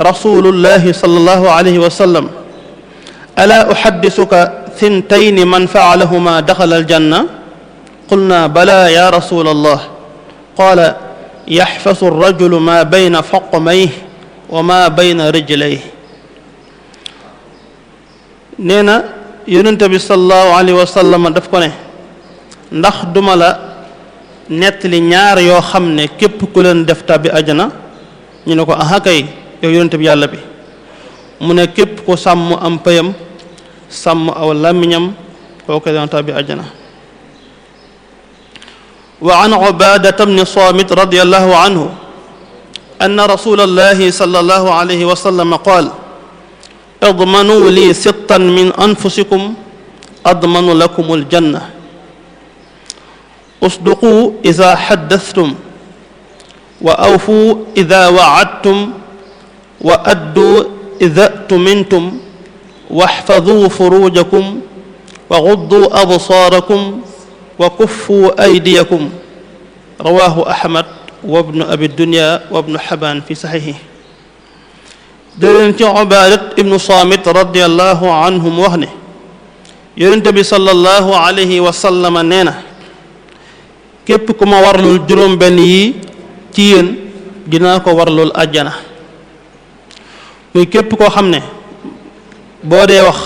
rasulullahi sallallahu alayhi wa sallam alaa uxaddisuka thintayni man faalahuma daxala aljanna qulna bala ya rasul allah qaala yaxfasu alrajulu ma bayna faqmayh wa ma bayna rijlayh nee na yonente bi sallallahu alayhi wa sallam daf ko ndax duma la nettali ñaar yoo xam ne képp ku leen def tàbbi ajana ñu ne ko aha yow yonent bi yàlla bi mu ne képp ko sàmm am payam sàmm aw làmmiñam kooku dana tàbbi àjjana wa an ubaadata bni saamit radiyallahu anhu anna rasulallahi sallallahu alayhi wa sallam qaal idmanu li sittan min anfusikum admanu lakum aljanna usduqu ida xaddastum wa awfu ida waadtum wa addu ida tumintum waxfaduu furuujakum wa gudduu absaarakum wa kuffuu aydiyakum rawaahu ahmad wa bnu abi dunya wa bnu xabaan fi saxiixi jëleen ci ubaadat ibnu saamit radiallahu anhum wax ne yonente bi sallallahu alayhi wa sallama nee na képp ku ma warlul juróom benn yi ci yéen dinaa ko warlul àjjana muy képp koo xam ne boo dee wax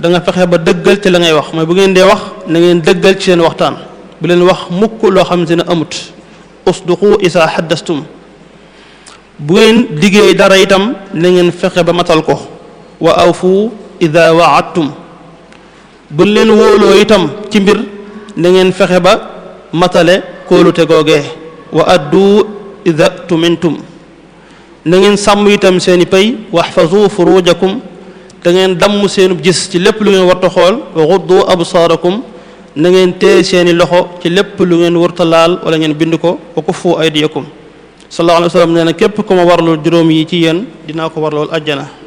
danga fexe ba dëggal ci la ngay wax mooy bu ngeen dee wax na ngeen dëggal ci seen waxtaan bu leen wax mukk loo xam ne amut usduqu isa xaddastum bu ngeen liggéey dara itam na ngeen fexe ba matal ko wa awfu ida waadtum bu leen wóoloo itam ci mbir na fexe ba matale kóolute googee wa addu ida tumintum na ngeen sàmm itam seeni pay wax waxfazu furujakum te ngeen damm seenub gis ci lépp lu ngeen warta xool wa xuddu absaarakum na ngeen téye seeni loxo ci lépp lu ngeen warta laal wala ngeen bind ko wa kuffu aydiyakum sallallahu alayhi wa sallam nee na képp ku ma warlul juróom yi ci yéen dinaa ko warlool ajjana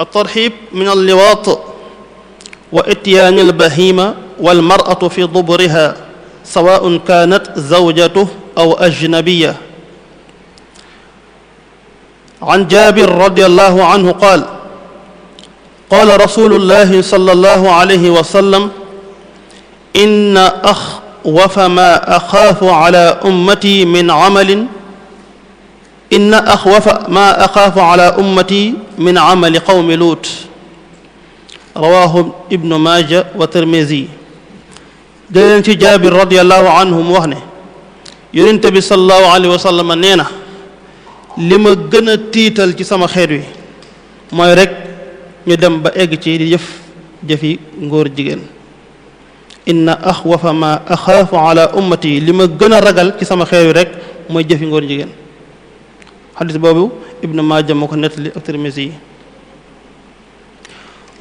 الترحيب من اللواط وإتيان البهيمة والمرأة في ضبرها سواء كانت زوجته أو أجنبية عن جابر رضي الله عنه قال قال رسول الله صلى الله عليه وسلم إن أخوف ما أخاف على أمتي من عمل inna axwafa ma axaafu ala ummati min amali qawmi luut rawaahu ibnu maaja wa tirmisi jëleen ci jaabir radiallahu anhu mu wax ne yonent bi salallahu alayhi wa sallam nee na li ma gën a tiital ci sama xeet wi mooy rekk ñu dem ba egg ci di jëf jëfi ngóor jigéen inna axwafa ma axaafu ala ummati li ma gën a ragal ci sama xeet wi rekk mooy jëfi ngóor jigéen xadis boobu ibnu maaja moo ko nettali ak tirmisi yi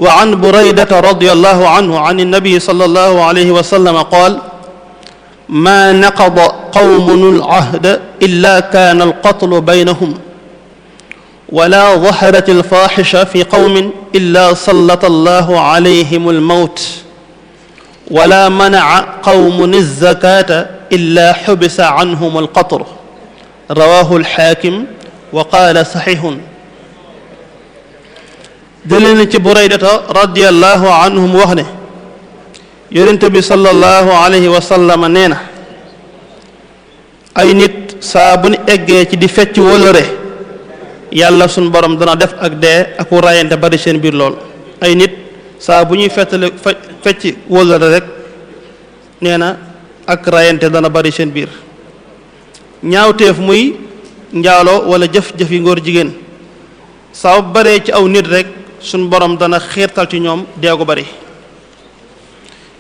wa an buraydata radiyallahu anhu an annabi sallallahu alayhi wa sallam qaal maa naqada qawmun al-ahda illaa kaana al-qatlu baynahum wala zaharat al-faahisha fi qawmin illaa sallata allahu alayhim al-mawt wala manaca qawmun az-zakaata illaa xubisa canhum al-qatru rawaahu al-xaakim wa qaala saxiixun jëlee na ci buraydata radiallahu wax ne yonent bi sallallahu alayhi wa sallam nee na ay nit saa bu ñu eggee ci di fecc wóllëre yàlla sunu borom dana def ak dee ak wu rayante bari seen biir lool ay nit saa bu ñuy fettale fecc wóllëre rek nee na ak rayante dana bari seen biir ñaawteef muy njaaloo wala jëf-jëfi ngóor jigéen saa bu baree ci aw nit rekk suñ boroom dana xeetal ci ñoom deegu bari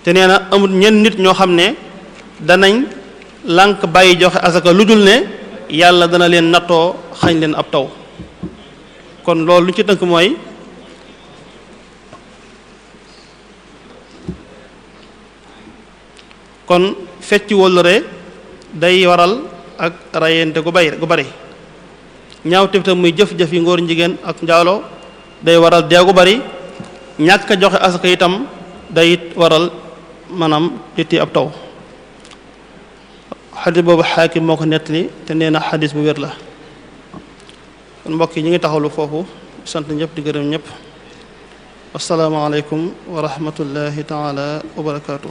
te nee na amul ñenn nit ñoo xam ne danañ lànk bàyyi joxe asaka lu dul ne yàlla dana leen nattoo xañ leen ab taw kon loolu lu ñu ci tënk mooy kon fecc wóllëre day waral ak rayante gu bay gu bari ñaaw tef tam muy jëf-jëf yi ngoor jigéen ak njaaloo day waral dee gu bari ñàkk joxe asaka itam day it waral maanaam titti ab taw xadis boobu xaakim moo ko nettali te nee na xadis bu wér la kon mbokk yi ñu ngi taxawlu foofu sant ñëpp di gërëm ñëpp asalaamaaleykum wa rahmatullahi taala wa barakaatu.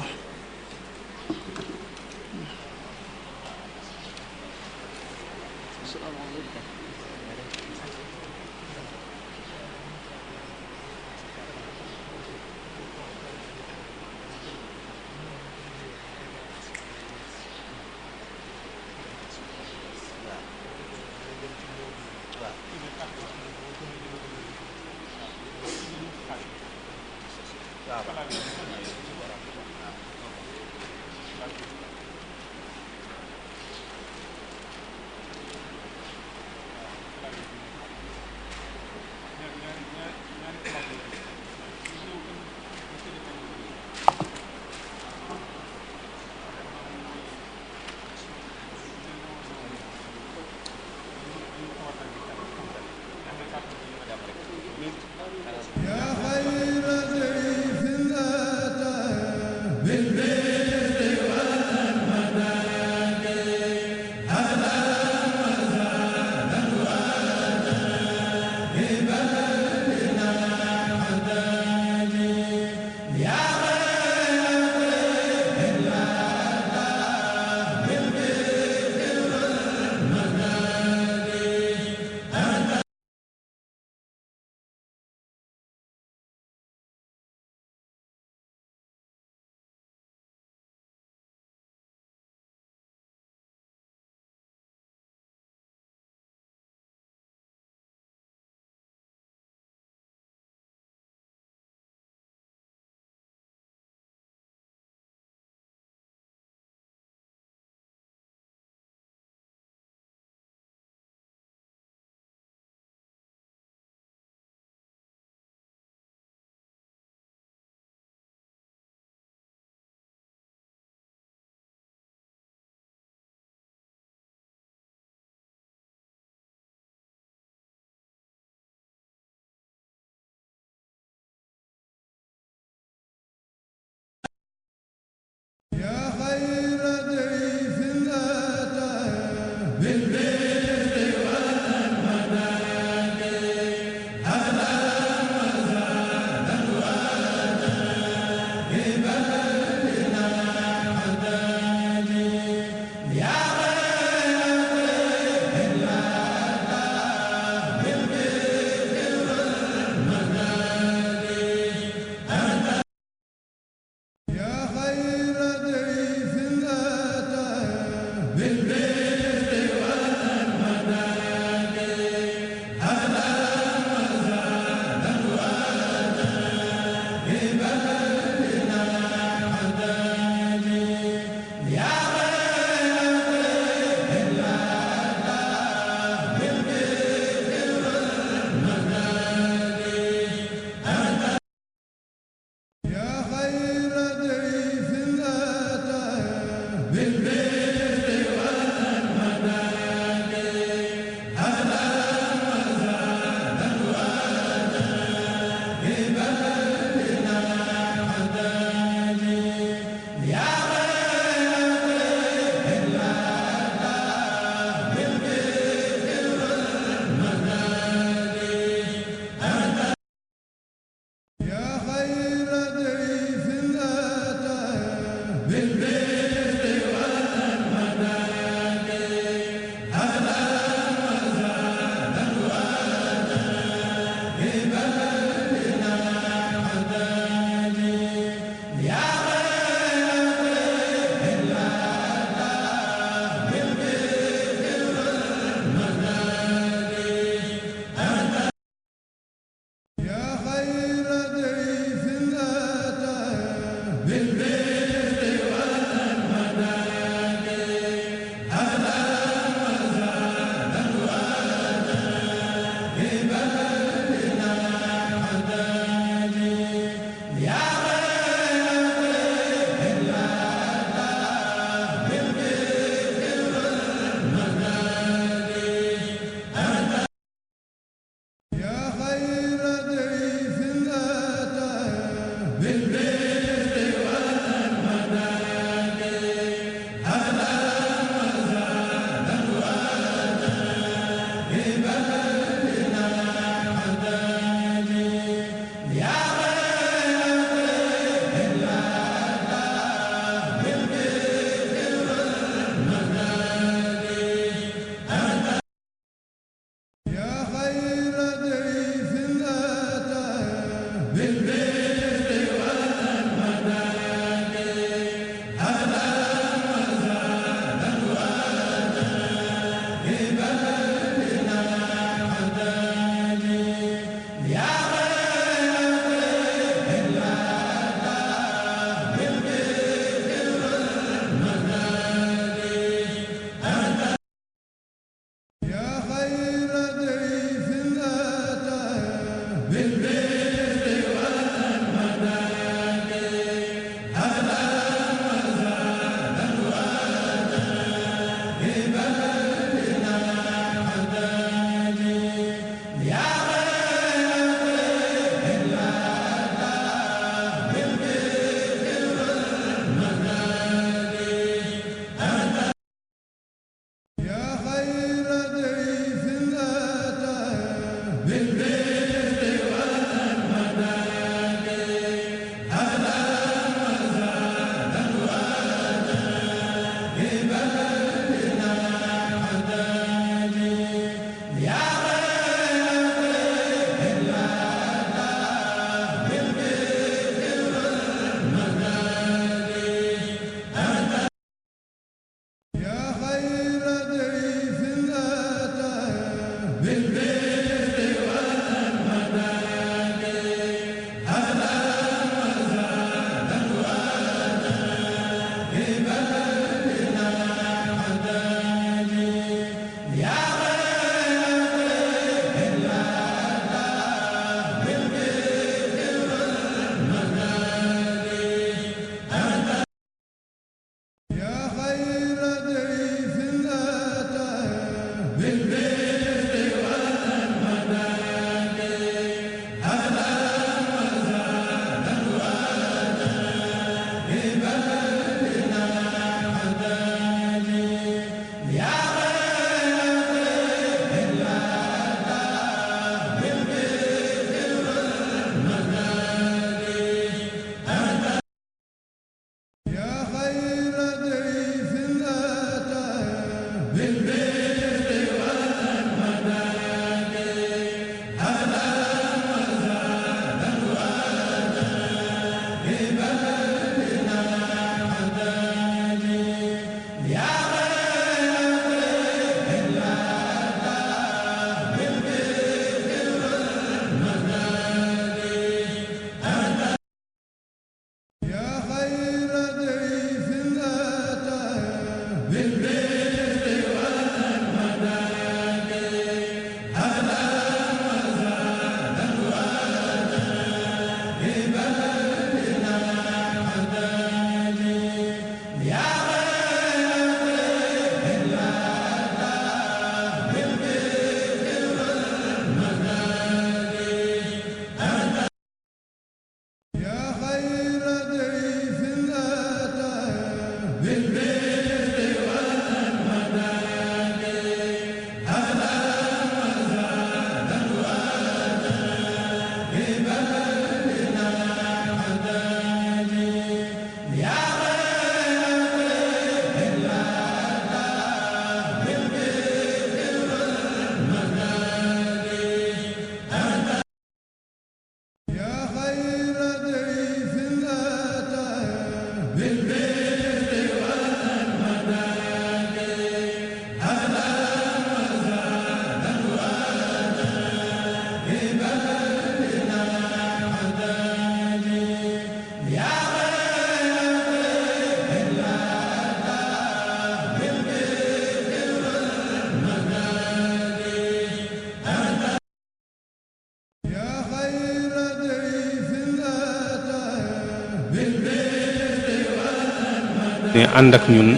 ànd ak ñun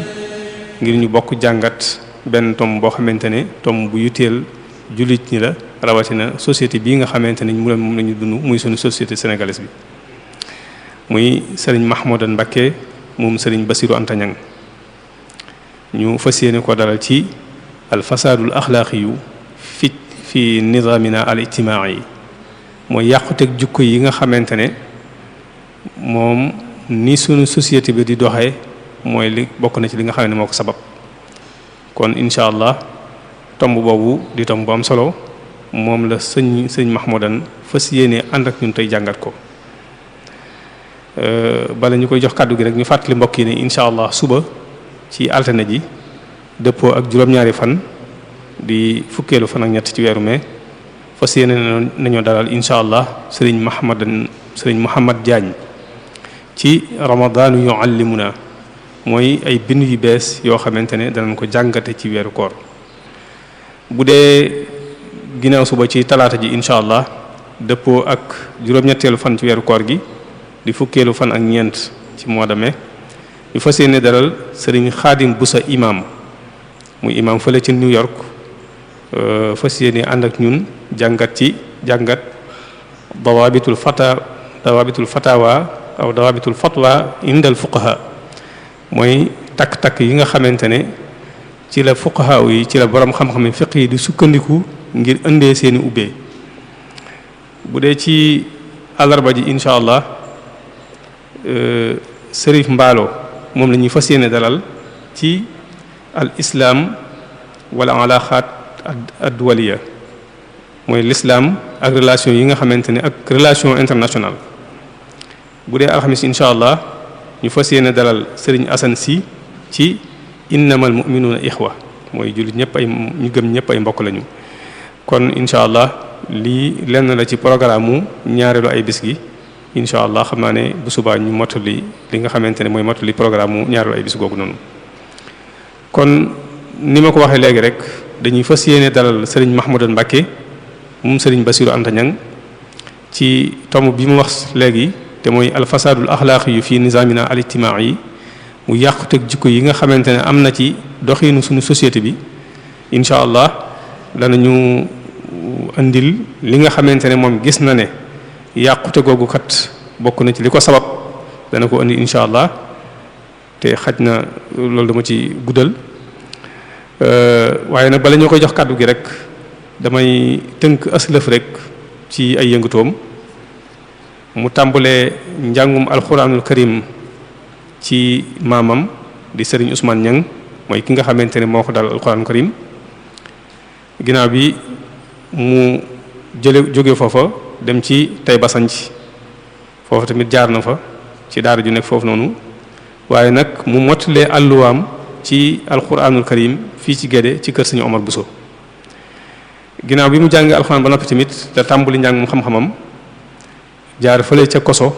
ngir ñu bokk jàngat benn tom boo xamante ne tom bu yuteel jullit ñi la rawatina société bii nga xamante ne mu moom la ñu dund muy sunu société sénégalaise bi muy sëriñ Mahmoudan Mbacké moom sëriñ Bassirou Anta Niang ñu fa yéene ko dalal ci al fasaadul axlaaqi yu fi fi nizaamina al ijtimaai yi mooy yàquteg jukko yi nga xamante ne moom ni sunu société bi di doxee mooy li bokk na ci li nga xam ne moo ko sabab kon incha allah tomb boobu di tomb am solo moom la sëñ sëñ Mahmoudan fas yéene ànd ak ñun tey jàngat ko euh, bala ñu koy jox kàddu gi rek ñu fàttali mbokk yi ne incha allah suba ci altine ji dëppoo ak juróom-ñaari fan di fukkeelu fan ak ñett ci weeru mai fas yéene nañoo dalal incha allah sëriñ Mahmoudan sëñ Mouhamad Diagne ci ramadaanu yuallimuna mooy ay bind yu bees yoo xamante ne danañ ko jàngate ci weeru koor bu dee ginnaaw suba ci talaata ji incha allah dëppoo ak juróom-ñetteelu fan ci weeru koor gi di fukkeelu fan ak ñeent ci mois de mai ñu fas yéene dalal sëriñ bu sa imam muy imam fële ci New York euh, fas yéene ànd ak ñun jàngat ci jàngat dawaabitul fata dawaabitul fatawa aw fatwa indal fuqaha mooy takk-takk yi nga xamante ne ci la fuqaha yi ci la borom xam-xam yi fiq yi di sukkandiku ngir indee seeni ubbee bu dee ci àllarba ji incha allah euh, Serif Mbaalo moom la ñuy fas yéene dalal ci al islam wala alaxaat adduwaliya mooy l'islam ak relation yi nga xamante ne ak relation internationale bu dee alxamis incha allah. ñu fas yéene dalal sëriñ Assane si ci innamal mu'minuna ixwa mooy jullit ñëpp ay ñu gëm ñëpp ay mbokk lañu kon incha allah lii lenn la ci programme mu ñaareelu ay bis gi incha allah xam naa ne bu subaa ñu mottali li nga xamante ne mooy mottali programme mu ñaareelu ay bis googu noonu kon ni ma ko waxee léegi rek dañuy fas yéene dalal sëriñ Mahmoudan Mbacké moom sëriñ Bassirou Anta Niang ci tomb bi mu wax léegi te mooy alfasaadul axlaaqi yu fii nizaamina al ijtimaai yi mu yàquteg jikko yi nga xamante ne am na ci doxinu suñu société bi incha allah ñu indil li nga xamante ne moom gis na ne yàqute googu kat bokk na ci li ko sabab dana ko indi incha allah te xaj na loolu dama ci guddal waaye nag bala ñoo koy jox kàddu gi rek damay tënk aslëf rek ci ay yëngutoom mu tàmbalee njàngum alxuraanul karim ci maamam di sëriñ Ousmane Niang mooy ki nga xamante ne moo ko dal alxuraanul karim ginaaw bi mu jële jóge foofa dem ci Taïba ci foofu tamit jaar na fa ci daara ju nekk foofu noonu waaye nag mu mottalee àlluwaam ci alxuraanul karim fii ci Guédé ci kër Serigne Omar Bousso ginnaaw bi mu jàng alxuraan ba noppi tamit da tàmbali njàngum xam-xamam jaar fële ca koso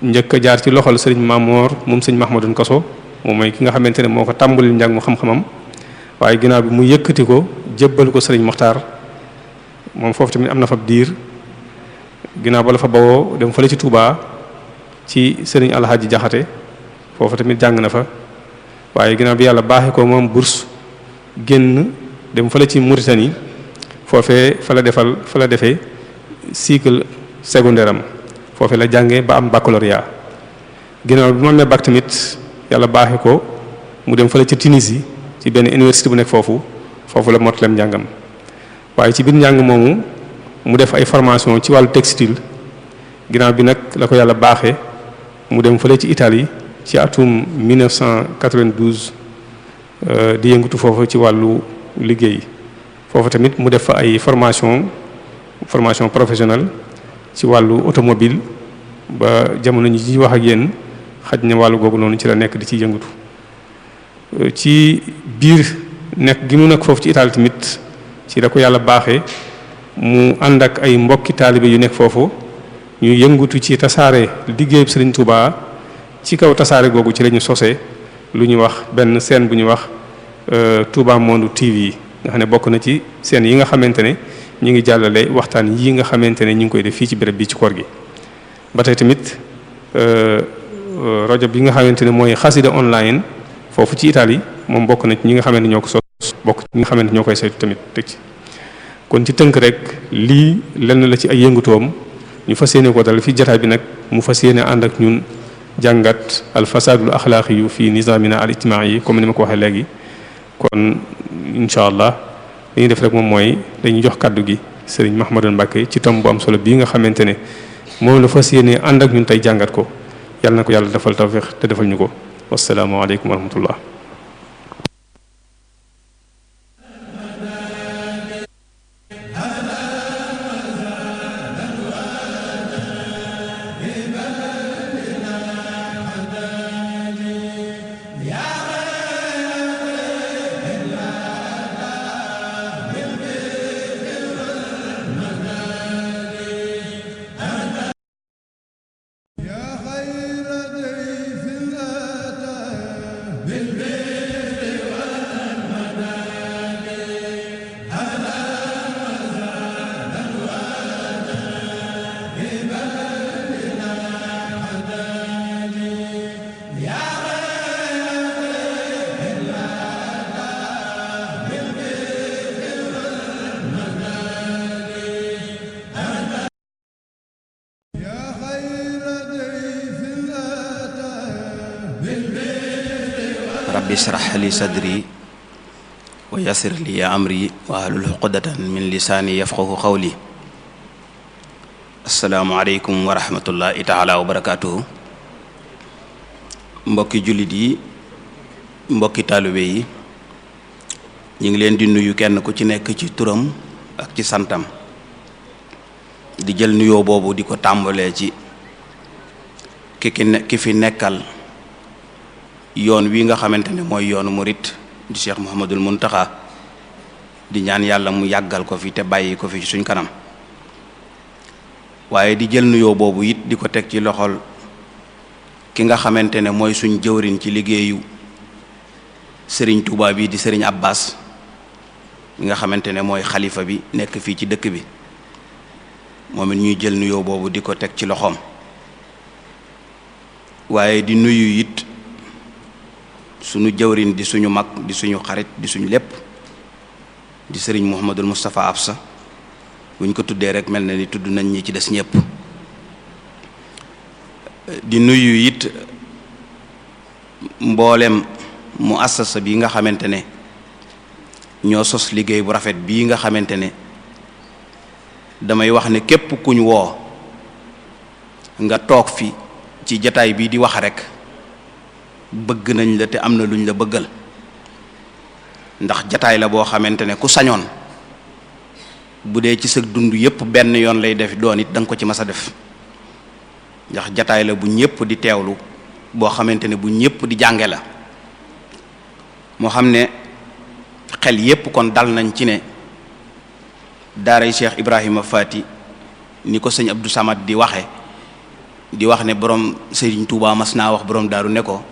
njëkk a jaar ci loxol sëriñ Mamoor moom sëriñ Mahmadun koso moom mooy ki nga xamante ne moo ko tàmbalil njàng mu xam-xamam waaye ginaaw bi mu yëkkati ko jébbal ko sëriñ Muxtaar moom foofu tamit am na fa diir ginnaaw ba la fa bawoo dem fële ci Touba ci sëriñ Alxaaji Jaxate foofu tamit jàng na fa waaye ginaaw bi yàlla baaxee ko moom bourse génn dem fële ci Mauritanie foofee fa la defal fa la defee cycle secondaire am foofu la jàngee ba am baccalauréat ginnaaw bi mu amee bac tamit yàlla baaxe ko mu dem fële ci Tunisie ci benn université bu nekk foofu foofu la mottaleem njàngam waaye ci biir njàng moomu mu def ay formation ci wàllu textil ginaaw bi nag la ko yàlla baaxee mu dem fële ci Italie ci atum 1992 euh, di yëngatu foofu ci wàllu liggéey foofu tamit mu def fa ay formation formation professionnelle ci wàllu automobile ba jamono ji ci wax ak yéen xaj na wàllu googu noonu ci la nekk di ci yëngatu ci biir nekk gi mu nekk foofu ci itali tamit ci la ko yàlla baaxee mu ànd ak ay mbokki taalibe yu nekk foofu ñu yëngatu ci tasaare liggéey liggéeyub Serigne Touba ci kaw tasaare googu ci la sosee lu ñu wax benn scène bu ñu wax euh, Touba Monde TV nga xam ne bokk na ci seen yi nga xamante ne ñu ngi jàllale waxtaan yi nga xamante ne ñu ngi koy def fii ci béréb bi ci koor gi ba tey tamit euh, euh, rajo bi nga xamante ne mooy xasida online foofu ci itaal yi moom bokk na ci ñi nga xamante ñoo ko sos bokk ci nga xamante ñoo koy saytu tamit teg ci kon ci tënk rek lii lenn la ci ay yëngutoom ñu fas yéene ko dal fi jataay bi nag mu fas yéene ànd ak ñun jàngat al fasadul axlaaqi yu fii nizaamina al ijtimaai yi comme ni ma ko waxee léegi kon incha allah li ñu def rek moom mooy dañuy jox kàddu gi sëriñ Mahmadou Mbacké ci tom bu am solo bii nga xamante ne moom la fas yéene ànd ak ñun tey jàngat ko yàlla na ko yàlla defal tawfeex te defal ñu ko wasalaamaaleykum wa rahmatullah li sadri wa yassir li amri wa ahlul uqdatan min lisaani yafqahu qawli assalaamu aleykum wa rahmatullahi taala wa barakaatuhu mbokki jullit yi mbokki taalibe yi ñu ngi leen di nuyu kenn ku ci nekk ci turam ak ci santam di jël nuyoo boobu di ko tàmbalee ci ki ki fi nekkal yoon wi nga xamante ne mooy yoonu murit di Cheikh mun taxa di ñaan yàlla mu yàggal ko fi te bàyyi ko fi ci suñ kanam waaye di jël nuyoo boobu it di ko teg ci loxol ki nga xamante ne mooy suñ jëwriñ ci liggéeyu sëriñ Touba bi di sëriñ Abbas mi nga xamante ne mooy xalifa bi nekk fii ci dëkk bi moom it ñuy jël nuyoo boobu di ko teg ci loxoom waaye di nuyu it suñu jawrin di suñu mag di suñu xarit di suñu lépp di sëriñ Mouhamadul Moustapha Absa buñ ko tuddee rek mel na ni tudd nañ ñi ci des ñépp di nuyu it mboolem mu assasa bi nga xamante ne ñoo sos liggéey bu rafet bii nga xamante ne damay wax ne képp kuñ woo nga toog fi ci jataay bii di wax rek bëgg nañ la te am na luñ la bëggal ndax jataay la boo xamante ne ku sañoon bu dee ci sa dund yépp benn yoon lay def doon it da ko ci mas a def ndax jataay la bu ñépp di teewlu boo xamante ne bu ñépp di jànge la moo xam ne xel yépp kon dal nañ ci ne daaray Cheikh Ibrahima Fati ni ko sëñ Abdou Samad di waxe di wax ne borom Serigne Touba mas naa wax borom daaru ne ko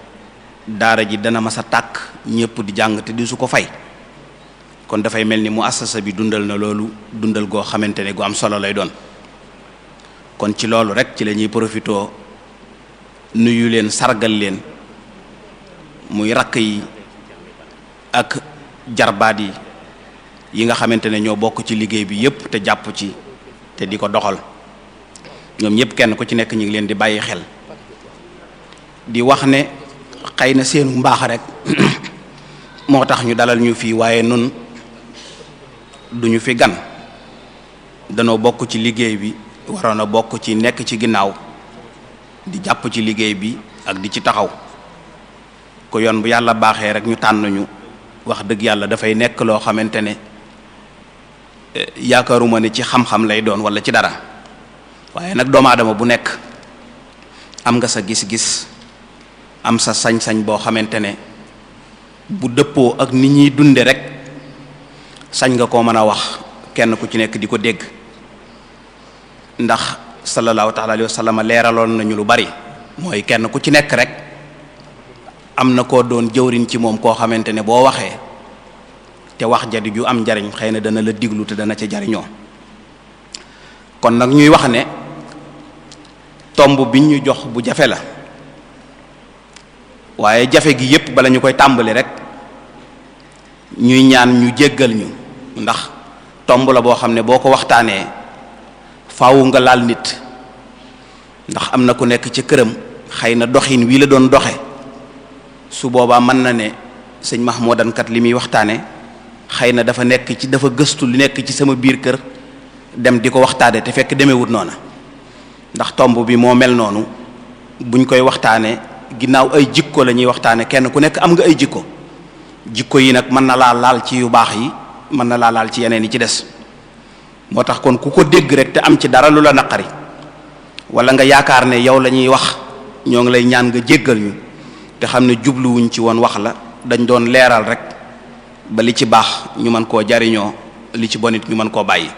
daara ji dana mas a tàkk ñëpp di jàng te di su ko fay kon dafay mel ni mu assasa bi dundal na loolu dundal goo xamante ne gu am solo lay doon kon ci loolu rek ci la ñuy profitoo nuyu leen sargal leen muy rakk yi ak jarbaat yi yi nga xamante ne ñoo bokk ci liggéey bi yépp te jàpp ci te di ko doxal ñoom ñépp kenn ku ci nekk ñu ngi leen di bàyyi xel di wax ne xëy na seenu mbaax rek moo tax ñu dalal ñu fii waaye nun duñu fi gan danoo bokk ci liggéey bi waroon a bokk ci nekk ci ginnaaw di jàpp ci liggéey bi ak di ci taxaw ko yoon bu yàlla baaxee rek ñu tànn ñu wax dëgg yàlla dafay nekk loo xamante ne eh, yaakaaruma ne ci xam-xam lay doon wala ci dara waaye nag doomaadama bu nekk am nga sa gis-gis am sa sañ-sañ boo xamante ne bu dëppoo ak ni ñuy dunde rek sañ nga koo mën a wax kenn ku ci nekk di ko dégg ndax sallallahu taala alayhi wa sallam leeraloon nañu lu bari mooy kenn ku ci nekk rek am na ko doon jëwriñ ci moom koo xamante ne boo waxee te wax jadi ju am njariñ xëy na dana la diglu te dana ca jariñoo kon nag ñuy wax ne tomb biñ ñu jox bu jafe la waaye jafe gi yépp bala ñu koy tàmbali rek ñuy ñaan ñu jéggal ñu ndax tomb la boo xam ne boo ko waxtaanee faawu nga laal nit ndax am na ku nekk ci këram xëy na doxin wii la doon doxe su boobaa mën na ne sëñ moo dankat li muy waxtaane xëy na dafa nekk ci dafa gëstu li nekk ci sama biir kër dem di ko waxtaane te fekk demewut noona ndax tomb bi moo mel noonu buñ koy waxtaanee ginnaaw ay jikko la ñuy waxtaane kenn ku nekk am nga ay jikko jikko yi nag mën na laa laal ci yu baax yi mën na laa laal ci yeneen yi ci des moo tax kon ku ko dégg rek te am ci dara lu la naqari wala nga yaakaar ne yow lañuy wax ñoo ngi lay ñaan nga jéggal ñu te xam ne jubluwuñ ci woon wax la dañ doon leeral rek ba li ci baax ñu mën koo jariñoo li ci bonit ñu mën koo bàyyi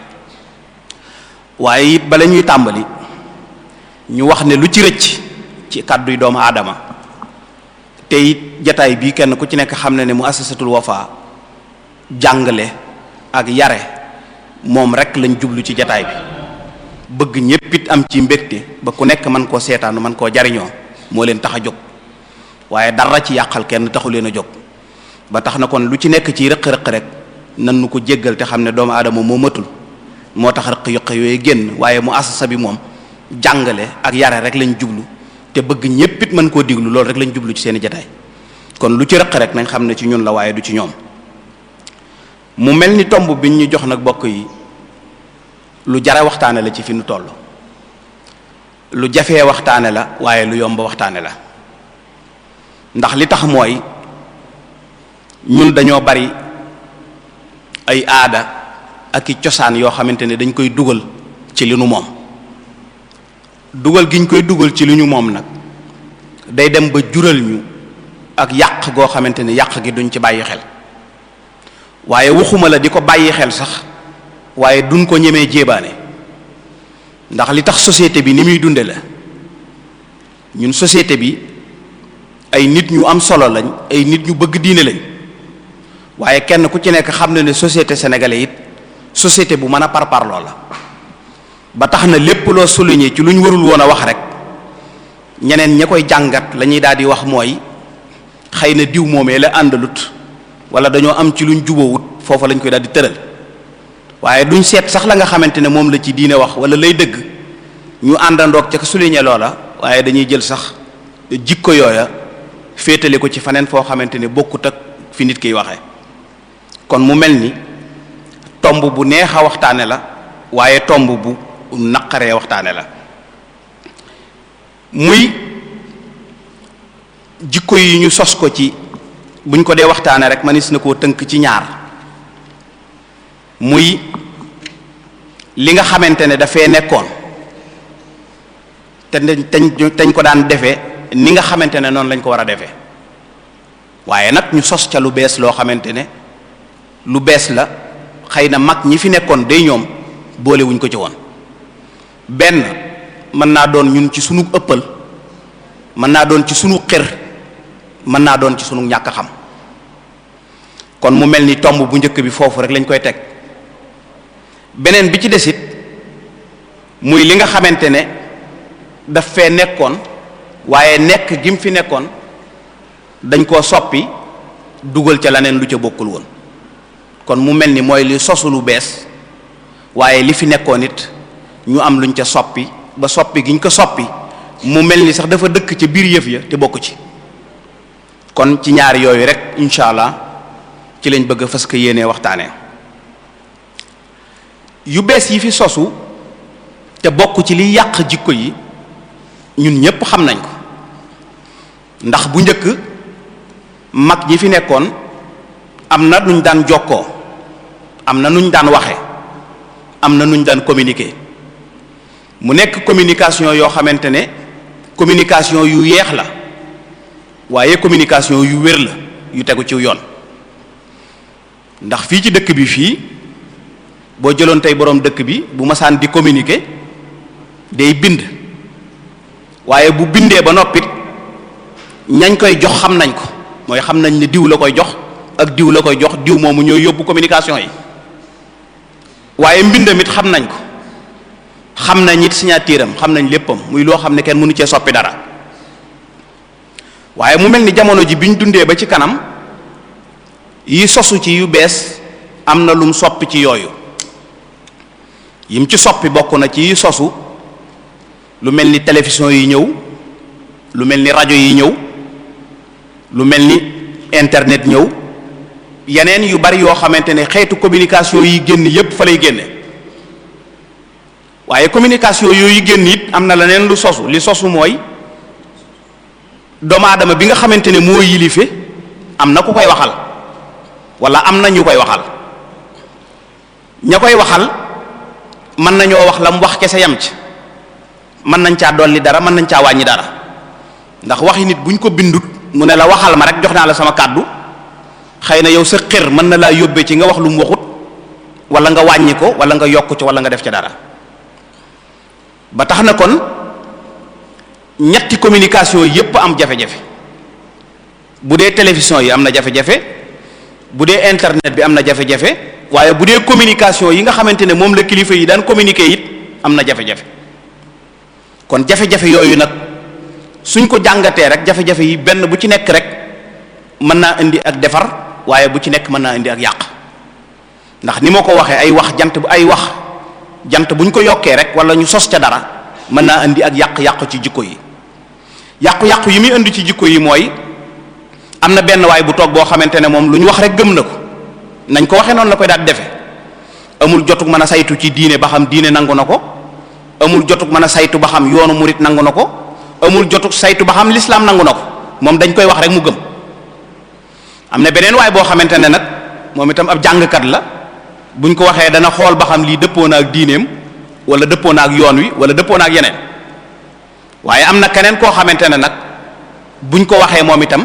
waaye it bala ñuy tàmbali ñu wax ne lu ci rëcc ci kàdduy doomu aadama te it jataay bii kenn ku ci nekk xam na ne mu assasatul wafa jàngale ak yare moom rek lañ jublu ci jataay bi bëgg ñépp it am ci mbëgte ba ku nekk man koo seetaanu man koo jariñoo moo leen tax a jóg waaye dara ci yàqal kenn taxu leen a jóg ba tax na kon lu ci nekk ci rëq-rëq rek nan nu ko jéggal te xam ne doomu aadama moo matul moo tax rëq-rëq yooyu waaye mu asasa bi moom jàngale ak yare rek lañ jublu te bëgg ñépp it mën koo diglu loolu rek lañ jublu ci seeni jataay kon lu ci rëq rek nañ xam ne ci ñun la waaye du ci ñoom mu mel ni tomb biñ ñu jox nag bokk yi lu jara waxtaane la ci fi nu toll lu jafe waxtaane la waaye lu yomb waxtaane la ndax li tax mooy ñun dañoo bari ay aada aki i cosaan yoo xamante ne dañ koy dugal ci li nu moom dugal gi ñu koy dugal ci lu ñu moom nag day dem ba jural ñu ak yàq goo xamante ne yàq gi duñ ci bàyyi xel waaye waxuma la di ko bàyyi xel sax waaye duñ ko ñemee jéebaane ndax li tax société bi ni muy dunde la ñun société bi ay nit ñu am solo lañ ay nit ñu bëgg diine lañ waaye kenn ku ci nekk xam na ne société sénégalais it société bu mën a parparloo la ba tax na lépp loo souligné ci lu ñu warul woon a wax rek ñeneen ña koy jàngat lañuy ñuy daal di wax mooy xëy na diw moomee la àndalut wala dañoo am ci luñ jubawut foofa lañ koy daal di tëral waaye duñ seet sax la nga xamante ne moom la ci diine wax wala lay dëgg ñu àndandoog ca souligné loola waaye dañuy jël sax jikko yooya féetale ko ci faneen foo xamante ne bokkut ak fi nit kiy waxee kon mu mel ni tomb bu neex a waxtaane la waaye tomb bu naqaree waxtaane la muy jikko yi ñu sos ko ci buñ ko dee waxtaane rek manis na koo tënk ci ñaar muy li nga xamante ne dafee nekkoon te dañ teñ teñ ko daan defee ni nga xamante ne noonu lañ ko war a defee waaye nag ñu sos ca lu bees loo xamante ne lu bees la xëy na mag ñi fi nekkoon day ñoom boolewuñ ko ci woon benn mën naa doon ñun ci sunu ëppal mën naa doon ci sunu xër mën naa doon ci sunu ñàkk xam kon mu mel ni tomb bu njëkk bi foofu rek lañ koy teg beneen bi ci desit muy li nga xamante ne daf fee nekkoon waaye nekk gi mu fi nekkoon dañ koo soppi dugal ca leneen lu ca bokkul woon kon mu mel ni mooy li sosu lu bees waaye li fi nekkoon it ñu am luñ ca soppi ba soppi giñ ko soppi mu mel ni sax dafa dëkk ci biir yëf ya te bokk ci kon ci ñaar yooyu rek incha allah ci lañ bëgg a fas ko yéenee waxtaanee yu bees yi fi sosu te bokk ci liy yàq jikko yi ñun ñépp xam nañ ko ndax bu njëkk mag ñi fi nekkoon am na nuñ daan jokkoo am na nuñ daan waxe am na nuñ daan communiquer mu nekk communication yoo xamante ne communication yu yeex la waaye communication yu wér la yu tegu ci yoon ndax fii ci dëkk bi fii boo jëloon tey boroom dëkk bi bu masaan di communiquer day bind waaye bu bindee ba noppit ñañ koy jox xam nañ ko mooy xam nañ ne diw la koy jox ak diw la koy jox diw moomu ñooy yóbbu communication yi waaye mbindamit xam nañ ko xam nañ it signature xam nañ léppam muy loo xam ne kenn mënu cee soppi dara waaye mu mel ni jamono ji bi ñu dundee ba ci kanam yi sosu ci yu bees am na lum soppi ci yooyu yim ci soppi bokk na ci yi sosu lu mel ni télévision yi ñëw lu mel ni rajo yi ñëw lu mel ni internet ñëw yeneen yu bari yoo xamante ne xeetu communication yi génn yépp fa lay génne waaye communication yooyu génn it am na leneen lu sosu li sosu mooy doomu aadama bi nga xamante ne moo yilife am na ku koy waxal wala am na ñu koy waxal ña koy waxal mën nañoo wax la wax kese yam ci mën nañ caa dolli dara mën nañ caa wàññi dara ndax waxi nit buñ ko bindut mu ne la waxal ma rek jox naa la sama kàddu xëy na yow sa xër mën na laa yóbbe ci nga wax lu mu waxut wala nga wàññi ko wala nga yokk ci wala nga def ca dara. ba tax na kon ñetti communication yépp am jafe-jafe bu dee télévision yi am na jafe-jafe bu dee internet bi am na jafe-jafe waaye bu dee communication yi nga xamante ne moom la kilifa yi daan communiquer it am na jafe-jafe kon jafe-jafe yooyu nag suñ ko jàngatee rek jafe-jafe yi benn bu ci nekk rek mën naa indi ak defar waaye bu ci nekk mën naa indi ak yàq ndax ni ma ko waxee ay wax jant bu ay wax jant buñ ko yokkee rek wala ñu sos ca dara mën naa indi ak yàq-yàqu ci jikko yi yàqu-yàqu yi muy indi ci jikko yi mooy am na benn waay bu toog boo xamante ne moom lu ñu wax rek gëm na ko nañ ko waxee noonu la koy daal defe amul jotug mën a saytu ci diine ba xam diine nangu na ko amul jotug mën a saytu ba xam yoonu murit nangu na ko amul jotug saytu ba xam lislaam nangu na ko moom dañ koy wax rek mu gëm am na beneen waay boo xamante ne nag moom itam ab jàngkat la buñ ko waxee dana xool ba xam lii dëppoo ak diineem wala dëppoo ak yoon wi wala dëppoo ak yeneen waaye am na keneen koo xamante ne nag buñ ko waxee moom itam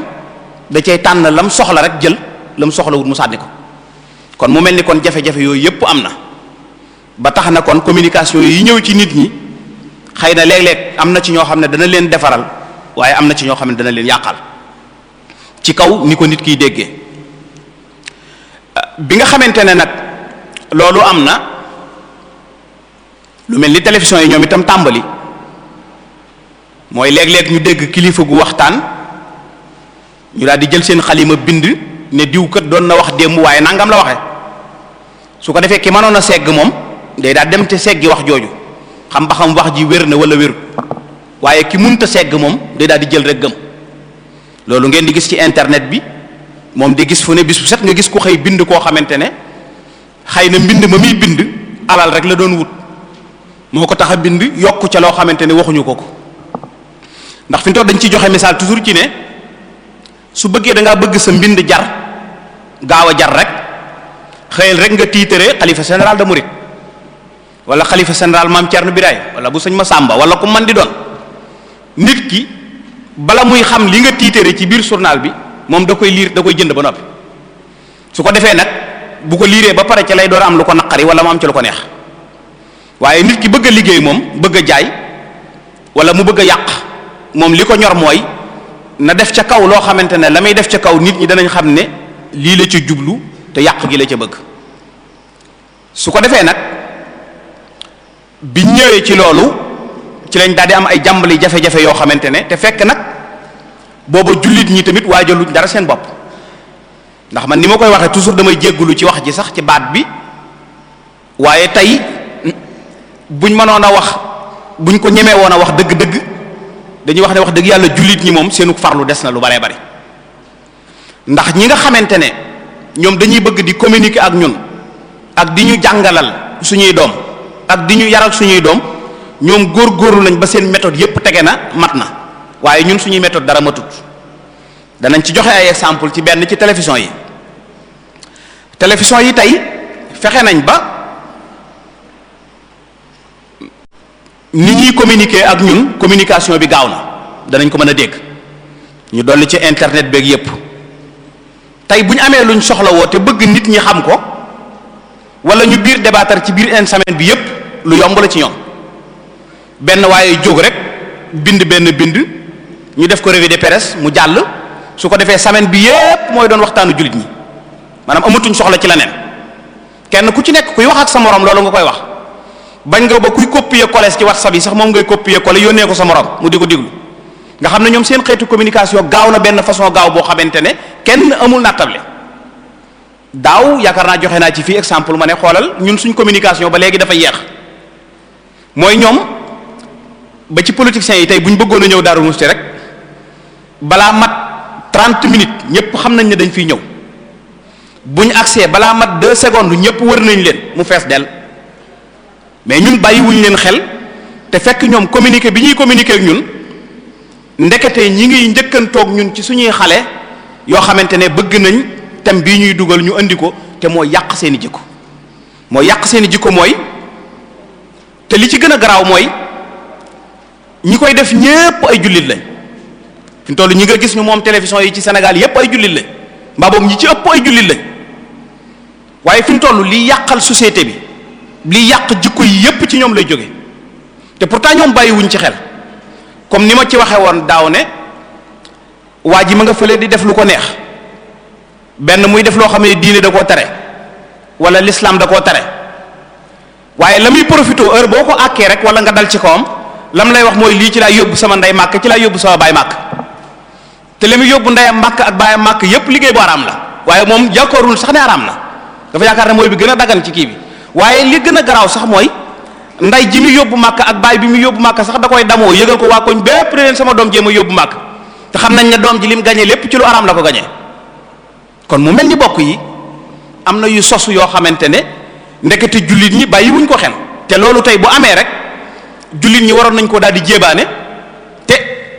da cay tànn lam soxla rek jël lam soxla wut mu sànni ko kon mu mel ni kon jafe-jafe yooyu yépp am na ba tax na kon communication yi ñëw ci nit ñi xëy na léeg-léeg am na ci ñoo xam ne dana leen defaral waaye am na ci ñoo xam ne dana leen yàqal ci kaw ni ko nit kiy déggee bi nga xamante ne nag loolu am na lu mel ni télévision yi ñoom itam tàmbali mooy léeg-léeg ñu dégg kilifa gu waxtaan ñu daal di jël seen xalima bind ne diw kat doon na wax démb waaye nangam la waxe su ko defee ki mënoon a segg moom day daal dem te seggi wax jooju xam ba xam wax ji wér na wala wérut waaye ki munta segg moom day daal di jël rek gëm loolu ngeen di gis ci internet bi moom di gis fu ne bis bu set nga gis ku xëy bind koo xamante ne xëy na mbind ma muy bind alal rek la doon wut moo ko tax a bind yokk ca loo xamante ne waxuñu ko ko ndax fi mu toll dañ ciy joxe misaal toujours ci ne su bëggee da ngaa bëgg sa mbind jar gaaw a jar rek xëyal rek nga tiitare xalifa général de Mouride wala xalifa général maam Thierno Biraye wala bu sëñ sàmba wala ku man di doon nit ki bala muy xam li nga tiitare ci biir journal bi moom da koy liir da koy jënd ba noppi su ko defee nag. bu ko liiree ba pare ca lay door am lu ko naqari wala mu am ci lu ko neex waaye nit ki bëgg a liggéey moom bëgg a jaay wala mu bëgg a yàq moom li ko ñor mooy na def ca kaw loo xamante ne la may def ca kaw nit ñi danañ xam ne lii la ca jublu te yàq gi la ca bëgg su ko defee nag bi ñëwee ci loolu ci lañ daal di am ay jàmbali jafe-jafe yoo xamante ne te fekk nag booba jullit ñi tamit waajaluñ dara seen bopp. ndax man ni ma koy waxee toujours damay jéggulu ci wax ji sax ci baat bi waaye tey buñ mënoon a wax buñ ko ñemee woon a wax dëgg-dëgg dañuy wax ne wax dëgg yàlla jullit ñi moom seenu farlu des na lu baree bari ndax ñi nga xamante ne ñoom dañuy bëgg di communiquer ak ñun ak di ñu jàngalal suñuy doom ak di ñu yaral suñuy doom ñoom góor-góorlu nañ ba seen méthode yépp tege na mat na waaye ñun suñuy méthode dara matut danañ ci joxe ay exemple ci benn ci télévision yi télévision yi tey fexe nañ ba ni ñuy communiquer ak ñun communication bi gaaw na danañ ko mën a dégg ñu dolli ci internet beeg yépp tey bu ñu amee luñ soxla woo te bëgg nit ñi xam ko walla ñu biir débattre ci biir une semaine bi yépp lu yomb la ci ñoom benn waaye jóg rek bind benn bind ñu def ko revue de mu jàll su ko defee semaine bi yépp mooy doon waxtaanu jullit ñi. maanaam amatuñ soxla ci leneen kenn ku ci nekk kuy wax ak sa morom loolu nga koy wax bañ nga ba kuy copier coller ci whatsapp yi sax moom ngay copier coller yónnee ko sa morom mu di ko diglu nga xam ne ñoom seen xeetu communication gaaw na benn façon gaaw boo xamante ne kenn amul nattable daaw yaakaar naa joxe naa ci fi exemple ma ne xoolal ñun suñ communication ba léegi dafa yeex mooy ñoom ba ci politiciens yi tey bu ñu bëggoon a ñëw Darou Moukhty rek balaa mat 30 minutes ñëpp xam nañ ne dañ fiy ñëw. bu ñu agsee balaa mat deux secondes ñëpp wër nañ leen mu fees dell mais ñun bàyyiwuñ leen xel te fekk ñoom communiqué bi ñuy communiqué ak ñun ndekete ñi ngi njëkkantoog ñun ci suñuy xale yoo xamante ne bëgg nañ thème bii ñuy dugal ñu indi ko te moo yàq seeni jikko moo yàq seeni jikko mooy te li ci gën a garaaw mooy ñi koy def ñépp ay jullit lañ fi mu toll ñi nga gis ñu moom télévision yi ci senegal yépp ay jullit lañ mbaa boog ñi ci ëpp ay jullit lañ waaye fi mu toll li yàqal société bi li yàq jikko yi yépp ci ñoom lay jóge te pourtant ñoom bàyyiwuñ ci xel comme ni ma ci waxee woon daaw ne waa ji ma nga fële di def lu ko neex benn muy def loo xam ne diine da koo tare wala lislaam da koo tere waaye la muy profité heure boo ko àkkee rek wala nga dal ci kawam lam lay wax mooy lii ci laa yóbbu sama ndey màkk ci laa yóbbu sama baay màkk te la muy yóbbu ndeyam màkk ak baayam màkk yépp liggéey bu araam la waaye moom jàkkoorul sax ne araam dafa yaakaar ne mooy bi gën a dagan ci kii bi waaye li gën a garaaw sax mooy nday ji mu yóbbu màkk ak baay bi mu yóbbu màkk sax da koy damoo yëgal ko waa koñ bépp ne leen sama doom jee ma yóbbu màkk te xam nañ ne doom ji lim gañee lépp ci lu araam la ko gañee kon mu mel ni bokk yi am na yu sosu yoo xamante ne ndekete jullit ñi bàyyi wuñ ko xel te loolu tey bu amee rek jullit ñi waroon nañ koo daal di jébaane te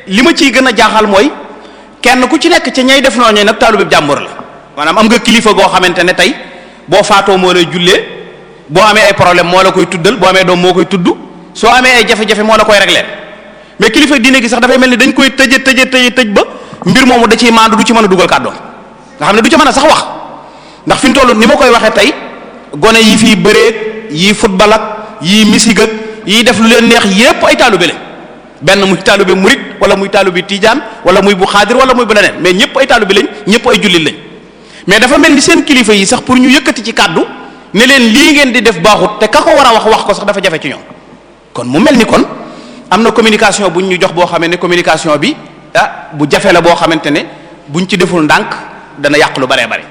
li ma ciy gën a jaaxal mooy kenn ku ci nekk ca ñay def noo ñooy nag taalu la maanaam am nga kilifa goo xamante ne tey boo faatoo moo lay jullee boo amee ay problème moo la koy tuddal boo amee doom moo koy tudd soo amee ay jafe-jafe moo la koy régler mais kilifa diine gi sax dafay mel ni dañ koy tëje tëje tëje tëj ba mbir moomu da ciy maandu du ci mën a dugal kàddoom nga xam ne du ci mën a sax wax ndax fi mu toll ni ma koy waxee tey gone yi fii bëreeg yii football ak yii misig ak yii def lu leen neex yépp ay bi la benn muy taalube murit wala muy taalube tijaan wala muy bu xaadir wala muy bu mais ñëpp ay taalube lañ ñëpp ay jullit lañ. mais dafa mel ni seen kilifa yi sax pour ñu yëkkati ci kàddu ne leen lii ngeen di def baaxut te ka ko war a wax wax ko sax dafa jafe ci ñoom kon mu mel ni kon am na communication buñ ñu jox boo xamee ne communication bi ah bu jafe la boo xamante ne buñ ci deful ndànk dana yàq lu baree bare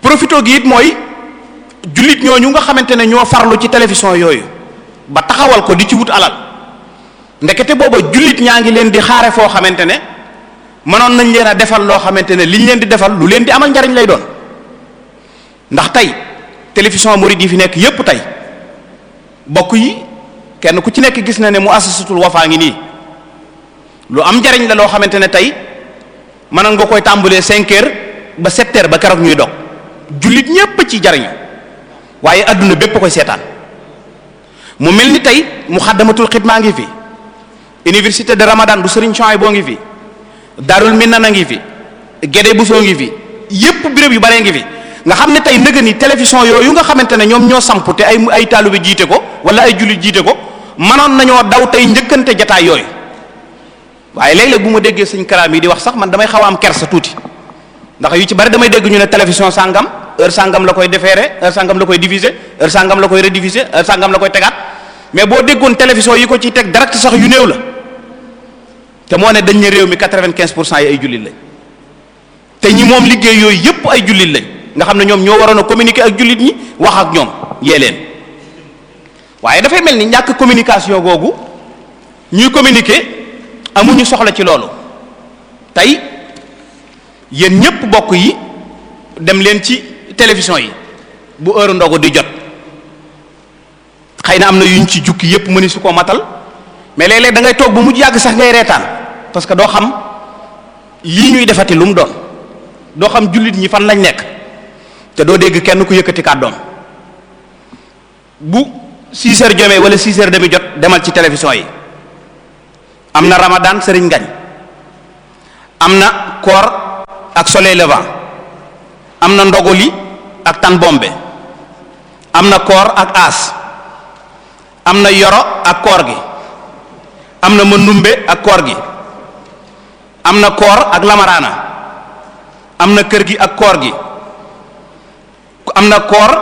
profito gi it mooy jullit ñooñu nga xamante ne ñoo farlu ci télévision yooyu ba taxawal ko di ci wut alal ndekete booba jullit ñaa ngi leen di xaare foo xamante ne mënoon nañ leen a defal loo xamante ne liñ leen di defal lu leen di amal njariñ lay doon ndax tey télévision murid yi fi nekk yépp tey bokk yi kenn ku ci nekk gis na ne mu asasatul wafaa ngi nii lu am njariñ la loo xamante ne tey mënoon nga koy tàmbalee cinq ba sept ba keroog ñuy dog jullit ñépp ci jariñu waaye adduna bépp koy seetaan mu mel ni tey mu xaddamatul xidmaa ngi fi université de Ramadan bu Serigne Chouaib boo ngi fi daarul minan a ngi fi gédé bu soo ngi fi yépp béréb yu baree ngi fi nga xam ne tey nëgën nii télévision yooyu nga xamante ne ñoom ñoo samp te ay ay taalibe jiite ko wala ay jullit jiite ko mënoon nañoo daw tey njëkkante jataay yooyu waaye léeg-léeg bu ma déggee sëñ karaam yi di wax sax man damay xaw a am kersa tuuti ndax yu ci bari damay dégg ñu ne télévision sàngam heure sàngam la koy déférer heure sàngam la koy diffuser heure sàngam la koy rediffuser heure la koy tegaat mais boo déggoon télévision yi ko ciy teg direct sax yu néew la te moo ne dañ ne réew mi quatre-vingt-quinze pour cent yi ay jullit lañ te ñi moom liggéey yooyu yépp ay jullit lañ nga xam ne ñoom ñoo waroon a communiquer ak jullit ñi wax ak ñoom yee leen waaye dafay mel ni ñàkk communication googu ñuy communiquer amuñu soxla ci loolu tey yéen ñépp bokk yi dem leen ci télévision yi bu heure ndogu di jot xëy na am na yuñ ci jukki yépp mëni su ko matal mais léeg-léeg da ngay toog bu mujj yàgg sax ngay reetaan parce que doo xam lii ñuy defati lum doon doo xam jullit ñi fan lañ nekk te doo dégg kenn ku yëkkati doom bu 6 heures jomee wala 6 heures demi jot demal ci télévision yi am na Ramadan Serigne Ngagne am na koor ak soleil am na ndogoli ak tan bombe am na koor ak aas am na yoro ak koor gi am na mëndumbe ak koor gi am na koor ak lamaraana am na kër gi ak koor gi am na koor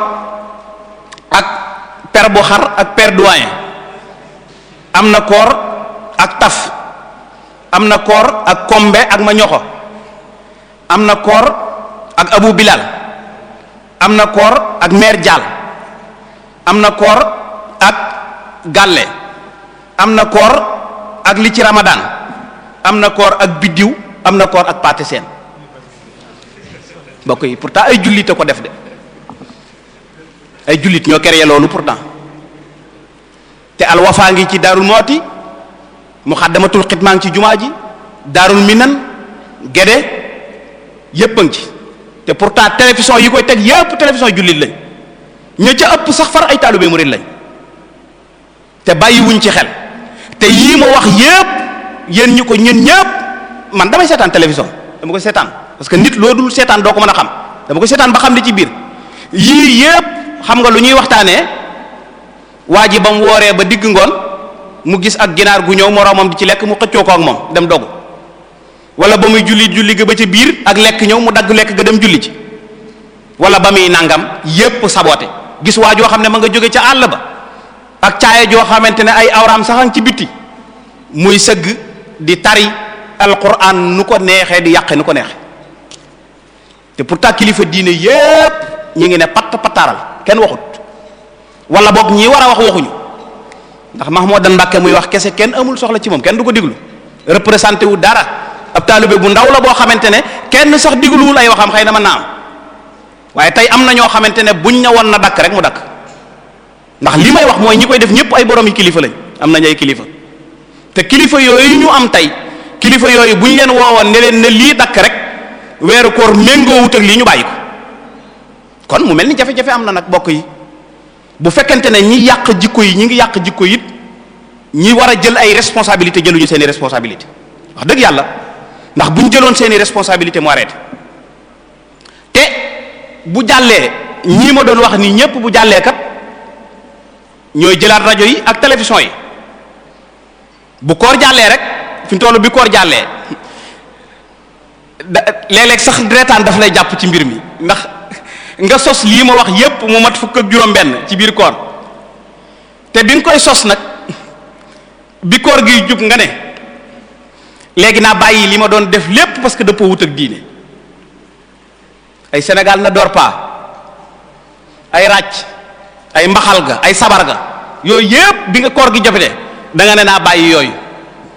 ak per bu xar ak per doyen am na koor ak taf am na koor ak kombe ak ma ñoxo am na koor ak abu bilal am na koor ak meer jaal am na koor ak gàlle am na koor ak li ci ramadan am na koor ak biddiw am na koor ak pàate seen mbokk yi pourtant ay jullit a ko def de ay jullit ñoo créé loolu pourtant te alwafaa ngi ci daarul mooti muxaddamatul xidmaa ngi ci jumaa ji daarul minan gede yépp a ngi ci te pourtant télévision yi koy teg yépp télévision jullit lañ ña ca ëpp sax far ay taalibe murid lañ te bàyyiwuñ ci xel te yii ma wax yépp yéen ñu ko ñun ñëpp man damay seetaan télévision dama ko seetaan parce que nit loo dul seetaan doo ko mën a xam dama ko seetaan ba xam ne ci biir yii yëpp xam nga lu ñuy waxtaanee waa ji ba mu wooree ba digg ngoon mu gis ak ginaar gu ñëw moroomam di ci lekk mu xëccoo ko ak moom dem dogu wala ba muy julli julli gi ba ca biir ak lekk ñëw mu dagg lekk ga dem julli ci wala ba muy nangam yépp saboote gis waa joo xam ne ma nga jóge ca àll ba ak caaye joo xamante ne ay awraam sax ci bitti muy sëgg di tari alquran nu ko neexee di yàqe nu ko neexee te pourtant kilifa diine yépp ñu ngi ne patt pattaaral kenn waxut walla boog ñi war a wax waxuñu ndax ma Mahmoudan Mbàkke muy wax kese kenn amul soxla ci moom kenn du ko diglu représenté wu dara ab taalibe bu ndaw la boo xamante ne kenn sax digluwul ay waxam xay na mën naa am waaye tey am na ñoo xamante ne buñ ne woon na dakk rek mu dakk ndax li may wax mooy ñi koy def ñëpp ay borom yi kilifa lañ am nañ ay kilifa te kilifa yooyu ñu am tey kilifa yooyu bu ñu leen woowoon ne leen ne lii dakk rek weeru koor méngoo wut ak lii ñu bàyyi ko kon mu mel ni jafe-jafe am na nag bokk yi bu fekkente ne ñi yàq jikko yi ñi ngi yàq jikko yit it ñi war a jël ay responsabilité jëluñu seen i responsabilité wax dëgg yàlla ndax bu ñu jëloon seen i responsabilité mu arrêté te bu jàllee ñii ma doon wax nii ñépp bu jàllee kat ñooy jëlaat rajo yi ak télévision yi bu koor jàllee rek fi mu bi koor jàllee da léeg-léeg sax reetaan daf lay jàpp ci mbir mi ndax nga sos lii ma wax yépp mu mat fukk ak juróom-benn ci biir koor te bi nga koy sos nag bi koor gi jub nga ne léegi naa bàyyi li ma doon def lépp parce que dëppoo wut ak diine ay senegal na door ay ràcc ay mbaxal ga ay sabar ga yooyu yépp bi nga koor gi jafete da ne naa bàyyi yooyu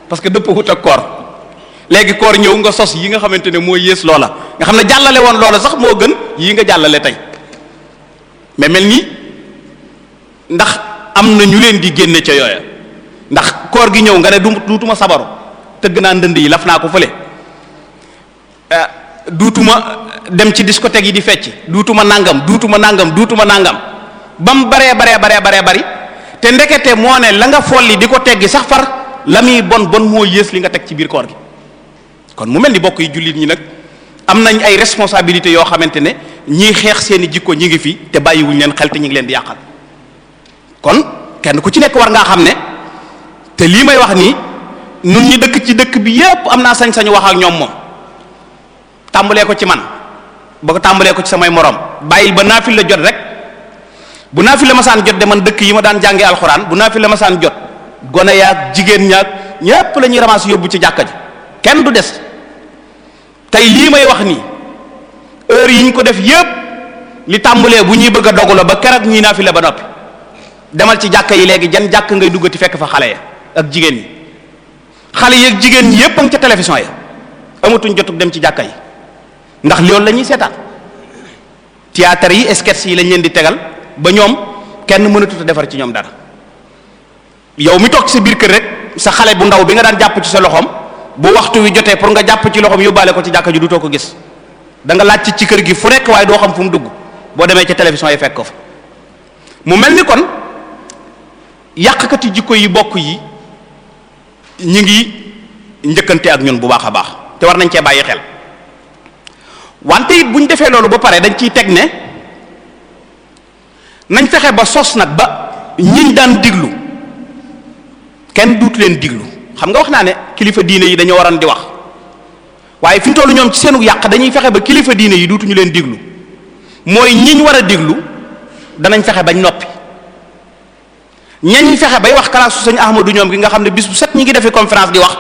parce que dëpp wut ak koor léegi koor ñëw nga sos yi nga xamante ne moo yées loola nga xam ne jàllale woon loola sax moo gën yi nga jàllale tey mais mel nii ndax am na ñu leen di génne ca yooya ndax koor gi ñëw nga ne du duutuma sabaru tëgg naa ndënd yi laf naa ko fële euh, duutuma dem ci discothèque yi di fecc duutuma nangam duutuma nangam duutuma nangam mu baree baree baree baree bari te ndekete moo ne la nga folli di ko teggi sax far la muy bon bon moo yées li nga teg ci biir koor gi kon mu mel ni bokk yi jullit ñi nag am nañ ay responsabilités yoo xamante ne ñiy xeex seeni jikko ñi ngi fi te bàyyiwuñ leen xel te ñi ngi leen di yàqal kon kenn ku ci nekk war ngaa xam ne te lii may wax nii nun ñi dëkk ci dëkk bi yépp am naa sañ-sañu wax ak ñoom moom tàmbalee ko ci man ba ko tàmbalee ko ci samay morom bàyyil ba naa fi la jot rek bu naafile masaan jot de man dëkk yi ma daan jànge alxuraan bu naafile masaan jot gone ak jigéen ñaag ñépp la ñuy ramas yóbbu ci jàkka ji kenn du des tey lii may wax nii heure yi ñu ko def yépp li tàmbalee bu ñuy bëgg a dogu la ba keroog ñuy naafile ba noppi demal ci jàkka yi léegi jan jàkk ngay duggati fekk fa xale ya ak jigéen ñi xale yi ak jigéen ñi yépp a ngi ca télévision ya amatuñ jotug dem ci jàkka yi ndax loolu la ñuy seetaan théâtre yi yi lañ leen di tegal ba ñoom kenn mënatut defar ci ñoom dara yow mi toog si biir kër rek sa xale bu ndaw bi nga daan jàpp ci sa loxoom bu waxtu wi jotee pour nga jàpp ci loxoom yóbbaale ko ci jàkka ju dutoo ko gis da nga laaj ci kër gi fu nekk waaye doo xam fu mu dugg boo demee ci télévision yi fekk ko fa mu mel ni kon yàqkati jikko yi bokk yi ñu ngi njëkkante ak ñun bu baax a baax te war nañ cee bàyyi xel wante it bu ñu defee loolu ba pare dañ ciy teg ne. nañ fexe ba sos nag ba ñiñ daan diglu kenn duutu leen diglu xam nga wax naa ne kilifa diine yi dañoo waroon di wax waaye fi mu toll ñoom ci seenu yàq dañuy fexe ba kilifa diine yi duutuñu leen diglu mooy ñiñ war a diglu danañ fexe bañ noppi ñañ fexe bay wax kalaasu sëñ Ahmadu ñoom gi nga xam ne bis bu set ñi ngi defee conférence di wax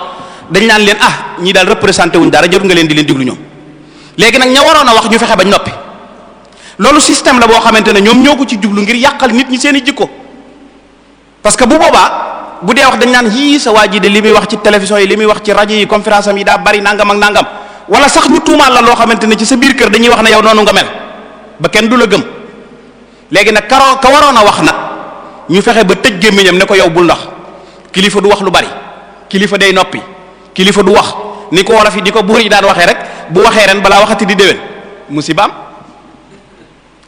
dañ naan leen ah ñii daal représenté wuñ dara jot nga leen di leen diglu ñoom léegi nag ña waroon a wax ñu fexe bañ noppi loolu système la boo xamante ne ñoom ñoo ko ci jublu ngir yàqal nit ñi seen i jikko parce que bu boobaa bu dee wax dañ naan yii sa waa ji de li muy wax ci télévision yi li muy wax ci rajo yi conférence am yi daa bari nangam ak nangam wala sax ñu tuumaal la loo xamante ne ci sa biir kër dañuy wax ne yow noonu nga mel ba kenn du la gëm léegi nag karoo ka waroon a wax nag ñu fexe ba tëj gémmiñam ne ko yow bul ndax kilifa du wax lu bari kilifa day noppi kilifa du wax ni ko wolof yi di ko buur yi daan waxee rek bu waxee ren balaa waxati di déwén musibaam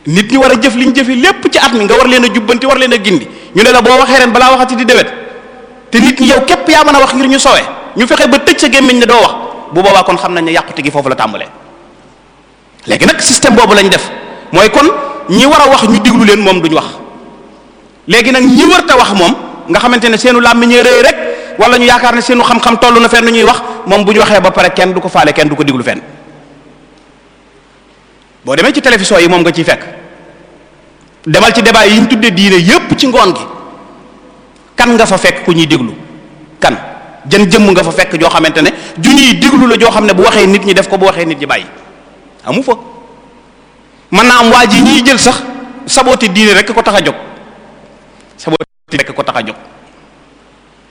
nit ñi war a jëf liñ jëfe lépp ci at mi nga war leen a jubbanti war leen a gindi ñu ne la boo waxee ren balaa waxati di déwét te nit ñi yow képp yaa mën a wax ngir ñu sowe ñu fexe ba tëj sa gémmiñ ne doo wax bu boobaa kon xam nañ ne gi foofu la tàmbalee léegi nag système boobu lañ def mooy kon ñi war a wax ñu diglu leen moom duñ wax léegi nag ñi wërta wax moom nga xamante ne seenu làmmiñ rëy rek wala ñu yaakaar ne seenu xam-xam toll na fenn ñuy wax moom bu ñu waxee ba pare kenn du ko faale kenn du ko diglu boo demee ci télévision yi moom nga ciy fekk demal ci débat yi ñu tuddee diine yépp ci ngoon gi kan nga fa fekk ku ñuy déglu kan jën jëmm nga fa fekk joo xamante ne ju ñuy déglu la joo xam ne bu waxee nit ñi def ko bu waxee nit ñi bàyyi amu fa mën naa am waa ji ñuy jël sax sabooti diine rek ko tax a jóg sabooti rekk ko tax a jóg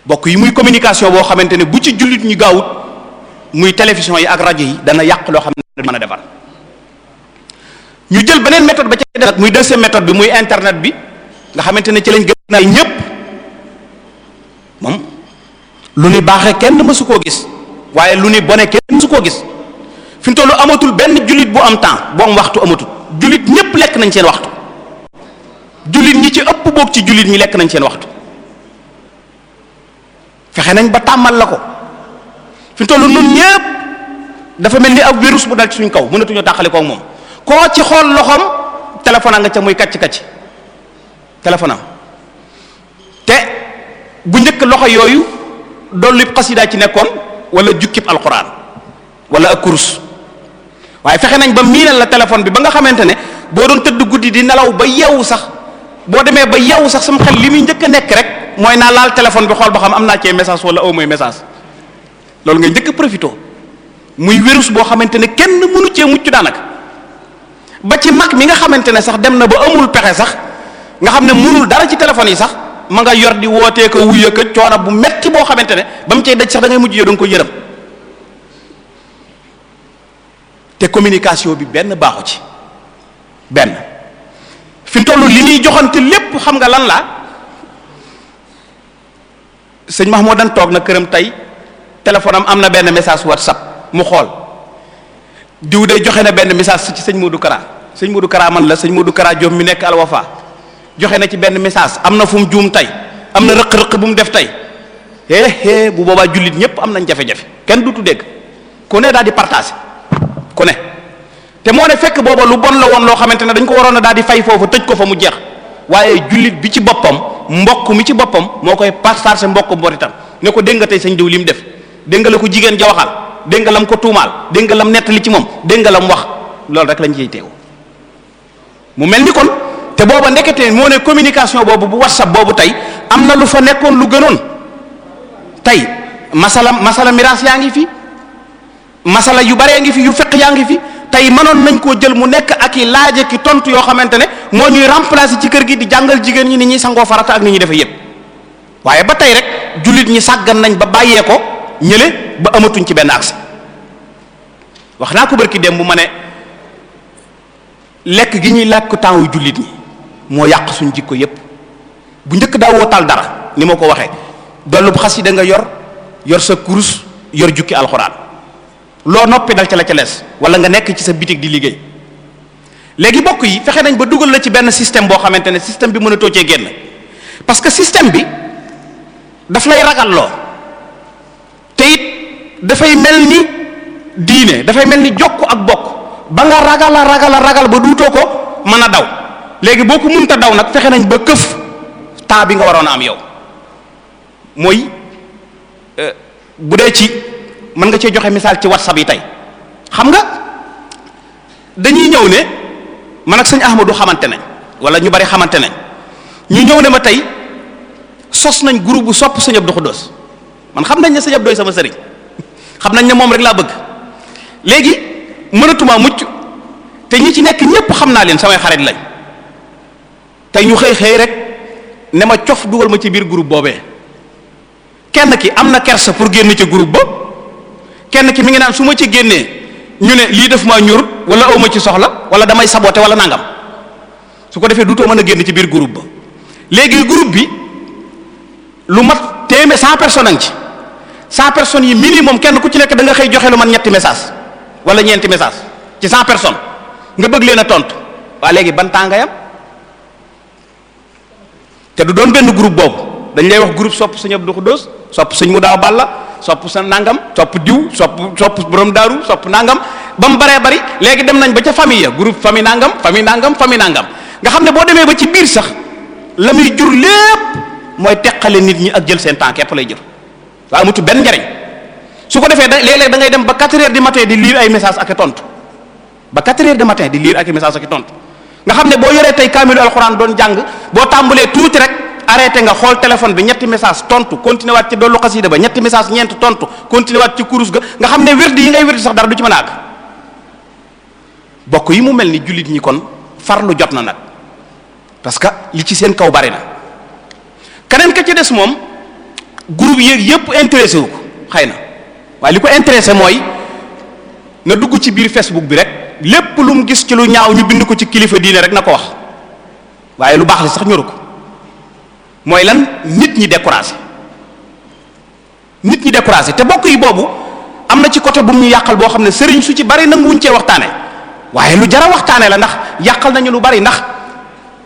bokk yi muy communication boo xamante ne bu ci jullit ñu gaawut muy télévision yi ak rajo yi dana yàq loo xam ne mën a defar ñu jël beneen méthode ba ci def muy deuxième méthode bi muy internet bi nga xamante ne ci lañ gën a ñëpp moom lu ni baaxee kenn mësu koo gis waaye lu ni bone kenn su koo gis fi mu toll amatul benn jullit bu am temps bu am waxtu amatul jullit ñëpp lekk nañ seen waxtu jullit ñi ci ëpp boog ci jullit ñi lekk nañ seen waxtu fexe nañ ba tàmmal la ko fi mu toll nun ñëpp dafa mel ni ab virus bu dal ci suñ kow mënatuñu tàqali koog moom. koo ci xool loxoom téléphone nga ca muy kacc kacc téléphone te bu njëkk loxo yooyu doon lépp xasidaa ci nekkoon wala jukkib alquran wala ak kurus waaye fexe nañ ba miinal la téléphone bi ba nga xamante ne boo doon tëdd guddi di nelaw ba yeewu sax boo demee ba yeewu sax sama xel li muy njëkk a nekk rek mooy naa laal téléphone bi xool ba xam am naa cee message wala au moins message loolu ngay njëkk a profité muy wérus boo xamante ne kenn mënu cee mucc daanaka. ba ci mag mi nga xamante ne sax dem na ba amul pexe sax nga xam ne mënul dara ci téléphone yi sax ma nga yor di wootee ko wuya ko coono bu metti boo xamante ne ba mu cay daj sax da ngay mujj yow da nga ko yërëm te communication bi benn baaxu ci benn fi toll li ñuy joxante lépp xam nga lan la sëñ Mahmoud dañ toog na këram tey téléphone am am na benn message WhatsApp mu xool. diw de joxe na benn message ci sëñ Modou karaa sëñ Modou karaa man la sëñ Modou Kara Diop mi nekk alwafa joxe na ci benn message am na fu mu juum tey am na rëq-rëq bu mu def tey eh bu boobaa jullit ñëpp am nañ jafe-jafe kenn dutu dégg ku ne daal di partagé ku ne te moo ne fekk booba lu bon la woon loo xamante ne dañ ko waroon na daal di fay foofu tëj ko fa mu jeex waaye jullit bi ci boppam mbokk mi ci boppam moo koy partagé mbokk mboritam ne ko dégg tey sëñ diw li mu def dégg nga ko jigéen ja waxal dégg nga lam ko tuumaal dégg nga lam nettali ci moom dégg nga lam wax loolu rek lañ ciy teew mu mel ni kon te booba ndekete moo ne communication boobu bu whatsapp boobu tey am na lu fa nekkoon lu gënoon tey masala masala miraas yaa ngi fi masala yu baree ngi fi yu fekk yaa ngi fi tey mënoon nañ koo jël mu nekk ak i laaje ki tontu yoo xamante ne moo ñuy remplacer ci kër gi di jàngal jigéen ñi ni ñuy sangoo farata ak ni ñuy defee yëpp waaye ba tey rek jullit ñi sàggan nañ ba bàyyee ko ñële ba amatuñ ci benn accès wax naa ko bërki dem mu ma ne lekk gi ñuy lekk temps wu jullit ñi moo yàq suñ jikko yépp bu njëkk daawoo taal dara ni ma ko waxee dollub xasida nga yor yor sa kurus yor jukki alxuraan loo noppi dal ca la ca lees wala nga nekk ci sa bitig di liggéey léegi bokk yi fexe nañ ba dugal la ci benn système boo xamante ne système bi mënatoo a toocee génn parce que système bi daf lay ragal loo dafay mel ni diine dafay mel ni jokk ak bokk ba nga ragal a ragal a ragal ba duutoo ko mën a daw léegi boo ko mënta daw nag fexe nañ ba këf temps bi nga waroon a am yow mooy euh, bu dee ci mën nga cee joxe misaal ci whatsapp yi tey xam nga dañuy ñëw ne man ak sëñ Ahmadou xamante nañ wala ñu bari xamante nañ ñu ñëw ne ma tey sos nañ groupe bu sopp sëñ Abdou Khoudoss man xam nañ ne sëñ Abdou sama sëriñ. xam nañ ne moom rek laa bëgg léegi mënatuma mucc te ñi ci nekk ñépp xam naa leen samay xarit lañ te ñu xëy xëy rek ne ma cof dugal ma ci biir groupe boobee kenn ki am na kersa pour génn ci groupe ba kenn ki mi ngi naan su ma ci génnee ñu ne lii def maa ñurut wala awma ci soxla wala damay saboté wala nangam su ko defee du duutoo mën a génn ci biir groupe ba léegi groupe bi lu mat téeméer cent personnes ci cent personnes yi minimum kenn ku ci nekk da nga xëy joxe lu man ñetti message wala ñeenti message ci cent personne nga bëgg leen a tontu waa léegi ban temps te du doon benn groupe boobu dañ lay wax groupe sopp sëñ Abdou Khoudoss sopp sëñ Moudaw Balla sopp sa nangam sopp diw sopp sopp borom daaru sopp nangam ba mu baree bari léegi dem nañ ba ca famille ya groupe famille nangam famille nangam famille nangam nga xam ne boo demee ba ci biir sax la muy jur lépp mooy teqale nit ñi ak jël seen temps képp lay jur. waaw mutu benn njariñ su ko defee da léeg-léeg da ngay dem ba 4 heures du matin di lire ay message ak i tontu ba 4 heures du matin di lire ak i message ak i tontu nga xam ne boo yoree tey kaamilu alxuraan doon jàng boo tàmbalee tuuti rek arrêté nga xool téléphone bi ñetti message tontu continué waat ci dollu xasida ba ñetti message ñeent tontu continué waat ci kurus ga nga xam ne wirdi yi ngay wirdi sax dara du ci mën a àgg bokk yi mu mel ni jullit ñi kon farlu jot na nag parce que li ci seen kaw bari na keneen ka ci des moom. groupe yéeg yépp intéressé wu ko xëy na waaye li ko intéressé mooy nga dugg ci biir Facebook bi rek lépp lu mu gis ci lu ñaaw ñu bind ko ci kilifa diine rek na ko wax waaye lu baax la sax ñoru ko mooy lan nit ñi découragé nit ñi découragé te bokk yi boobu am na ci côté bu mu yàqal boo xam ne sëriñ su ci bari nanguwuñ cee waxtaane waaye lu jara waxtaane la ndax yàqal nañu lu bari ndax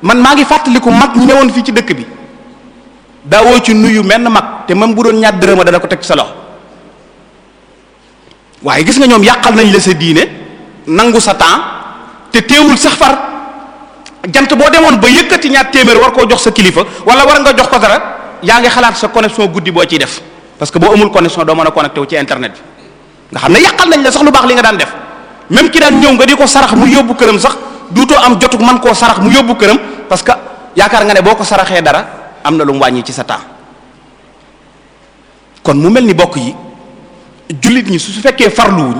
man maa ngi fàttaliku mag ñi mewoon fii ci dëkk bi daawoo ci nuyu menn mag te même bu doon ñaat dërëma dana ko teg sa loxo waaye gis nga ñoom yàqal nañ la sa diine nangu sa temps te teewul sax far jant boo demoon ba yëkkati ñaat téeméer war koo jox sa kilifa wala war nga jox ko dara yaa ngi xalaat sa connexion guddi boo ciy def parce que boo amul connexion doo mën a connecté wu ci internet bi nga xam ne yàqal nañ la sax lu baax li nga daan def même ki daan ñëw nga di ko sarax mu yóbbu këram sax duutoo am jotug man koo sarax mu yóbbu këram parce que yaakaar nga ne boo ko saraxee dara am na lu mu wàññi ci sa temps kon mu mel ni bokk yi jullit ñi su fekkee farluwuñ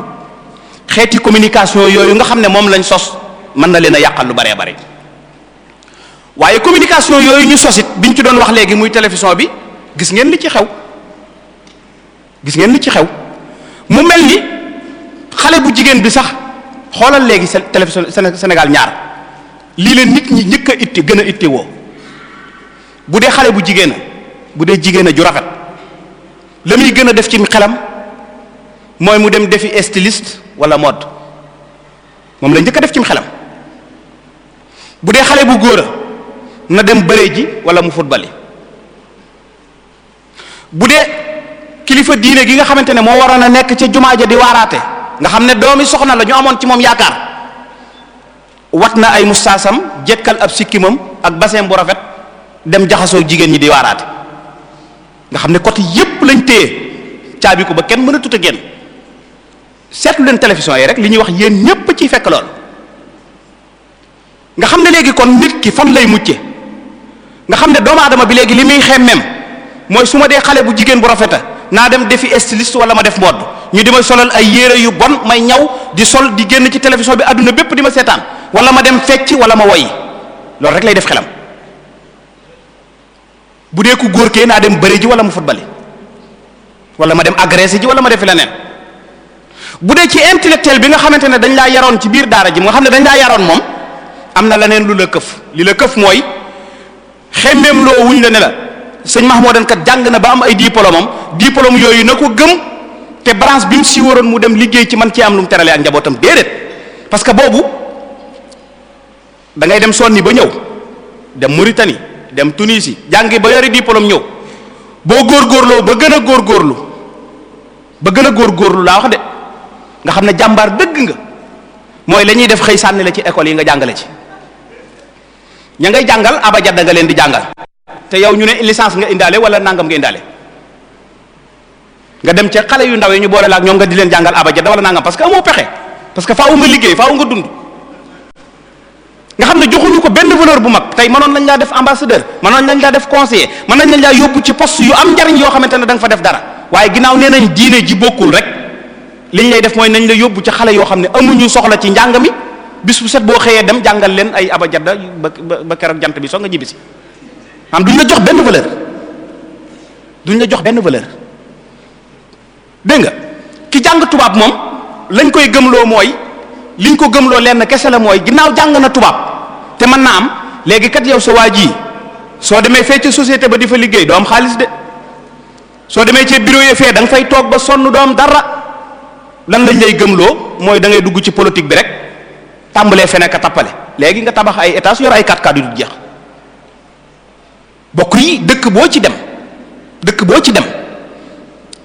xeeti communication yooyu nga xam ne moom lañ sos mën na leen a yàqal lu baree bare waaye communication yooyu ñu sosit biñ ci doon wax léegi muy télévision bi gis ngeen li ci xew gis ngeen li ci xew mu mel ni xale bu jigéen bi sax xoolal léegi télévision Sénégal ñaar lii leen nit ñi njëkk a itte gën a itte woo bu dee xale bu jigéen bu dee jigéen a ju rafet la muy gën a def ci xelam mooy mu dem defi styliste wala mode moom la njëkk def ci xelam bu dee xale bu góor a na dem bëree ji wala mu football bu dee kilifa diine gi nga xamante ne moo waroon a nekk ca jumaa ja di waaraate nga xam ne doomi soxna la ñu amoon ci moom yaakaar wat na ay mustaasam jekkal ab sikkimam ak bassin bu rafet dem jaxasoo jigéen ñi di waaraate nga xam ne côté yépp lañ téye caabi ko ba kenn mën génn seetlu leen télévision yi rek li ñuy wax yéen ñépp ciy fekk lool nga xam ne léegi kon nit ki fan lay mucce nga xam ne doomu aadama bi léegi li muy xemmem mooy su ma dee xale bu jigéen bu rafeta naa dem defi styliste wala ma def mode ñu di ma solal ay yére yu bon may ñaw di sol di génn ci télévision bi àdduna bépp di ma seetaan wala ma dem fecc wala ma woy loolu rek lay def xelam bu dee ku góor kee naa dem bëri ji wala mu footbali wala ma dem agressé ji wala ma defi leneen bu dee ci intellectuel bi nga xamante ne dañ laa yaroon ci biir daara ji nga xam ne dañ laa yaroon moom am na leneen lu la këf li la këf mooy xemmeem loo wuñ la ne la sëñ Mahmoudan kat jàng na ba am ay diplôme am yooyu na ko gëm te branche bi mu si waroon mu dem liggéey ci man ci am lu mu terale ak njabootam déedéet parce que boobu da ngay dem sonni ba ñëw dem Mauritanie. dem Tunisie jàngi ba yore yori diplôme ñëw boo góor góorgóorloo ba gën a góorlu ba gën a góorgóorlu laa wax de nga xam ne jàmbaar dëgg nga mooy la ñuy def xëy sànni la ci ecole yi nga jàngale ci ña ngay jàngal abajad da nga leen di jàngal te yow ñu ne licence nga indaale wala nangam nga indaale nga dem ca xale yu ndaw yi ñu boole la ak ñoom nga di leen jàngal abajad wala nangam parce que amoo pexe parce que faaw nga liggéey faaw nga dund. nga xam ne joxuñu ko benn valeur bu mag tey mënoon nañ laa def ambassadeur mënoon nañ laa def conseiller mën nañ laa yóbbu ci poste yu am njariñ yoo xamante ne da nga fa def dara waaye ginnaaw nee nañ diine bokkul rek liñ lay def mooy nañ la yóbbu ci xale yoo xam ne amuñu soxla ci njàng mi bis bu set boo xëyee dem jàngal leen ay abajada ba ba keroog jant bi soo nga ñibbisi am duñ la jox benn valeur duñ la jox benn valeur dégg nga ki jàng tubaab moom lañ koy gëmloo mooy. liñ ko gëmloo lenn kese la mooy ginnaaw jàng na tubaab te mën naa am léegi kat yow sa waa ji soo demee fee ca société ba di fa liggéey doo am xaalis de soo demee ca bureau yi fee fay toog ba sonn doo dara lan lañ lay gëmloo mooy da ngay dugg ci politique bi rek tàmbalee feneen ka tappale léegi nga tabax ay étage yor ay kat kat yu du jeex bokk yi dëkk boo ci dem dëkk boo ci dem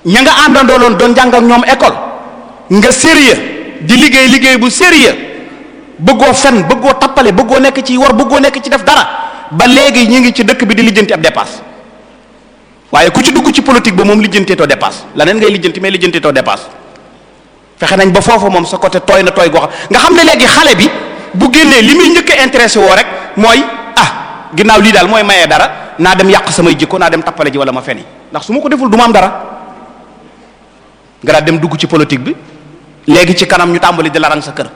ña nga loon doon jàng ak ñoom école nga sérieux di liggéey liggéey bu sérieux bëggoo fen bëggoo tappale bëggoo nekk ci war bëggoo nekk ci def dara ba léegi ñu ngi ci dëkk bi di lijjanti ab dépasse waaye ku ci dugg ci politique bi moom lijjanteetoo dépasse laneen ngay lijjanti mais lijjanteetoo dépasse fexe nañ ba foofu moom sa côté tooy na tooy goo nga xam ne léegi xale bi bu génnee li muy njëkk a intéressé woo rek mooy ah ginnaaw lii daal mooy mayee dara naa dem yàq samay jikko naa dem tappale ji wala ma feni ndax su ma ko deful ma am dara dem dugg ci politique bi léegi ci kanam ñu tàmbali di la rang sa kër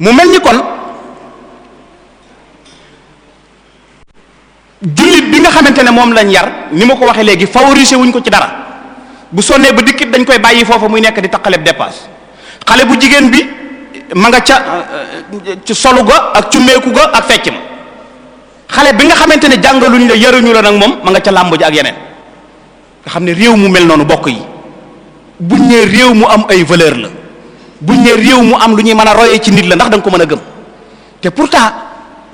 mu mel ni kon jullit bi nga xamante ne moom lañ yar ni ma ko waxee léegi favoriser wuñ ko ci dara bu sonnee ba dikkit dañ koy bàyyi foofu muy nekk di taqaleb dépasse xale bu jigéen bi ma nga ca euh, ci solu ga ak cummeeku ga ak fecc ma xale bi nga xamante ne jàngaluñ la yaruñu la nag moom ma nga ca làmb ak yeneen nga xam ne réew mu mel noonu bokk yi buñ ne réew mu am ay valeur la buñ ne réew mu am lu ñuy mën a royee ci nit la ndax da nga ko mën a gëm te pourtant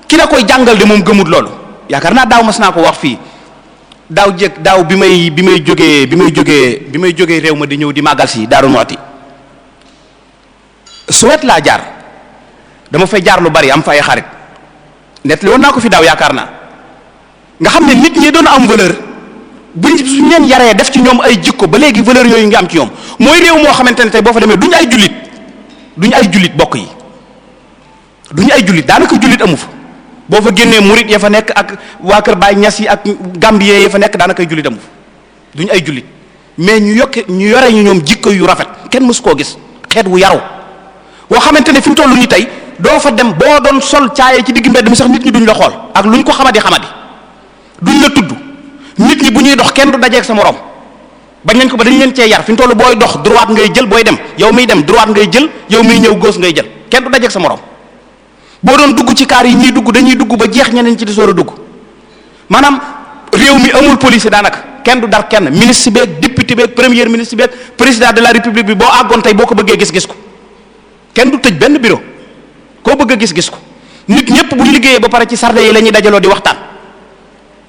ki la koy jàngal de moom gëmut loolu yaakaar naa daaw mas naa ko wax fii daaw jëkk daaw bi may bi may jógee bi may jógee bi may jógee réew ma di ñëw di màggal si Daaru Muxti Suwed laa jaar dama fay jaar lu bari am fa xarit net li woon naa ko fi daaw yaakaar naa nga xam ne nit ñi doon am valeur. bu buñ suñ leen yaree def ci ñoom ay jikko ba léegi valeur yooyu ngi am ci ñoom mooy réew moo xamante ne tey boo fa demee duñ ay jullit duñ ay jullit bokk yi duñ ay jullit daanaka jullit amu fa boo fa génnee murit ya fa nekk ak waa Kër Baay Ñas yi ak Gambien fa nekk daanaka jullit amu fa ay jullit mais ñu yokke ñu yore ñu ñoom jikko yu rafet kenn mësu koo gis xeet wu yaru woo xamante ne fi mu toll nii tey doo fa dem boo doon sol caayee ci digg mbedd mu sax nit ñi duñu la xool ak lu ñu ko xamadi xamadi duñ la tudd. nit ñi bu ñuy dox kenn du dajeeg sa morom bañ nañ ko ba dañ leen cee yar fi ñu toll booy dox droite ngay jël booy dem yow miy dem droite ngay jël yow miy ñëw gauche ngay jël kenn du dajeeg sa morom boo doon dugg ci kaar yi ñuy dugg dañuy dugg ba jeex ñeneen ci di soor a dugg maanaam réew mi amul police daanaka kenn du dar kenn ministre beeg député beeg première ministre beeg président de la république bi boo àggoon tey boo ko bëggee gis-gis ko kenn du tëj benn bureau koo bëgg a gis-gis ko nit ñëpp bu ñu ba pare ci sarde yi la ñuy dajaloo di waxtaan.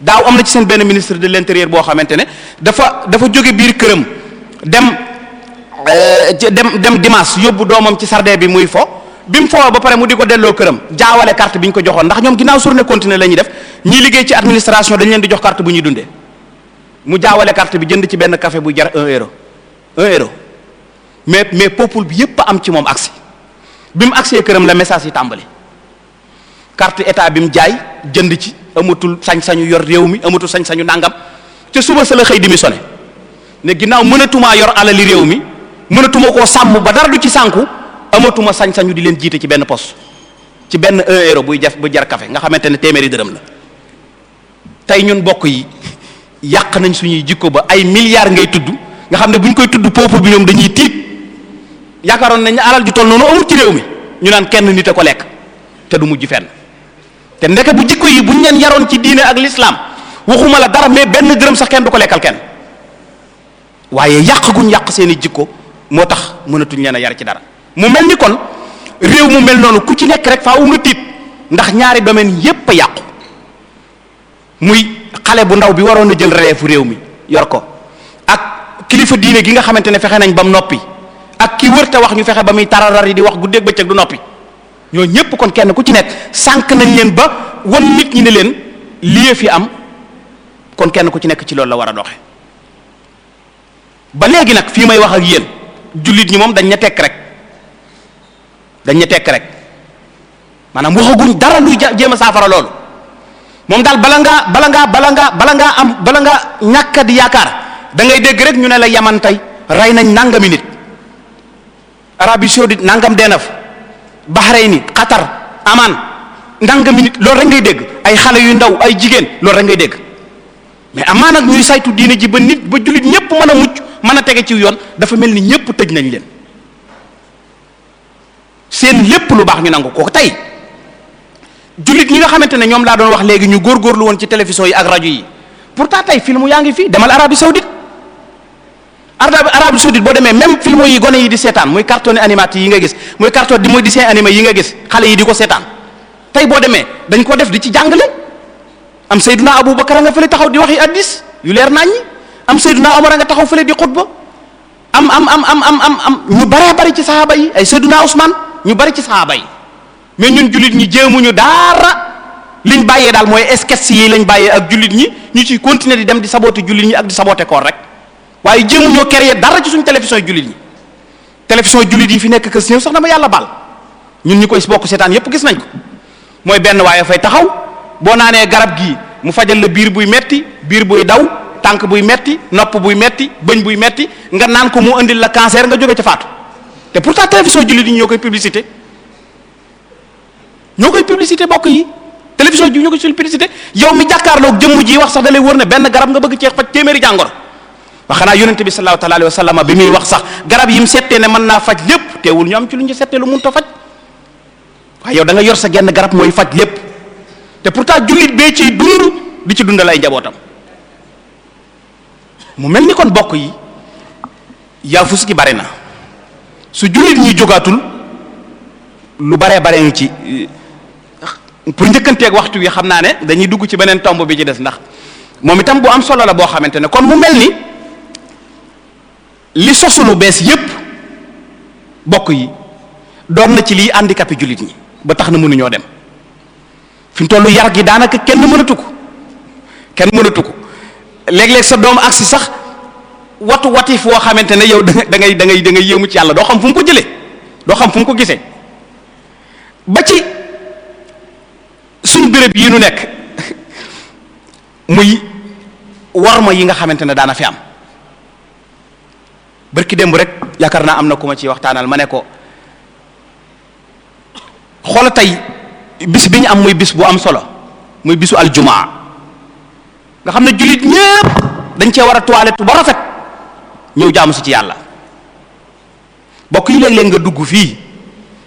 daaw am na ci seen benn ministre de l'intérieur boo xamante ne dafa dafa jóge biir këram dem euh, dem dem Dimaas yóbbu doomam ci sardin bi muy fo bi mu foo ba pare mu di ko delloo këram jaawale carte bi ñu ko joxoon ndax ñoom ginnaaw journée continue la ñuy def ñiy liggéey ci administration dañ leen di jox carte bu ñuy dundee mu jaawale carte bi jënd ci benn café bu jar un euro un euro mais mais peuple bi yépp am ci moom agsi bi mu agsee këram la message yi tàmbali carte état bi mu jaay jënd ci amatul sañ-sañu yor réew mi amatul sañ-sañu nangam te suba sa la xëy démissionné ne ginnaaw mënatumaa yor alali réew mi mënatuma koo sàmm ba dara du ci sànku amatuma sañ-sañu di leen jiite ci benn post ci benn un euro buy def bu jar café nga xamante ne téeméeri dërëm la tey ñun bokk yi yàq nañ suñuy jikko ba ay milliards ngay tudd nga xam ne bu ñu koy tudd peuple bi ñoom dañuy tiit yaakaaroon nañ alal ju toll noonu amul ci réew mi ñu naan kenn nit a ko lekk te du mujj fenn. te ndeke bu jikko yi bu leen yaroon ci diine ak lislaam waxuma la dara mais benn gërëm sax kenn du ko lekkal kenn waaye yàq guñ yàq seen jikko moo tax mënatuñ leen a yar ci dara mu mel ni kon réew mu mel noonu ku ci nekk rek faaw nga tiit ndax ñaari domaine yépp a yàqu muy xale bu ndaw bi waroon a jël relève réew mi yor ko ak kilifa diine gi nga xamante ne fexe nañ ba noppi ak ki wër te wax ñu fexe ba muy tararari di wax guddeeg bëccëg du noppi. ñoo ñëpp kon kenn ku ci nekk sànq nañ leen ba wan nit ñi ne leen lii fi am kon kenn ku ci nekk ci loolu la war a doxe ba léegi nag fii may wax ak yéen jullit ñi moom dañ ña tekk rek dañ ña tekk rek maanaam waxaguñ dara luy jéem a saafara loolu moom daal bala ngaa bala ngaa bala ngaa bala ngaa am bala ngaa ñàkk yaakaar dangay dégg rek ñu ne la yaman tey rey nañ nangami nit Arabie saoudite nangam deenaf Bahreïn Qatar Aman ndàngami nit loolu rek ngay dégg ay xale yu ndaw ay jigéen loolu rek ngay dégg mais amaan nag ñuy saytu diine ji ba nit ba jullit ñépp mën a mucc mën a tege ci yoon dafa mel ni ñépp tëj nañ leen seen lépp lu baax ñu nangu ko tey jullit ñi nga xamante ne ñoom laa doon wax léegi ñu góorgóorlu woon ci télévision yi ak rajo yi pourtant tey film yaa ngi fi demal Arabie Saoudite arab Arabie Saoudite boo demee même film yi gone yi di seetaan muy carton animatique yi nga gis muy carton di muy dessin animé yi nga gis xale yi di ko seetaan tey boo demee dañ ko def di ci jàngale am Seydina Aboubacar nga fële taxaw di waxi addis yu leer nañ ñi am Seydina Omar nga taxaw fële di xutba am am am am am am am ñu baree bari ci saxaaba yi ay Seydina Ousmane ñu bari ci saxaaba yi mais ñun jullit ñi jéemuñu daara liñ bàyyee daal mooy esquisse yi lañ bàyyee ak jullit ñi ñu ci continuer di dem di saboter jullit ñi ak di saboter koor rek. waaye jéemu ñoo créer dara ci suñu télévision jullit yi télévision jullit yi fi nekk kër si ñëw sax dama yàlla baal ñun ñu koy bokk seetaan yépp gis nañ ko mooy benn waaye fay taxaw boo naanee garab gii mu fajal la biir buy metti biir buy daw tànk buy metti nopp buy metti bëñ buy metti nga naan ko mu indil la cancer nga jóge ca faatu te pourtant télévision jullit yi ñoo koy publicité ñoo koy publicité bokk yi télévision yi ñoo koy publicité yow mi jàkkaarloog jëmm ji wax sax da lay wër benn garab nga bëgg cee faj téeméeri jàngoro xanaa yonente bi salaa taala alayhi wa sallam bi muy wax sax garab yi mu settee ne mën naa faj lépp teewul ñu am ci lu ñu settee lu mun faj waaye yow danga yor sa genn garab mooy faj lépp te pourtant jullit bee ciy dund di ci dundal ay njabootam mu mel ni kon bokk yi yaafus gi bari na su jullit ñi jógaatul lu baree bare ñu ci eh, pour njëkkanteeg waxtu wi xam naa ne dañuy dugg ci beneen tomb bi ci des ndax moom itam bu am solo la boo xamante ne kon mu mel ni li sosu bees yépp bokk yi doom na ci liy handicapé jullit ñi ba tax na mënuñoo dem fi mu toll yar gi daanaka kenn mënatu ko kenn mënatu ko léeg-léeg sa doom agsi sax watu wati foo xamante ne yow da ngay da ngay da ngay yéemu ci yàlla doo xam fu mu ko jële doo xam fu mu ko gisee ba ci suñ béréb yi nu nekk muy ma yi nga xamante ne daana fi am. bërki démb rek yaakaar naa am na ku ma ci waxtaanal ma ne ko xoola tey bis bi ñu am muy bis bu am solo muy bisu aljumaa nga xam ne jullit ñépp dañ cee war a toilette ba rafet ñëw jaamu si ci yàlla bokk yi léeg-léeg nga dugg fii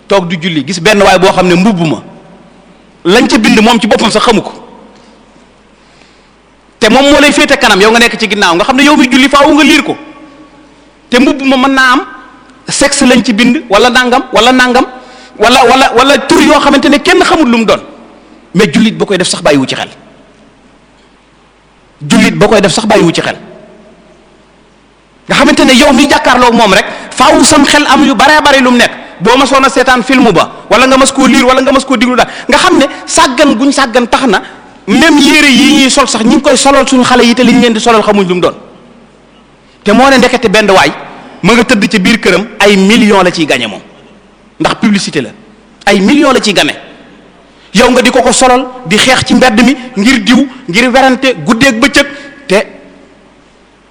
toog du julli gis benn waay boo xam ne mbubb ma lañ ca bind moom ci boppam sa xamu ko te moom moo lay féete kanam yow nga nekk ci ginnaaw nga xam ne yow mi julli faaw nga liir ko te bu ma mën naa am sexe lañ ci bind wala nangam wala nangam wala wala wala tur yoo xamante ne kenn xamul lu mu doon mais jullit ba koy def sax bàyyiwu ci xel jullit ba koy def sax bàyyiwu ci xel nga xamante ne yow mi jàkkaarloo moom rek faawu sam xel am yu baree bari lu mu nekk boo ma soon a seetaan film ba wala nga mas koo liir wala nga mas koo diglu daal nga xam ne sàggan guñ sàggan tax na même yére yi ñuy sol sax ñi ngi koy solol suñu xale yi te liñ leen di solol xamuñ lu te moo ne ndekete benn waay ma nga tëdd ci biir këram ay million la ciy gañe moom ndax publicité la ay millions la ciy gane yow nga di ko ko solal di xeex ci mbedd mi ngir diw ngir werante guddeeg bëccëg te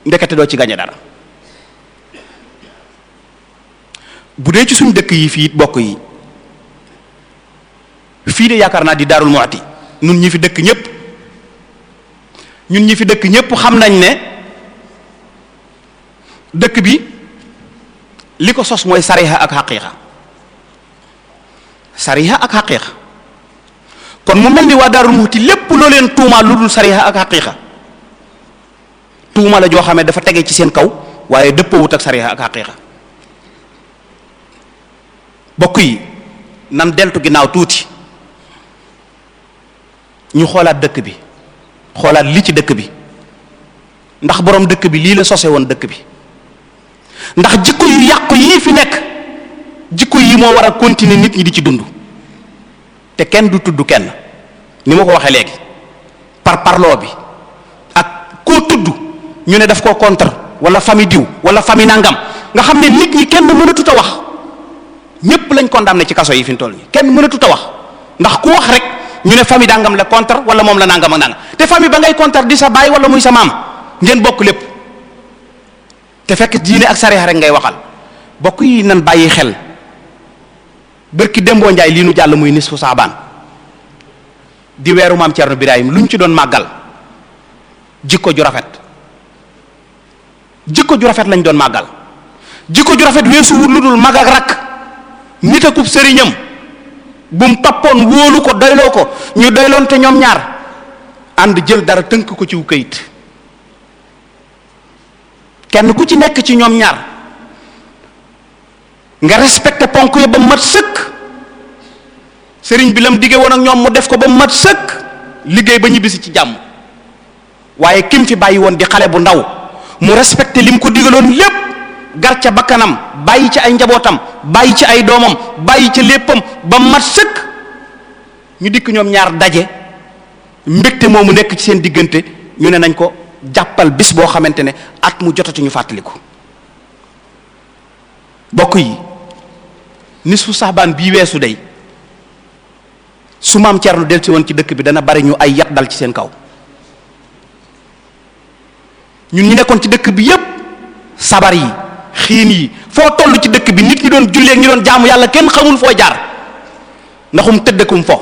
ndekete doo ci gañe dara bu dee ci suñ dëkk yi fii bokk yi fii de yaakaar naa di Darou Moukhty nun ñi fi dëkk ñépp ñun ñi fi dëkk ñépp xam nañ ne dëkk bi li ko sos mooy sariha ak xaqiiqa sariha ak xaqiiqa kon mu mel ni waa Daaru Muxti lépp loo leen tuumaa lu dul sariha ak xaqiiqa tuuma la joo xamee dafa tege ci seen kaw waaye dëppawut ak sariha ak xaqiiqa bokk yi nan deltu ginnaaw tuuti ñu xoolaat dëkk bi xoolaat li ci dëkk bi ndax boroom dëkk bi lii la sose woon dëkk bi ndax jikko yu yàqu yii fi nekk jikko yi moo war a continuer nit ñi di ci dund te kenn du tudd kenn ni ma ko waxee léegi par parloo bi ak koo tudd ñu ne daf koo contre wala famille diw wala famille nangam nga xam ne nit ñi kenn mënatut a wax ñépp lañ ne ci kaso yi fi mu toll nii kenn mënatut a wax ndax ku wax rek ñu ne famille dangam la contre wala moom la nàngam ak nangam te famille ba ngay contre di sa baay wala muy sa maam ngeen bokk lépp. te fekk diine ak sariya rek ngay waxal bokk yi nan bàyyi xel bërki demboo njaay lii nu jàll muy nisfu saabaan di weeru maam Cerno Birahim lu ñu ci doon màggal jikko ju rafet jikko ju rafet lañ doon màggal jikko ju rafet weesu wut lu dul mag ak rakk nit sëriñam bu mu toppoon wóolu ko doyloo ko ñu doyloon te ñoom ñaar ànd jël dara tënk ko ciw kayit kenn ku ci nekk ci ñoom ñaar nga respecté ponk ya ba mat sëkk sëriñ bi lam digge woon ak ñoom mu def ko ba mat sëkk liggéey ba ñibbisi ci jàmm waaye kim fi bàyyi woon di xale bu ndaw mu respecté lim ko diggaloon lépp gar ca bakkanam bàyyi ci ay njabootam bàyyi ci ay doomam bàyyi ci léppam ba mat sëkk ñu dikk ñoom ñaar daje mbégte moomu nekk ci seen diggante ñu ne nañ ko jàppal bis boo xamante ne at mu jotati ñu fàttaliku bokk yi ni su saxbaan bii weesu day su maam Thierno delsi woon ci dëkk bi dana bari ñu ay yat dal ci seen kaw ñun ñu nekkoon ci dëkk bi yépp sabar yi xiin yi foo toll ci dëkk bi nit ñi doon jullee ñi doon jaamu yàlla kenn xamul foo jaar ndaxum tëddëkum fo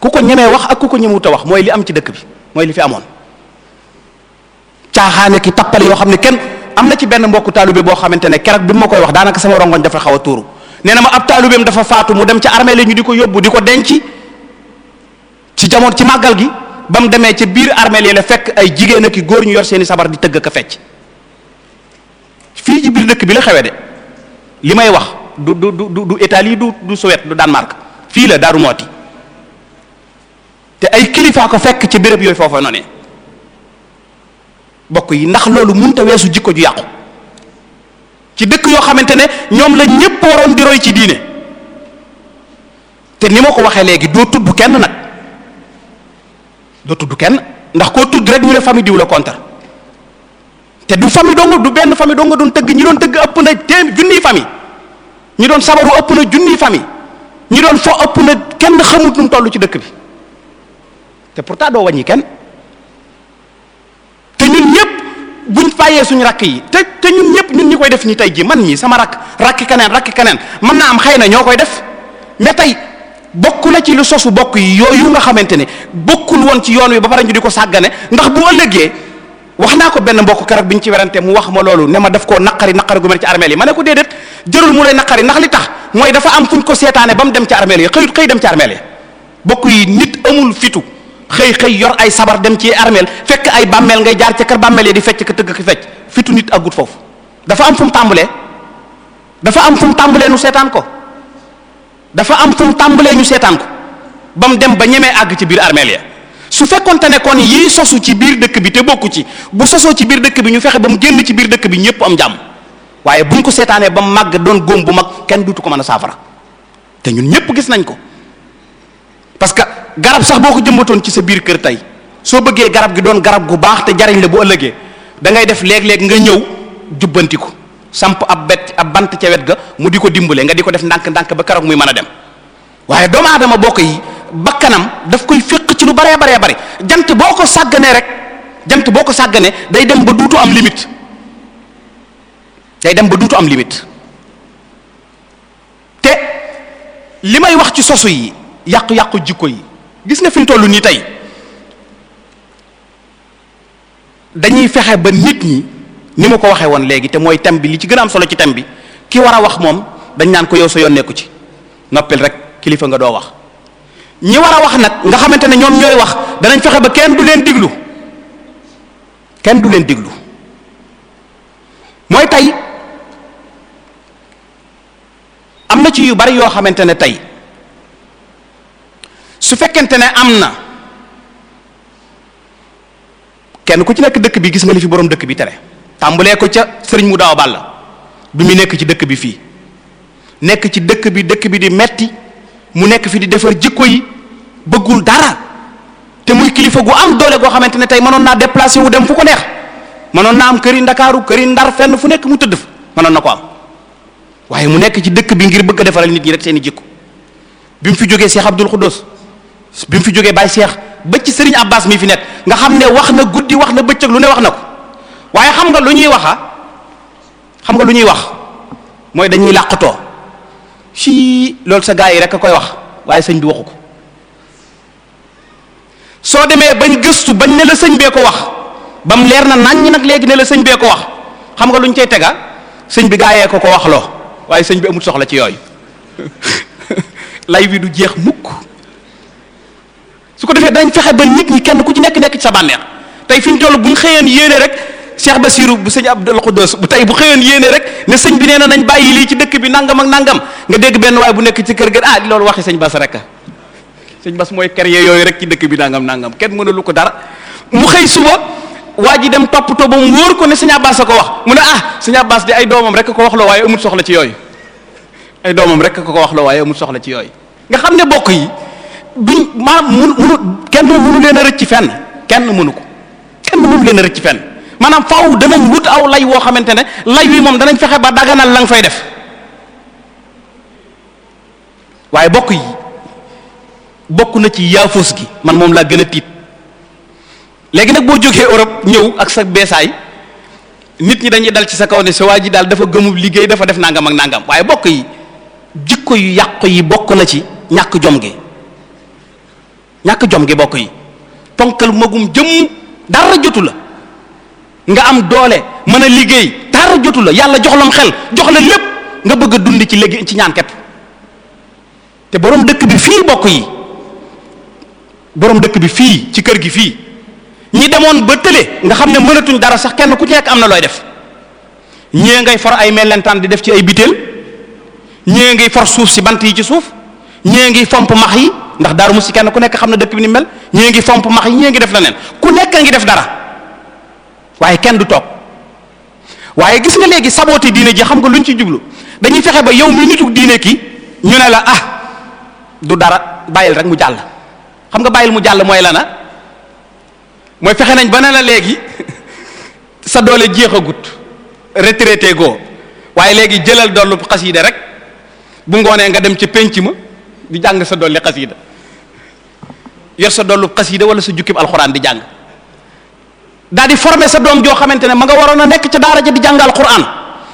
ku ko ñemee wax ak ku ko ñemewut a wax mooy li am ci dëkk bi mooy li fi amoon caaxaane ki tappale yoo xam ne kenn am na ci benn mbokku taalube boo xamante ne keroog bi ma koy wax daanaka sama rongoñ dafa xaw a tuuru nee na ma ab taalubeem dafa faatu mu dem ca armée la ñu di ko yóbbu di ko denc ci jamono ci màggal gi ba mu demee ca biir armée la fekk ay jigéen ak i góor ñu yor seeni sabar di tëgg ka fecc fii ci biir dëkk bi la xewee de li may wax du du du du Italie du du Suède du Danemark fii la Daaru Mooti te ay kilifa ko fekk ci béréb yooyu foofa noonu bokk yi ndax loolu mënta weesu jikko ju yàqu ci dëkk yoo xamante ne ñoom la ñépp waroon di roy ci diine te ni ma ko waxee léegi doo tudd kenn nag doo tudd kenn ndax koo tudd rek ñu ne famille la contre te du famille dong du benn famille nga doon tëgg ñi doon tëgg ëpp na téem junniy famille ñi doon sabaru ëpp na junniy famille ñi doon foo ëpp na kenn xamut nu mu ci dëkk bi te pourtant doo wàññi kenn. te ñun ñëpp buñ bàyyee suñu rakk yi te te ñun ñëpp ñun ñi koy def nii tey jii man mii sama rakk rakk keneen rakk keneen mën naa am xëy na ñoo koy def mais tey bokk na ci lu sosu bokk yi yooyu nga xamante ne bokkul woon ci yoon wi ba pare ñu di ko sàggane ndax bu ëllëgee wax naa ko benn mbokk keroog bi ñu ci werante mu wax ma loolu ne ma daf koo naqari naqari gu mel ci armeel yi ma ne ko déedéet jërul mu lay naqari ndax li tax mooy dafa am fuñ ko seetaane ba dem ci armeel yi xëyut xëy dem ci armeel yi yi nit amul fitu xëy xëy yor ay sabar dem ci armeel fekk ay bàmmeel ngay jaar ca kër bàmmeel yi di fecc ka tëgg ki fecc fitu nit ak gut foofu dafa am fu mu tàmbalee dafa am fu mu tàmbalee ñu seetaan ko dafa am fu mu tàmbalee ñu seetaan ko ba mu dem ba ñemee àgg ci biir armeel ya su fekkonte ne kon yii sosu ci biir dëkk bi te bokku ci bu sosoo ci biir dëkk bi ñu fexe ba mu génn ci biir dëkk bi ñëpp am jàmm waaye bu ñu ko seetaanee ba mu màgg doon góom bu mag kenn duutu ko mën a saafara te ñun ñëpp gis nañ ko garab sax boo ko jëmbatoon ci sa biir kër tey soo bëggee garab gi doon garab gu baax te jariñ la bu ëllëgee da ngay def léeg-léeg nga ñëw jubbantiku ko samp ab bett ab bant ca wet ga mu di ko dimbale nga di ko def ndànk-ndànk ba keroog muy mën a dem waaye doomu aadama bokk yi bakkanam daf koy féq ci lu baree baree bare jant boo ko sàgganee rek jant boo ko sàgganee day dem ba duutu am limite day dem ba duutu am limite te li may wax ci sosu yi yàqu-yàqu jikko yi gis nga fi ñu toll nii tey dañuy fexe ba nit ñi ni ma ko waxee woon léegi te mooy thème bi li ci gën a am solo ci thème bi ki war a wax moom dañ naan ko yow sa yoon nekku ci noppil rek kilifa nga doo wax ñi war a wax nag nga xamante ne ñoom ñooy wax danañ fexe ba kenn du leen diglu kenn du leen diglu mooy tey am na ci yu bari yoo xamante ne tey su fekkente ne am na kenn ku ci nekk dëkk bi gis nga li fi borom dëkk bi tere tàmbulee ko ca sëriñ mu daaw bàll bi mu nekk ci dëkk bi fii nekk ci dëkk bi dëkk bi di metti mu nekk fi di defar jikko yi bëggul dara te muy kilifa gu am doole goo xamante ne tey mënoon naa déplacé wu dem fu ko neex mënoon naa am këri ndakaaru këri ndar fenn fu nekk mu tëdd fa mënoon na ko am waaye mu nekk ci dëkk bi ngir bëgg a defaral nit ñi rek seen i jikko bi mu fi jógee Cheikh Abdoul Khoudous bi mu fi jógee Baye Cheikh ba ci Serigne Abbas mi fi nekk nga xam ne wax na guddi wax na bëccëg lu ne wax na ko waaye xam nga lu ñuy waxa xam nga lu ñuy wax mooy dañuy làqatoo ci loolu sa yi rek a koy wax waaye sëñ bi waxu ko soo demee bañ gëstu bañ ne la sëñ bee ko wax ba mu leer na naññ nag léegi ne la sëñ bee ko wax xam nga lu ñu cay tega sëñ bi gaayee ko ko loo waaye sëñ bi amul soxla ci yooyu lay bi du jeex mukk su ko defee dañ fexe ba nit ñi kenn ku ci nekk nekk ci sa bànneex tey fi ñu toll bu ñu xëyeen yéene rek Cheikh Basirou bu sëñ Abdoul Khoudous bu tey bu xëyeen yéene rek ne sëñ bi nee na nañ bàyyi lii ci dëkk bi nangam ak nangam nga dégg benn waay bu nekk ci kër ga ah loolu waxi sëñ Bas rek sëñ Bas mooy créer yooyu rek ci dëkk bi nangam nangam kenn mënalu ko dara mu xëy suba waa ji dem toppatoo ba mu wóor ko ne sëñ Abbas a ko wax mu ne ah sëñ Abbas di ay doomam rek ko wax la waaye amul soxla ci yooyu ay doomam rek ko wax la waaye amul soxla ci yooyu nga xam ne bokk yi duñ maam mun munu kenn munu leen a rëcc fenn kenn mënu ko kenn mënu leen a rëcc fenn maanaam faaw danañ wut aw lay woo xamante ne lay wi moom danañ fexe ba daganal la nga fay def waaye bokk yi bokk na ci yaafus gi man moom laa gën a tiit léegi nag boo jógee Europe ñëw ak sa beesaay nit ñi dañuy dal ci sa kaw ne sa waa ji daal dafa gëmub liggéey dafa def nangam ak nangam waaye bokk yi jikko yu yàqu yi bokk na ci ñàkk jom gi ñàkk jom gi bokk yi ponkal magum jëmm dara jotu la nga am doole mën a liggéey dara jotu la yàlla jox lam xel jox la lépp nga bëgg a dund ci léegi ci ñaan kepp te boroom dëkk bi fii bokk yi boroom dëkk bi fii ci kër gi fii ñi demoon ba tële nga xam ne mënatuñ dara sax kenn ku ci nekk am na looy def ñee ngay for ay mellentaan di def ci ay biteel ñee ngay for suuf si bant yi ci suuf ñee ngi fomp max yi ndax Daaru si kenn ku nekk xam na dëkk bi ni mel ñii ngi fomp max yi ñii ngi def leneen ku nekk ngi def dara waaye kenn du toog waaye gis nga léegi sabooti diine ji xam nga luñ ci jublu dañuy fexe ba yow mi nitug diine ki ñu ne la ah du dara bàyyil rek mu jàll xam nga bàyyil mu jàll mooy la na mooy fexe nañ ba ne la léegi sa doole jeexagut retraité goo waaye léegi jëlal dollu xasida rek bu ngoonee nga dem ci pénc ma di jàng sa dolli xasiida yor sa dollu xasiida wala sa jukkib alxuraan di jàng daal di former sa doom joo xamante ne ma nga waroon a nekk ca daara ja di jàng alxuraan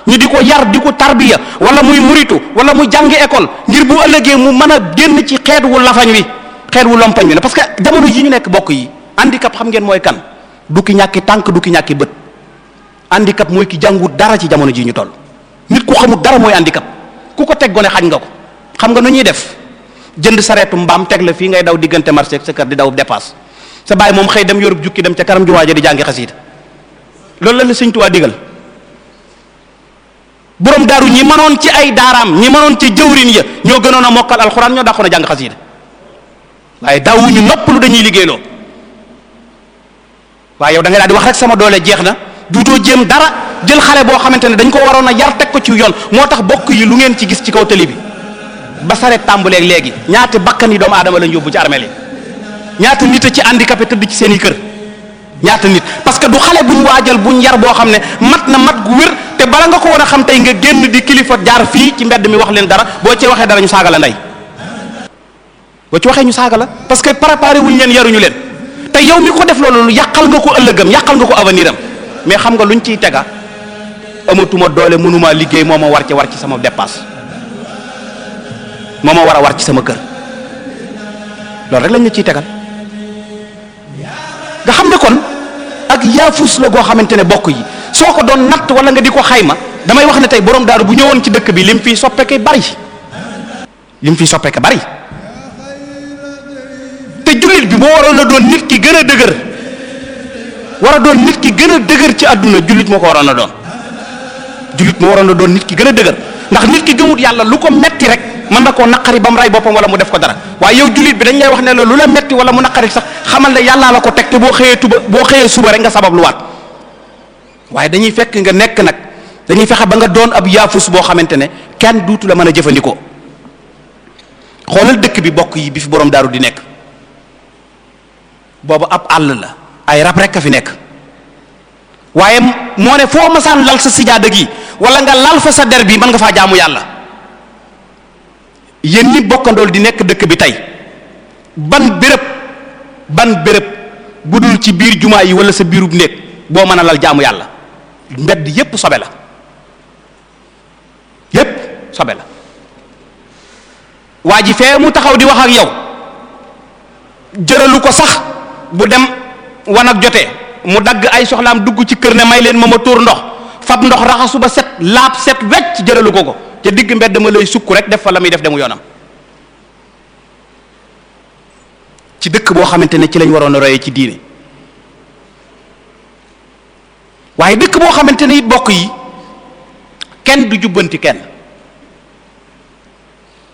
ñu di ko yar di ko tarbiya wala muy muritu wala muy jàngi école ngir bu ëllëgee mu mën a génn ci xeet wu lafañ wi xeet wu lompañ wi la parce que jamono yi ñu nekk bokk yi handicap xam ngeen mooy kan du ki ñàkki tànk du ki ñàkki bët handicap mooy ki jàngut dara ci jamono ji ñu toll nit ku xamut dara mooy handicap ku ko teg xañ nga ko xam nga nu def jënd sareetu mbaam teg la fii ngay daw diggante marché ak sa kër di daw dépasse sa baay moom xëy dem yorub jukki dem ca karam juwaaja di jàngi xasiida loolu la la sëñ Tuubaa digal borom daaru ñi mënoon ci ay daaraam ñi mënoon ci jëwrin ya ñoo gënoon a mokkal alxuraan ñoo dàqoon a jàng xasiida waaye ñu nopp lu dañuy liggéeyloo waaye yow da nga daal di wax rek sama doole jeex na duutoo jëm dara jël xale boo xamante ne dañ ko waroon a yar teg ko ci yoon moo tax bokk yi lu ngeen ci gis ci kaw tëli bi ba sareet tàmbuleeg léegi ñaata bakkan yi doomu aadama lañ yóbbu ci armeel yi ñaata nit a ci handicapé tëdd ci seen i kër ñaata nit parce que du xale buñ waajal buñ yar boo xam ne mat na mat gu wér te bala nga ko war a xam tey nga génn di kilifa jaar fii ci mbedd mi wax leen dara boo ci waxee dara ñu saaga la ndey boo ci waxee ñu saaga la parce que préparé wuñ leen yaruñu leen te yow mi ko def loolu yàqal nga ko ëllëgam yàqal nga ko avenir am mais xam nga luñ ciy tega amatuma doole mënumaa liggéey moo war ci war ci sama dépasse moo ma war a war ci sama kër loolu rek lañ la ciy tegal nga xam ne kon ak yaafus la goo xamante ne bokk yi soo ko doon natt wala nga di ko xayma damay wax ne tey borom daaru bu ñëwoon ci dëkk bi lim fiy soppeeku bari lim fiy soppeeku bari te jullit bi moo waroon a doon nit ki gën a dëgër war a doon nit ki gën a dëgër ci àdduna jullit moo ko waroon a doon jullit moo waroon a doon nit ki gën a dëgër ndax nit ki gëmut yàlla lu ko metti rek. mën na koo naqari ba mu rey boppam wala mu def ko dara waaye yow jullit bi dañ lay wax ne la lu la metti wala mu naqari sax xamal ne yàllaa la ko teg te boo xëyee boo xëyee suba rek nga sabab lu waat waaye dañuy fekk nga nekk nag dañuy fexe ba nga doon ab yaafus boo xamante ne kenn duutu la mën a jëfandikoo xoolal dëkk bi bokk yi bi fi borom daaru di nekk boobu ab àll la ay rab rek a fi nekk waaye moo ne foo masaan lal sa sijaada gi wala nga lal fa sa der bi mën nga faa jaamu yàlla yéen bokkandool di nekk dëkk bi tey ban bërëb ban béréb bu dul ci biir jumaa yi wala sa biirub néeg boo mën a lal jaamu yàlla mbedd yépp sobe la yépp sobe la waa ji fee mu taxaw di wax ak yow jëralu ko sax bu dem wan ak jotee mu dagg ay soxlaam dugg ci kër ne may leen ma ma tuur ndox fab ndox raxasu ba set laab set wecc jëralu ko ko ce digg mbedd ma lay sukk rek def fa la muy def demu yoonam ci dëkk boo xamante ne ci lañ waroon a royee ci diine waaye dëkk boo xamante ne it bokk yi kenn du jubbanti kenn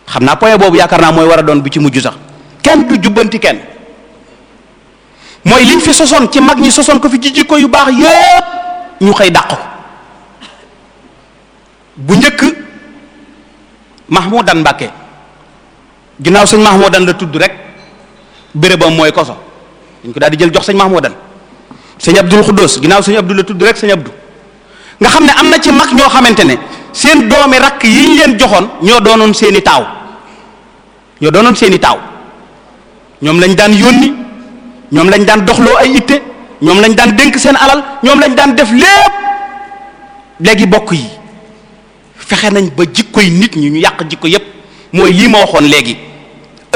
xam naa point boobu yaakaar naa mooy war a doon bi ci mujj sax kenn du jubbanti mooy liñ fi sosoon ci mag ñi sosoon ko fi ci jikko yu baax yépp ñu xëy dàq ko bu njëkk daan Mbàkke ginnaaw sëñ Mahmoudan la tudd rek bérébam mooy koso dañ ko daan di jël jox sëñ Mahmoudan sëñ Abdul Xuddoos ginnaaw sëñ du la tudd rek sëñ Abdu nga xam ne am na ci mag ñoo xamante ne seen doome rakk yiñ leen joxoon ñoo doonoon seeni taaw ñoo doonoon seeni taaw ñoom lañ daan yónni ñoom lañ daan doxloo ay itte ñoom lañ daan dénk seen alal ñoom lañ daan def lépp léegi bokk yi fexe nañ ba jikkoy nit ñi ñu yàq jikko yépp mooy lii ma waxoon léegi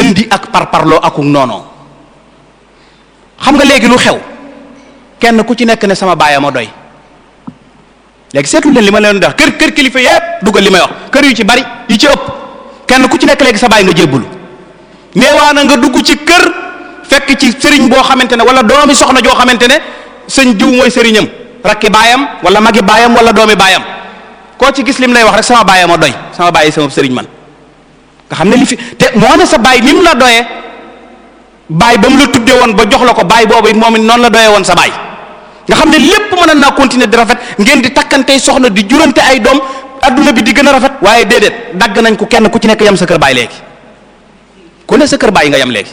indi ak par parparloo akuk noonoo xam nga léegi lu xew kenn ku ci nekk ne sama baay ma doy léegi seetlu leen li ma leen wax kër kër kilifa yépp duggal li may wax kër yu ci bari yu ci ëpp kenn ku ci nekk léegi sa baay nga jébbulu neewaana nga dugg ci kër fekk ci sëriñ boo xamante ne wala doomi soxna joo xamante ne sëñ diw mooy sëriñam rakki baayam wala magi baayam wala doomi baayam koo ci gis lim lay wax rek sama baay ma doy sama baay sama sëriñ man nga xam ne li fi te moo ne sa baay ni mu la doyee baay ba mu la tuddee woon ba jox la ko baay boobu moom it noonu la doyee woon sa baay nga xam ne lépp mën naa continuer di rafet ngeen di takkantey soxna di jurante ay doom adduna bi di gën a rafet waaye déedéet dagg nañ ko kenn ku ci nekk yam sa kër baay léegi ku ne sa kër baay nga yam léegi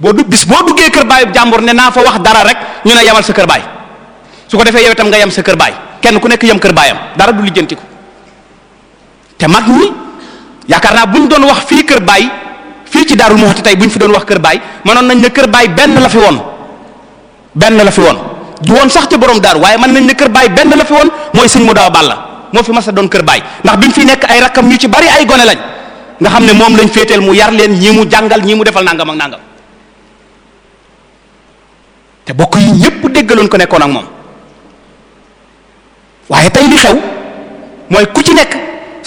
boo du bis boo duggee kër baay jàmbur ne naa fa wax dara rek ñu ne yamal sa kër baay su ko defee yow itam nga yem sa kër baay kenn ku nekk yem kër baayam dara du lijjanti ko te mag ñi yaakaar naa bu ñu doon wax fii kër baay fii ci Daaru Muxti tey bu ñu fi doon wax kër baay mënoon nañ ne kër baay benn la fi woon benn la fi woon du woon sax ca borom daar waaye mën nañ ne kër baay benn la fi woon mooy sëñ mu daaw balla moo fi mas a doon kër baay ndax bi mu fi nekk ay rakkam ñu ci bari ay gone lañ nga xam ne moom lañ féeteel mu yar leen ñii jàngal ñii mu defal nangam ak nangam te bokk yi ñëpp déggaloon ko nekkoon ak moom. waaye tey li xew mooy ku ci nekk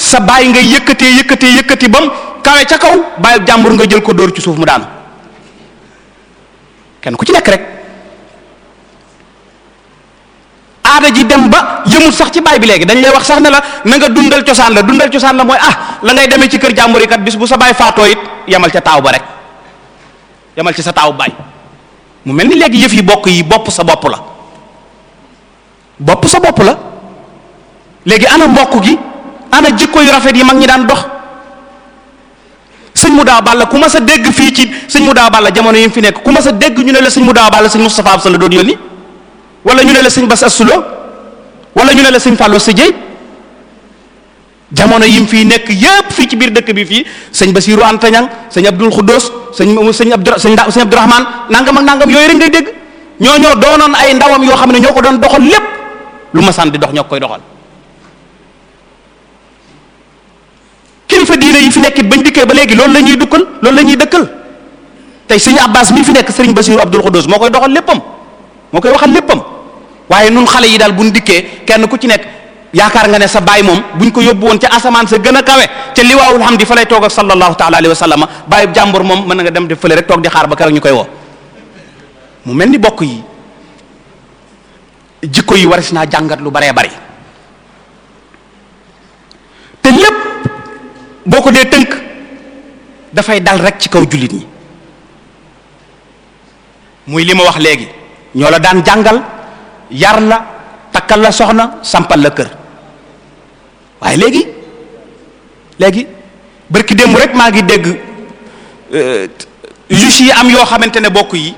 sa baay nga yëkkatee yëkkatee yëkkati bam kawe ca kaw bàyyi jàmbur nga jël ko dóor ci suuf mu daanu kenn ku ci nekk rek aada ji dem ba yëmul sax ci baay bi léegi dañ lay wax sax ne la na nga dundal cosaan la dundal cosaan la mooy ah la ngay demee ci kër jàmbur yi kat bis bu sa baay faatoo it yamal ca taaw ba rek yamal ci sa taaw baay mu mel ni léegi yëf yi bokk yi bopp sa bopp la bopp sa bopp la léegi ana mbokk gi ana jikko yu rafet yi mag ñi daan dox sëñ mu daa balla ku ma sa dégg fii ci sëñ mu daa balla jamono yi fi nekk ku ma sa dégg ñu ne la sëñ mu daa balla sëñ Moustapha la doon yónni wala ñu ne sëñ Bass Assulo wala ñu ne la sëñ Fallou Sëjëy jamono yi fii nekk yépp fii ci biir dëkk bi fii sëñ ba Anta Ñang sëñ Abdul Xuddoos sëñ sëñ Abdu sëñ sëñ Abdurahmaan nangam ak nangam yooyu rek ngay dégg ñoo ñoo doonoon ay ndawam yoo xam ne ñoo ko doon doxal lépp lu ma sànni di dox ñoo koy doxal fa diine yi fi nekk bañ dikkee ba léegi loolu la ñuy dukkal loolu la ñuy dëkkal tey sëñ Abbas mii fi nekk sëriñ Basiru Abdul Xudus moo koy doxal léppam moo koy waxal léppam waaye nun xale yi daal buñ dikkee kenn ku ci nekk yaakaar nga ne sa baay moom buñ ko yóbbu woon ca asamaan sa gën a kawe ca liwaawul xam di fa lay toog ak sallallahu taala alayhi wa sallam bàyyi jàmbur moom mën na nga dem di fële rek toog di xaar ba keroog ñu koy woo mu mel ni bokk yi jikko yi waris naa jàngat lu baree bari te boo ko dee tënk dafay dal rek ci kaw jullit ñi muy li ma wax léegi ñoo la daan jàngal yar la takkal la soxna sampal la kër waaye léegi léegi barki démb rek maa ngi dégg juge euh, yi am yoo xamante ne bokk yi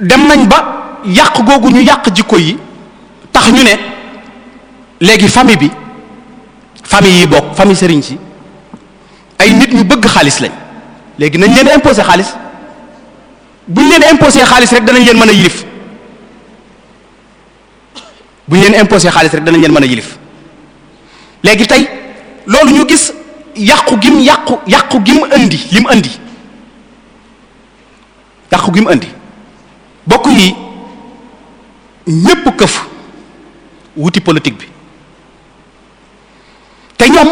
dem nañ ba yàq googu ñu yàq jikko yi tax ñu ne léegi famille bi famille yi bokk famille sëriñ si ay nit ñu bëgg xaalis lañ léegi nañ leen imposé xaalis buñ leen imposé xaalis rek danañ leen mën a yilif buñ leen imposé xaalis rek danañ leen mën a yilif léegi tey loolu ñu gis yàqu gim yàqu yàqu gim indi lim indi yàqu gim indi bokk yi ñépp këf wuti politique bi te ñoom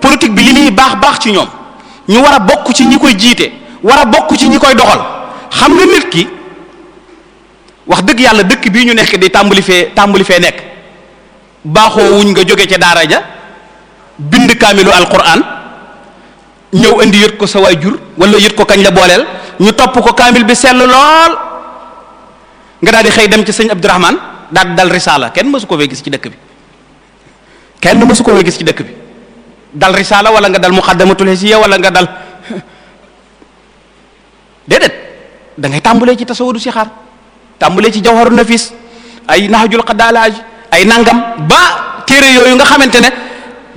politique bi li baax baax ci ñoom ñu war a bokk ci ñi koy jiite war a bokk ci ñi koy doxal xam nga nit ki wax dëgg yàlla dëkk bii ñu nekk di tàmbali fee tàmbali fee nekk baaxoo wuñ nga jóge ca daara ja bind kaamilu alquran ñëw indi yët ko sa waay jur wala yët ko kañ la booleel ñu topp ko kaamil bi sell lool nga daal di xëy dem ca sëñ Abdourahman daal di dal risaala kenn mësu ko fee gis ci dëkk bi kenn mësu ko fee gis ci dëkk bi dal risaala wala nga dal muqaddamatul hisiya wala nga dal déedéet da ngay tàmbalee ci tasawudu si xaar tàmbalee ci jawharu nafis ay nahjul qadalaaj ay nangam ba téere yooyu nga xamante ne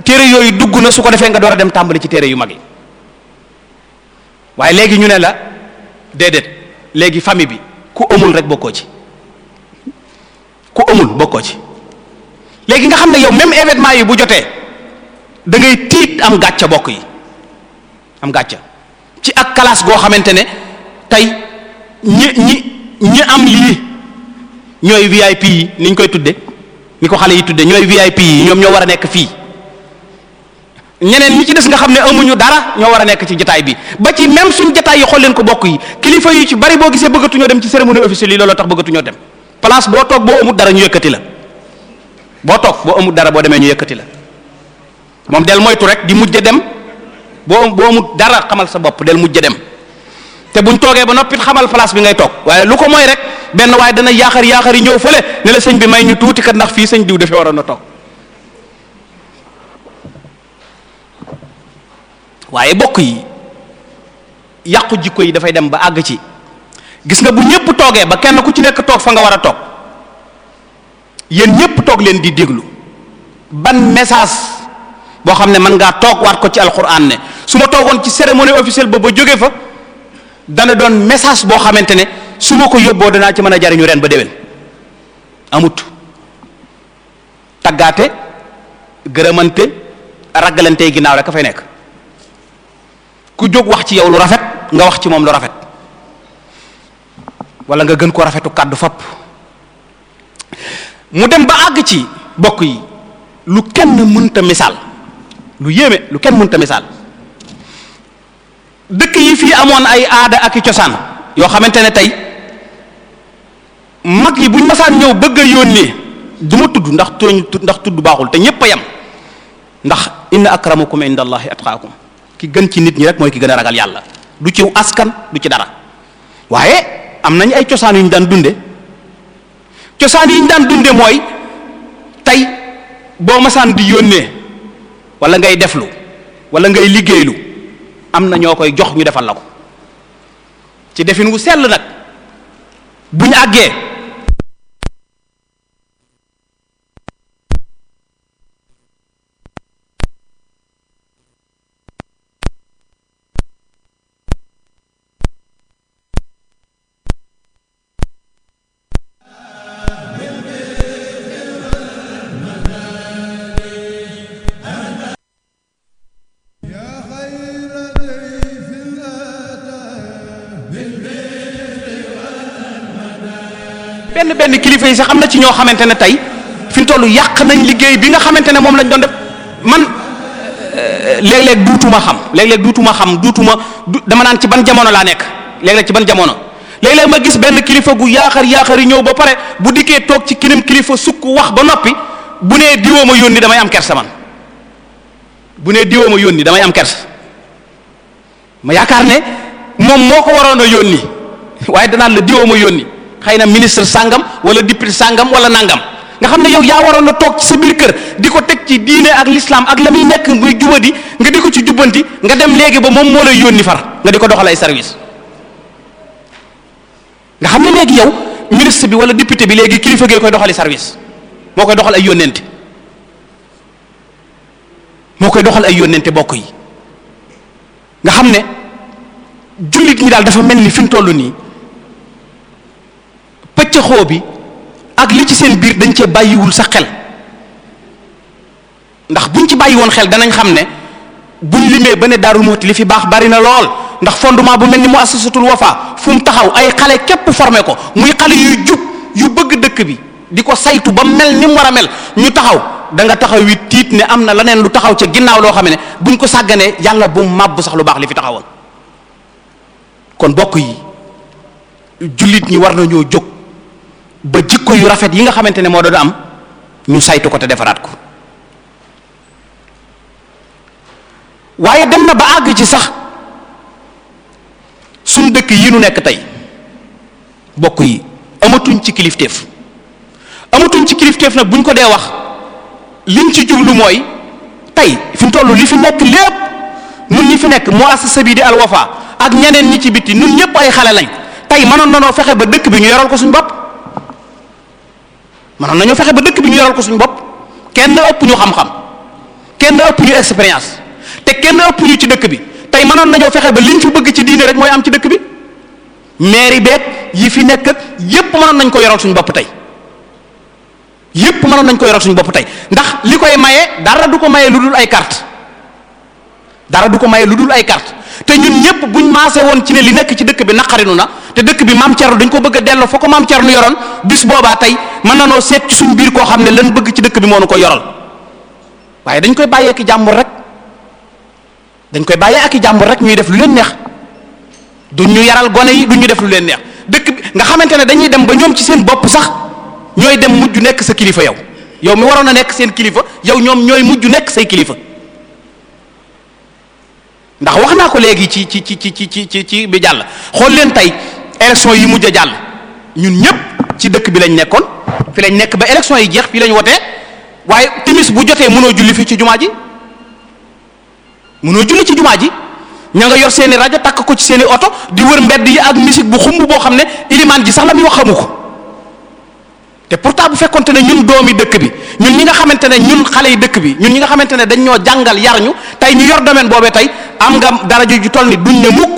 téere yooyu dugg na su ko defee nga door a dem tàmbali ci téere yu mag yi waaye léegi ñu ne la déedéet léegi famille bi ku amul rek bokkoo ci ku amul bokkoo ci léegi nga xam ne yow même événement yi bu jotee da ngay tiit am gàcca bokk yi am gàcca ci ak classe goo xamante ne tey ñi ñi ñi am lii ñooy VIP yi niñ koy tudde ni ko xale yi tudde ñooy VIP yi ñoom ñoo war a nekk fii ñeneen ñi ci des nga xam ne amuñu dara ñoo war a nekk ci jataay bi ba ci même suñ jataay yi xool leen ko bokk yi kilifa yu ci bari boo gisee bëggatuñoo dem ci cérémonie officielle yi looloo tax bëggatuñoo dem place boo toog boo amul dara ñu yëkkati la boo toog boo amul dara boo demee ñu yëkkati la moom del moytu rek di mujj dem boo boo mu dara xamal sa bopp del mujj dem te buñ toogee ba noppit xamal place bi ngay toog waaye lu ko mooy rek benn waaye dana yaaxar yaaxar yi ñëw fële ne la sëñ bi may ñu tuuti kat ndax fii sëñ diw dafee waroon a toog waaye bokk yi yàqu jikko yi dafay dem ba àgg ci gis nga bu ñëpp toogee ba kenn ku ci nekk toog fa nga war a toog yéen ñëpp toog leen di déglu ban message boo xam ne mën ngaa toog waat ko ci alquran ne su ma toogoon ci cérémonie officielle ba ba jóge fa dana doon message boo xamante ne su ma ko yóbboo danaa ci mën a jariñu ren ba déwén amut taggaate gërëmante ragalante ginnaaw rek a fay nekk ku jóg wax ci yow lu rafet nga wax ci moom lu rafet wala nga gën ko rafetu kàddu fab mu dem ba àgg ci bokk yi lu kenn mënta missaal lu yéeme lu kenn mënta misaal dëkk yi fii amoon ay aada ak cosaan yoo xamante ne tey mag yi buñ masaan ñëw bëgg a yónnee du ma tudd ndax tooñ ndax tudd baaxul te ñépp a yem ndax inna akramakum inda allahi atqaakum ki gën ci nit ñi rek mooy ki gën a ragal yàlla du ci askan du ci dara waaye am nañ ay cosaan yu ñu daan dunde cosaan yi ñu daan dunde mooy tey boo masaan di yónnee wala ngay deflu wala ngay liggéeylu am na ñoo koy jox ñu defal la ko ci defin wu sell nag bu ñu àggee yi sax am na ci ñoo xamante ne tey fi mu toll yàq nañ liggéey bi nga xamante ne moom lañ doon def man euh, léeg-léeg duutuma xam léeg-léeg duutuma xam duutuma du dama naan ci ban jamono laa nekk léeg-léeg ci ban jamono léeg-léeg ma gis benn kilifa gu yaaxar yaaxar yi ñëw ba pare bu dikkee toog ci kinim kilifa sukk wax ba noppi bu nee diwoo ma yónni damay am kersa man bu nee diwoo ma yónni damay am kersa ma yaakaar ne moom moo ko waroon a yónni waaye danaan la diwoo ma yónni. xëy na ministre sàngam wala député sàngam wala nangam nga xam ne yow yaa waroon a toog ci sa biir kër di ko teg ci diine ak l'islam ak la muy nekk muy jubadi nga di ko ci jubbanti nga dem léegi ba moom moo lay yónni far nga di ko doxal ay service nga xam ne léegi yow ministre bi wala député bi léegi kilifa gee koy doxali service moo koy doxal ay yónnente moo koy doxal ay yónnente bokk yi nga xam ne jullit ñi daal dafa mel ni fi mu toll nii pëccëxoo bi ak li ci seen biir dañ cee bàyyiwul sax xel ndax buñ ci bàyyi woon xel danañ xam ne buñ limee ba ne Darou Mouhty li fi baax bari na lool ndax fondement bu mel ni muassasatul Wafa fu mu taxaw ay xale képp formé ko muy xale yuy jub yu bëgg dëkk bi di ko saytu ba mel ni mu war a mel ñu taxaw danga nga taxaw wi tiit ne am na leneen lu taxaw ca ginnaaw loo xam ne buñ ko sàgganee yàlla bu màbb sax lu baax li fi taxawoon kon bokk yi jullit ñi war ba jikko yu rafet yi nga xamante ne moo doon am ñu saytu ko te defaraat ko waaye dem na ba àgg ci sax suñ dëkk yi nu nekk tey bokk yi amatuñ ci kilifteef amatuñ ci kilifteef nag buñ ko dee wax liñ ci jublu mooy tey fi mu toll li fi nekk lépp nun ñi fi nekk moo assasa bi di Al ak ñeneen ñi ci bitti nun ñëpp ay xale lañ tey mënoon nanoo fexe ba dëkk bi ñu yoral ko suñ bopp maanaam nañoo fexe ba dëkk bi ñu yoral ko suñu bopp kenn ëpp ñu xam-xam kenn ëpp ñu expérience te kenn ëpp ñu ci dëkk bi tey mënoon nañoo fexe ba liñ fi bëgg ci diine rek mooy am ci dëkk bi mairie beeg yi fi nekk ak yépp mënoon nañ ko yoral suñu bopp tey yépp mënoon nañ ko yoral suñu tey ndax li koy maye dara du ko maye lu dul ay carte dara du ko maye lu dul ay carte te ñun ñëpp buñ maase woon ci ne li nekk ci dëkk bi naqarinu na te dëkk bi maam Thierno dañ ko bëgg a delloo fa ko maam Thierno yoroon bis boobaa tey mën na noo seet ci suñu biir koo xam ne lan bëgg ci dëkk bi moo nu ko yoral waaye dañ koy bàyyee i jàmbur rek dañ koy bàyyee ak jàmbur rek ñuy def lu leen neex du ñu yaral gone yi duñ ñu def lu leen neex dëkk bi nga xamante ne dañuy dem ba ñoom ci seen bopp sax ñooy dem mujj nekk sa kilifa yow yow mi waroon a nekk seen kilifa yow ñoom ñooy mujj nekk say kilifa. ndax wax naa ko léegi ci ci ci ci ci ci ci bi jàll xool leen tey élection yi mujj a jàll ñun ñëpp ci dëkk bi lañ nekkoon fi lañ nekk ba élection yi jeex fii lañ wotee waaye timis bu jotee munoo julli fii ci jumaa ji mënoo julli ci jumaa ji ña nga yor seeni rajo takk ko ci seeni oto di wër mbedd yi ak musique bu xumb boo xam ne ilimaan ji sax la muy wax xamu ko te pourtant bu fekkonte ne ñun doomi dëkk bi ñun ñi nga xamante ne ñun xale yi dëkk bi ñun ñi nga xamante ne dañ ñoo jàngal yar ñu tey ñu yor domaine boobee tey am nga dara ju toll ni duñ ne mukk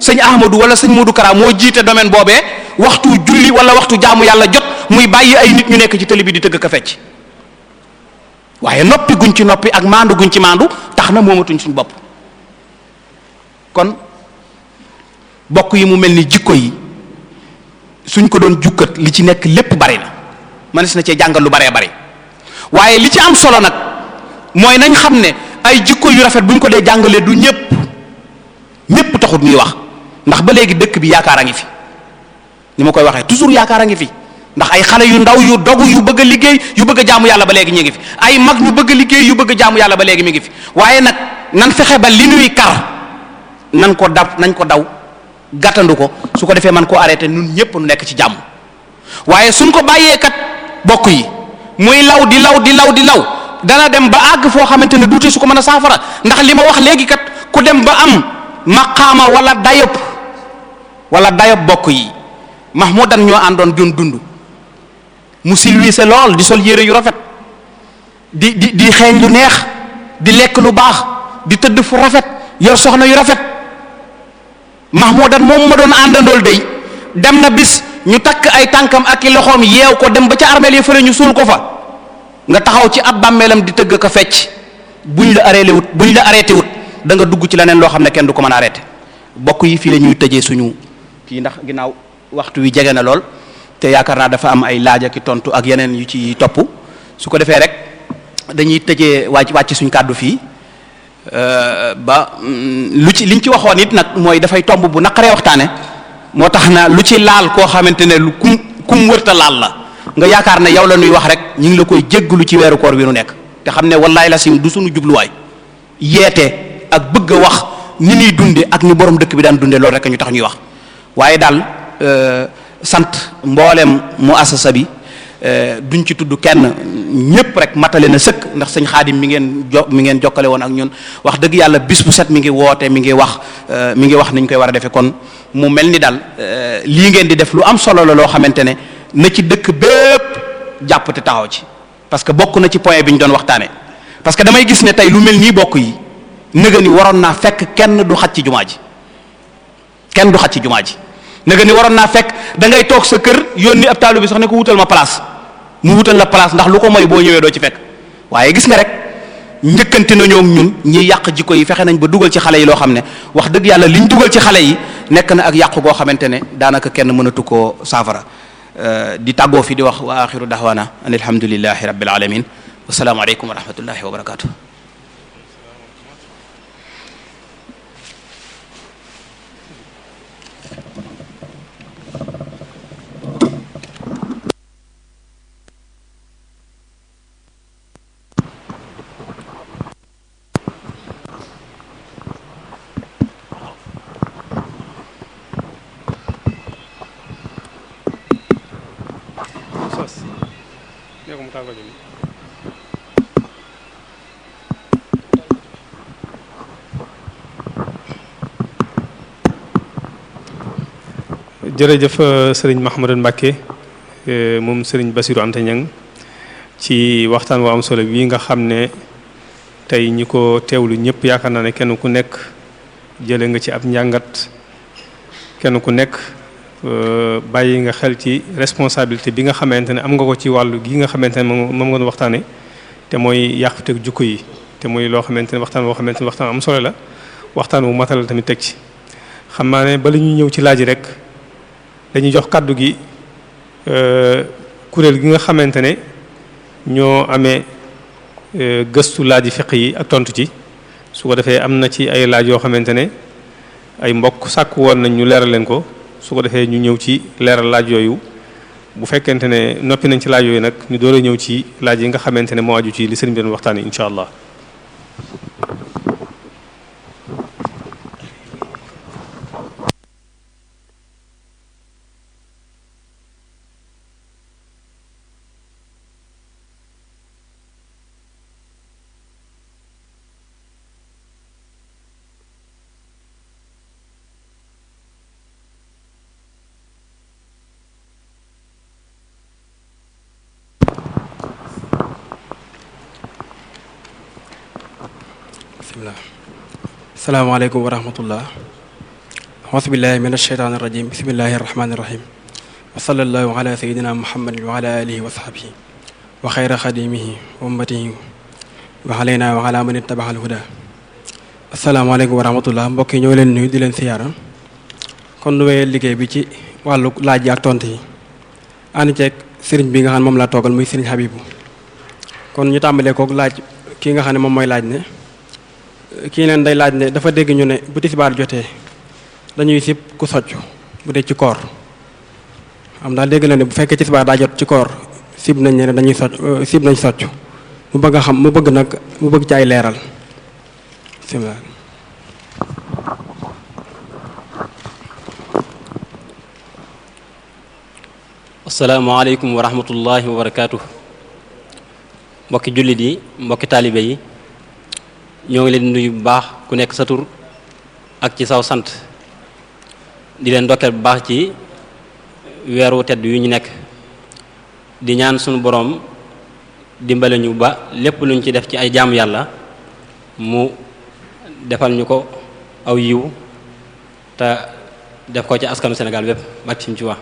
sëñ Ahmadou wala sëñ Modou Kara moo jiite domaine boobee waxtu julli wala waxtu jaamu yàlla jot muy bàyyi ay nit ñu nekk ci télé bi di tëgg ka fecc waaye noppi guñ ci noppi ak maandu guñ ci maandu tax na moomatuñ suñ bopp kon bokk yi mu mel ni jikko yi suñ ko doon jukkat li ci nekk lépp bari na. mënees na cee jàngal lu baree bari waaye li ci am solo nag mooy nañ xam ne ay jikko yu rafet bu ñu ko dee jàngalee du ñëpp ñëpp taxut ñuy wax ndax ba léegi dëkk bi yaakaar a ngi fi ni ma koy waxee toujours yaakaar a ngi fi ndax ay xale yu ndaw yu dogu yu bëgg a liggéey yu bëgg a jaamu yàlla ba léegi ñu ngi fi ay mag yu bëgg liggéey yu bëgg a jaamu ba léegi mi ngi fi waaye nag nan fexe ba li nuy kar nan ko dab nañ ko daw gàttandu ko su ko defee man koo arrêté nun ñëpp nu nekk ci jàmm waaye suñ ko bàyyee bokk yi muy law di law di law di law dana dem ba àgg foo xamante ne duute su ko mën a saafara ndax li ma wax léegi kat ku dem ba am maqaama walla dayob wala dayob bokk yi mahmudan ñoo àndoon jun dund mu silwiise lool di sol yére yu rafet di di di xeeñ lu neex di lekk lu baax di tëdd fu rafet yor soxna yu rafet mahmudan moom ma doon àndandool day dem na bis ñu takk ay tànkam ak i loxoom yeew ko dem ba ca armeel yi fële ñu suul ko fa nga taxaw ci ab bàmmeelam di tëgg ko fecc buñ la arrêté wut ñu la arrêté wut da nga dugg ci leneen loo xam ne kenn du ko mën a arrêté bokk yi fii la ñuy tëjee suñu kii ndax ginnaaw waxtu wi jege na lool te yaakaar naa dafa am ay laaj ak i tontu ak yeneen yu ci topp su ko defee rek dañuy tëje wàcc wàcc suñu kàddu fii euh, ba mm, lu ci liñ ci waxoon it nag mooy dafay tomb bu naqare waxtaane moo tax na lu ci laal koo xamante ne lu kum kum wërta laal la nga yaakaar ne yow la nuy wax rek ñu ngi la koy jéggalu ci weeru koor wi nu nekk te xam ne wallaay la si du sunu jubluwaay yeete ak bëgg a wax ni ñuy dunde ak ni borom dëkk bi daan dunde loolu rek ñu tax ñuy wax waaye daal euh, sant mboolem mu asasa bi Euh, duñ ci tudd kenn ñëpp rek matale na sëkk ndax sëñ xaadim mi ngeen jo mi ngeen jokkale woon ak ñun wax dëgg yàlla bis bu set mi ngi woote mi ngi wax euh, mi ngi wax niñ koy war a defee kon mu mel ni daal euh, lii ngeen di def lu am solo la loo xamante ne na ci dëkk bépp jàpp te taxaw ci parce que bokk na ci point bi ñu doon waxtaanee parce que damay gis ne tey lu mel nii bokk yi nëga ni waroon naa fekk kenn du xaj ci jumaa ji kenn du xaj jumaa ji nëga ni waroon naa fekk da ngay toog sa kër yoon ab bi sax ne ma place mu wutal la place ndax lu ko mooy boo ñëwee doo ci fekk waaye gis nga rek njëkkante na ñoom ñun ñiy yàq jikko yi fexe nañ ba dugal ci xale yi loo xam ne wax dëgg yàlla liñ dugal ci xale yi nekk na ak yàqu goo xamante ne daanaka kenn mënatu koo saafara euh, di tàggoo fi di wax wa axiru dahwaana an alhamdulillahi rabbil alamin wasalaamu aleykum wa rahmatullahi wa barakatuh tàggatoo ji jërëjëf euh, sëriñ Mahmoudou Mbacké euh, moom sëriñ Bassirou Anta ci waxtaan wu am solo bii nga xam ne tey ñi ko teewlu ñëpp yaakaar naa ne kenn ku nekk jële nga ci ab njàngat kenn ku nekk Euh, bàyyi nga xel ci responsabilité bi nga xamante ne am nga ko ci wàllu gi nga xamante ne moom moom nga doon waxtaanee te mooy yàquteg jukko yi te mooy loo xamante ne waxtaan woo xamante ne waxtaan am solo la waxtaan wu matal la tamit teg ci. xam naa ne bala ñu ñëw ci laaj rek dañuy jox kàddu gi euh, kuréel gi nga xamante ne ñoo amee euh, gëstu laaj yi fiq yi ak tontu ci su ko defee am na ci ay laaj yoo xamante ne ay mbokk sàkk woon nañ ñu leeral leen ko. su ko defee ñu ñëw ci leeral laaj yooyu bu fekkente ne noppi nañ ci laaj yooyu nag ñu door ñëw ci laaj yi nga xamante ne moo aju ci li seen bi doon waxtaanee incha allah. asalaamaaleykum wa rahmatullah axusubillahi min alsheytaan irajim bismillahi irrahmani irrahim wa sallallahu ala sayidina muhammadin wa ala alihi wa sahbihi wa xayra xadimihi wa ummatihi wa alayna wa ala man ittabaxal wa rahmatullah mbokk yi ñoo leen nuyu di leen siyaara kon nu wéyee liggéey bi ci wàllu laaj yi ak tont yi ànd ceeg sëriñ bi nga xam ne moom laa toogal muy sëriñ Habibu kon ñu tàmbalee kook laaj ki nga xam ne moom mooy laaj ne kii neen day laaj ne dafa dégg ñu ne buti tisbaar jotee dañuy sib ku socc bu dee ci koor am daa dégg na ne bu fekkee ci tisbaar daa jot ci koor sib nañ ne dañuy socc euh, sib nañ socc mu bëgg a xam mu bëgg nag mu bëgg ci ay leeral bismillah asalaamaaleykum wa rahmatullahi wa barakaatu mbokki jullit yi mbokki taalibe yi ñoo ngi leen di nuyu bu baax ku nekk sa ak ci saw sant di leen ndokkeel bu baax ci weeru tedd yu ñu nekk di ñaan suñu boroom dimbale ñu ba lépp luñ ci def ci ay jaamu yàlla mu defal ñu ko aw yiw te def ko ci askanu Sénégal bépp bak ci ci wax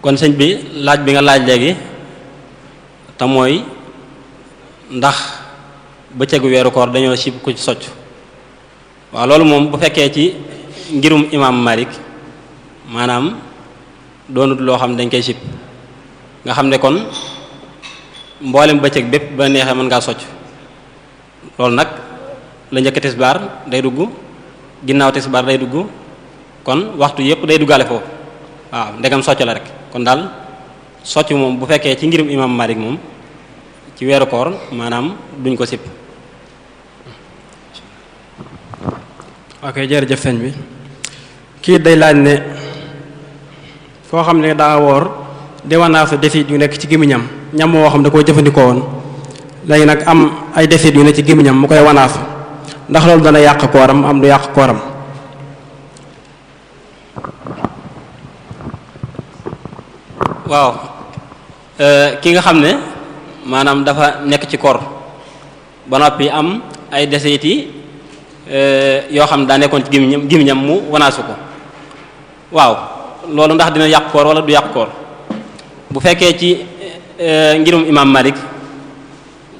kon sëñ bi laaj bi nga laaj léegi te mooy ndax bëccëgu weeru koor dañoo sib ku ci socc waaw loolu moom bu fekkee ci ngirum imaam marik maanaam doonut loo xam dañ koy sib nga xam ne kon mboolem bëccëg bépp ba neexee mën ngaa socc loolu nag la njëkk tisbaar day dugg ginnaaw tisbaar day dugg kon waxtu yépp day duggaale foofu waaw ndegam socc la rek kon daal socc moom bu fekkee ci ngirum imam marik moom ci weeru koor maanaam duñ ko sipp ok jërëjëf sëñ bi kii day laaj ne koo xam ne daa woor déwanaasu desit yu nekk ci gémmiñam ñam woo xam da koo jëfandikoo woon léegi nag am ay desit yu nekk ci gémmiñam mu koy wanaasu ndax loolu dana yàq kooram am du yàq kooram waaw euh, ki nga xam ne maanaam dafa nekk ci koor ba noppi am ay desit yi Eh, yoo xam ne daa nekkoon ci gémmiñam gémmiñam mu wanaasu ko waaw loolu ndax dina yàqu koor wala du yàq koor bu fekkee ci eh, ngirum imam Malik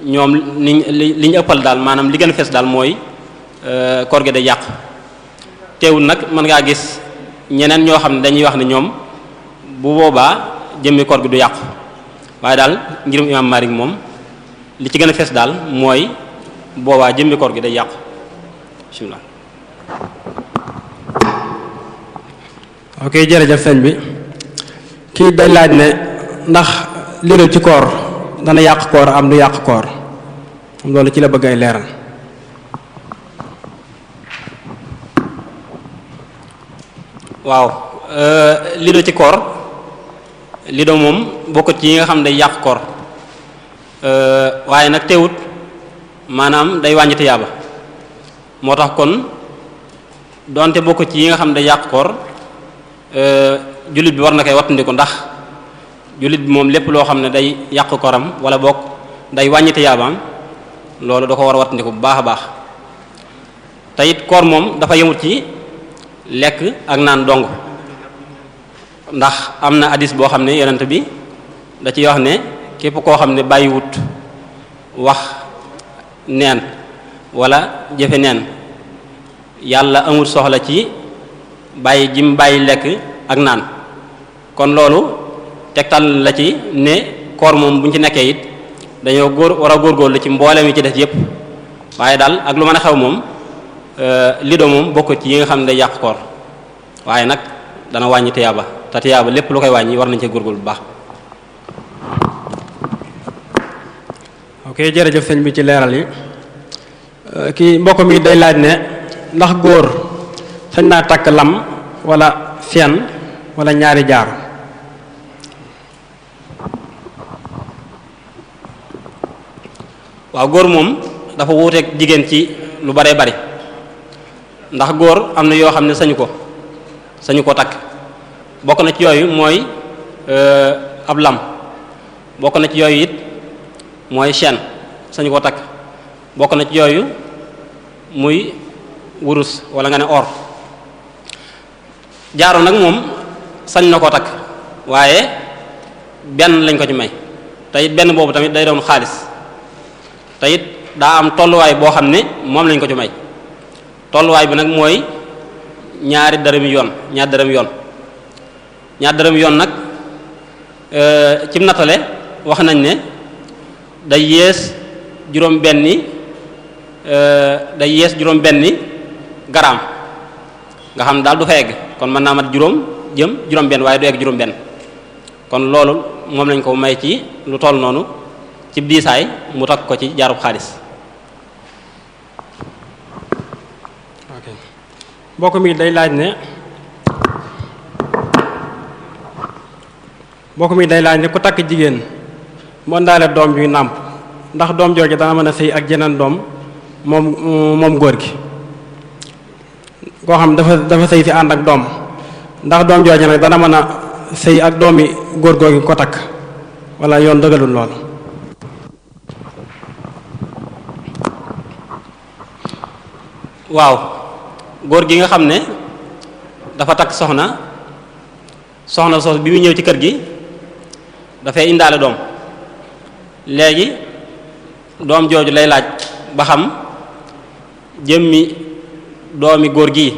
ñoom li li ñu ëppal daal maanaam li gën a fees daal mooy eh, koor gi day yàq teewul nag mën ngaa gis ñeneen ñoo xam ne dañuy wax ne ñoom bu boobaa jëmmi koor gi du yàqu waaye daal ngirum imam Malik moom li ci gën a fees daal mooy boobaa jëmmi koor gi day yàqu bisimilah. ok jërëjëf sëñ bi kii day laaj ne ndax liral ci koor dana yàq koor am du yàq koor am loolu ci la bëgg ay leeral. waaw euh, lido ci koor lido moom bokkut ci yi nga xam ne day yàq koor euh, waaye nag teewut maanaam day wàññi tiyaaba moo tax kon donte bokk ci yi nga xam ne day yàq koor euh, jullit bi war na koy wattandiku ndax jullit bi moom lépp loo xam ne day yàq koram wala bokk day wàññi tiyaabaam loolu da ko war a wattandiku bu baax a baax te it koor moom dafa yëmut ci lekk ak naan dong ndax am na hadis boo xam ne yonent bi da ci wax ne képp koo xam ne bàyyiwut wax neen wala jëfe neen yàlla amul soxla ci bàyyi jim bàyyi lekk ak naan kon loolu tegtal la ci ne koor moom bu ñu ci nekkee it dañoo góor war a góorgóorlu ci mboolem yi ci def yépp waaye daal ak lu mën a xew moom euh, lido moom bokk ci yi nga xam ne day yàq koor waaye nag dana wàññi tiyaaba te tiyaaba lépp lu koy wàññi war nañ ci góorgóorlu bu baax. ok jërëjëf sëñ bi ci leeral yi euh, kii mbokk mi day laaj ne. ndax góor sañ naa takk lam wala fen walla ñaari jaaru waaw góor moom dafa wuuteeg jigéen ci lu bare bari ndax góor am na yoo xam ne sañu ko sañu ko takk bokk na ci yooyu mooy euh, ab lam bokk na ci yooyu it mooy chaîne sañu ko takk bokk na ci yooyu muy wurus wala nga ne or jaaro nag moom sañ na koo takk waaye benn lañ ko ci may te benn boobu tamit day doon xaalis te daa am tolluwaay boo xam ne moom lañ ko ci may tolluwaay bi nag mooy ñaari dërëm yoon ñaar dërëm yoon ñaar dërëm yoon nag euh, ci nattale wax nañ ne day yées juróom benni euh, day yées juróom benni garaam nga xam daal du fa egg kon mën naa mat juróom jëm juróom benn waaye du egg juróom benn kon loolu moom lañ ko may ci lu tool noonu ci diisaay mu takk ko ci jaarub xaalis ok mbokk mi day laaj ne mbokk mi day laaj ne ku takk jigéen mu ëndaale doom yuy nàmp ndax doom jooju dana mën a sëy ak jeneen doom moom moom góor gi koo xam dafa dafa sëy si ànd ak doom ndax doom jooju nag dana mën a sëy ak doomi góor googu ko takk wala yoon dëgalul lool waaw góor gi nga xam ne dafa takk soxna soxna soos bi mu ñëw ci kër gi dafay indaale doom léegi doom jooju lay laaj ba xam jëmmi doomi góor gi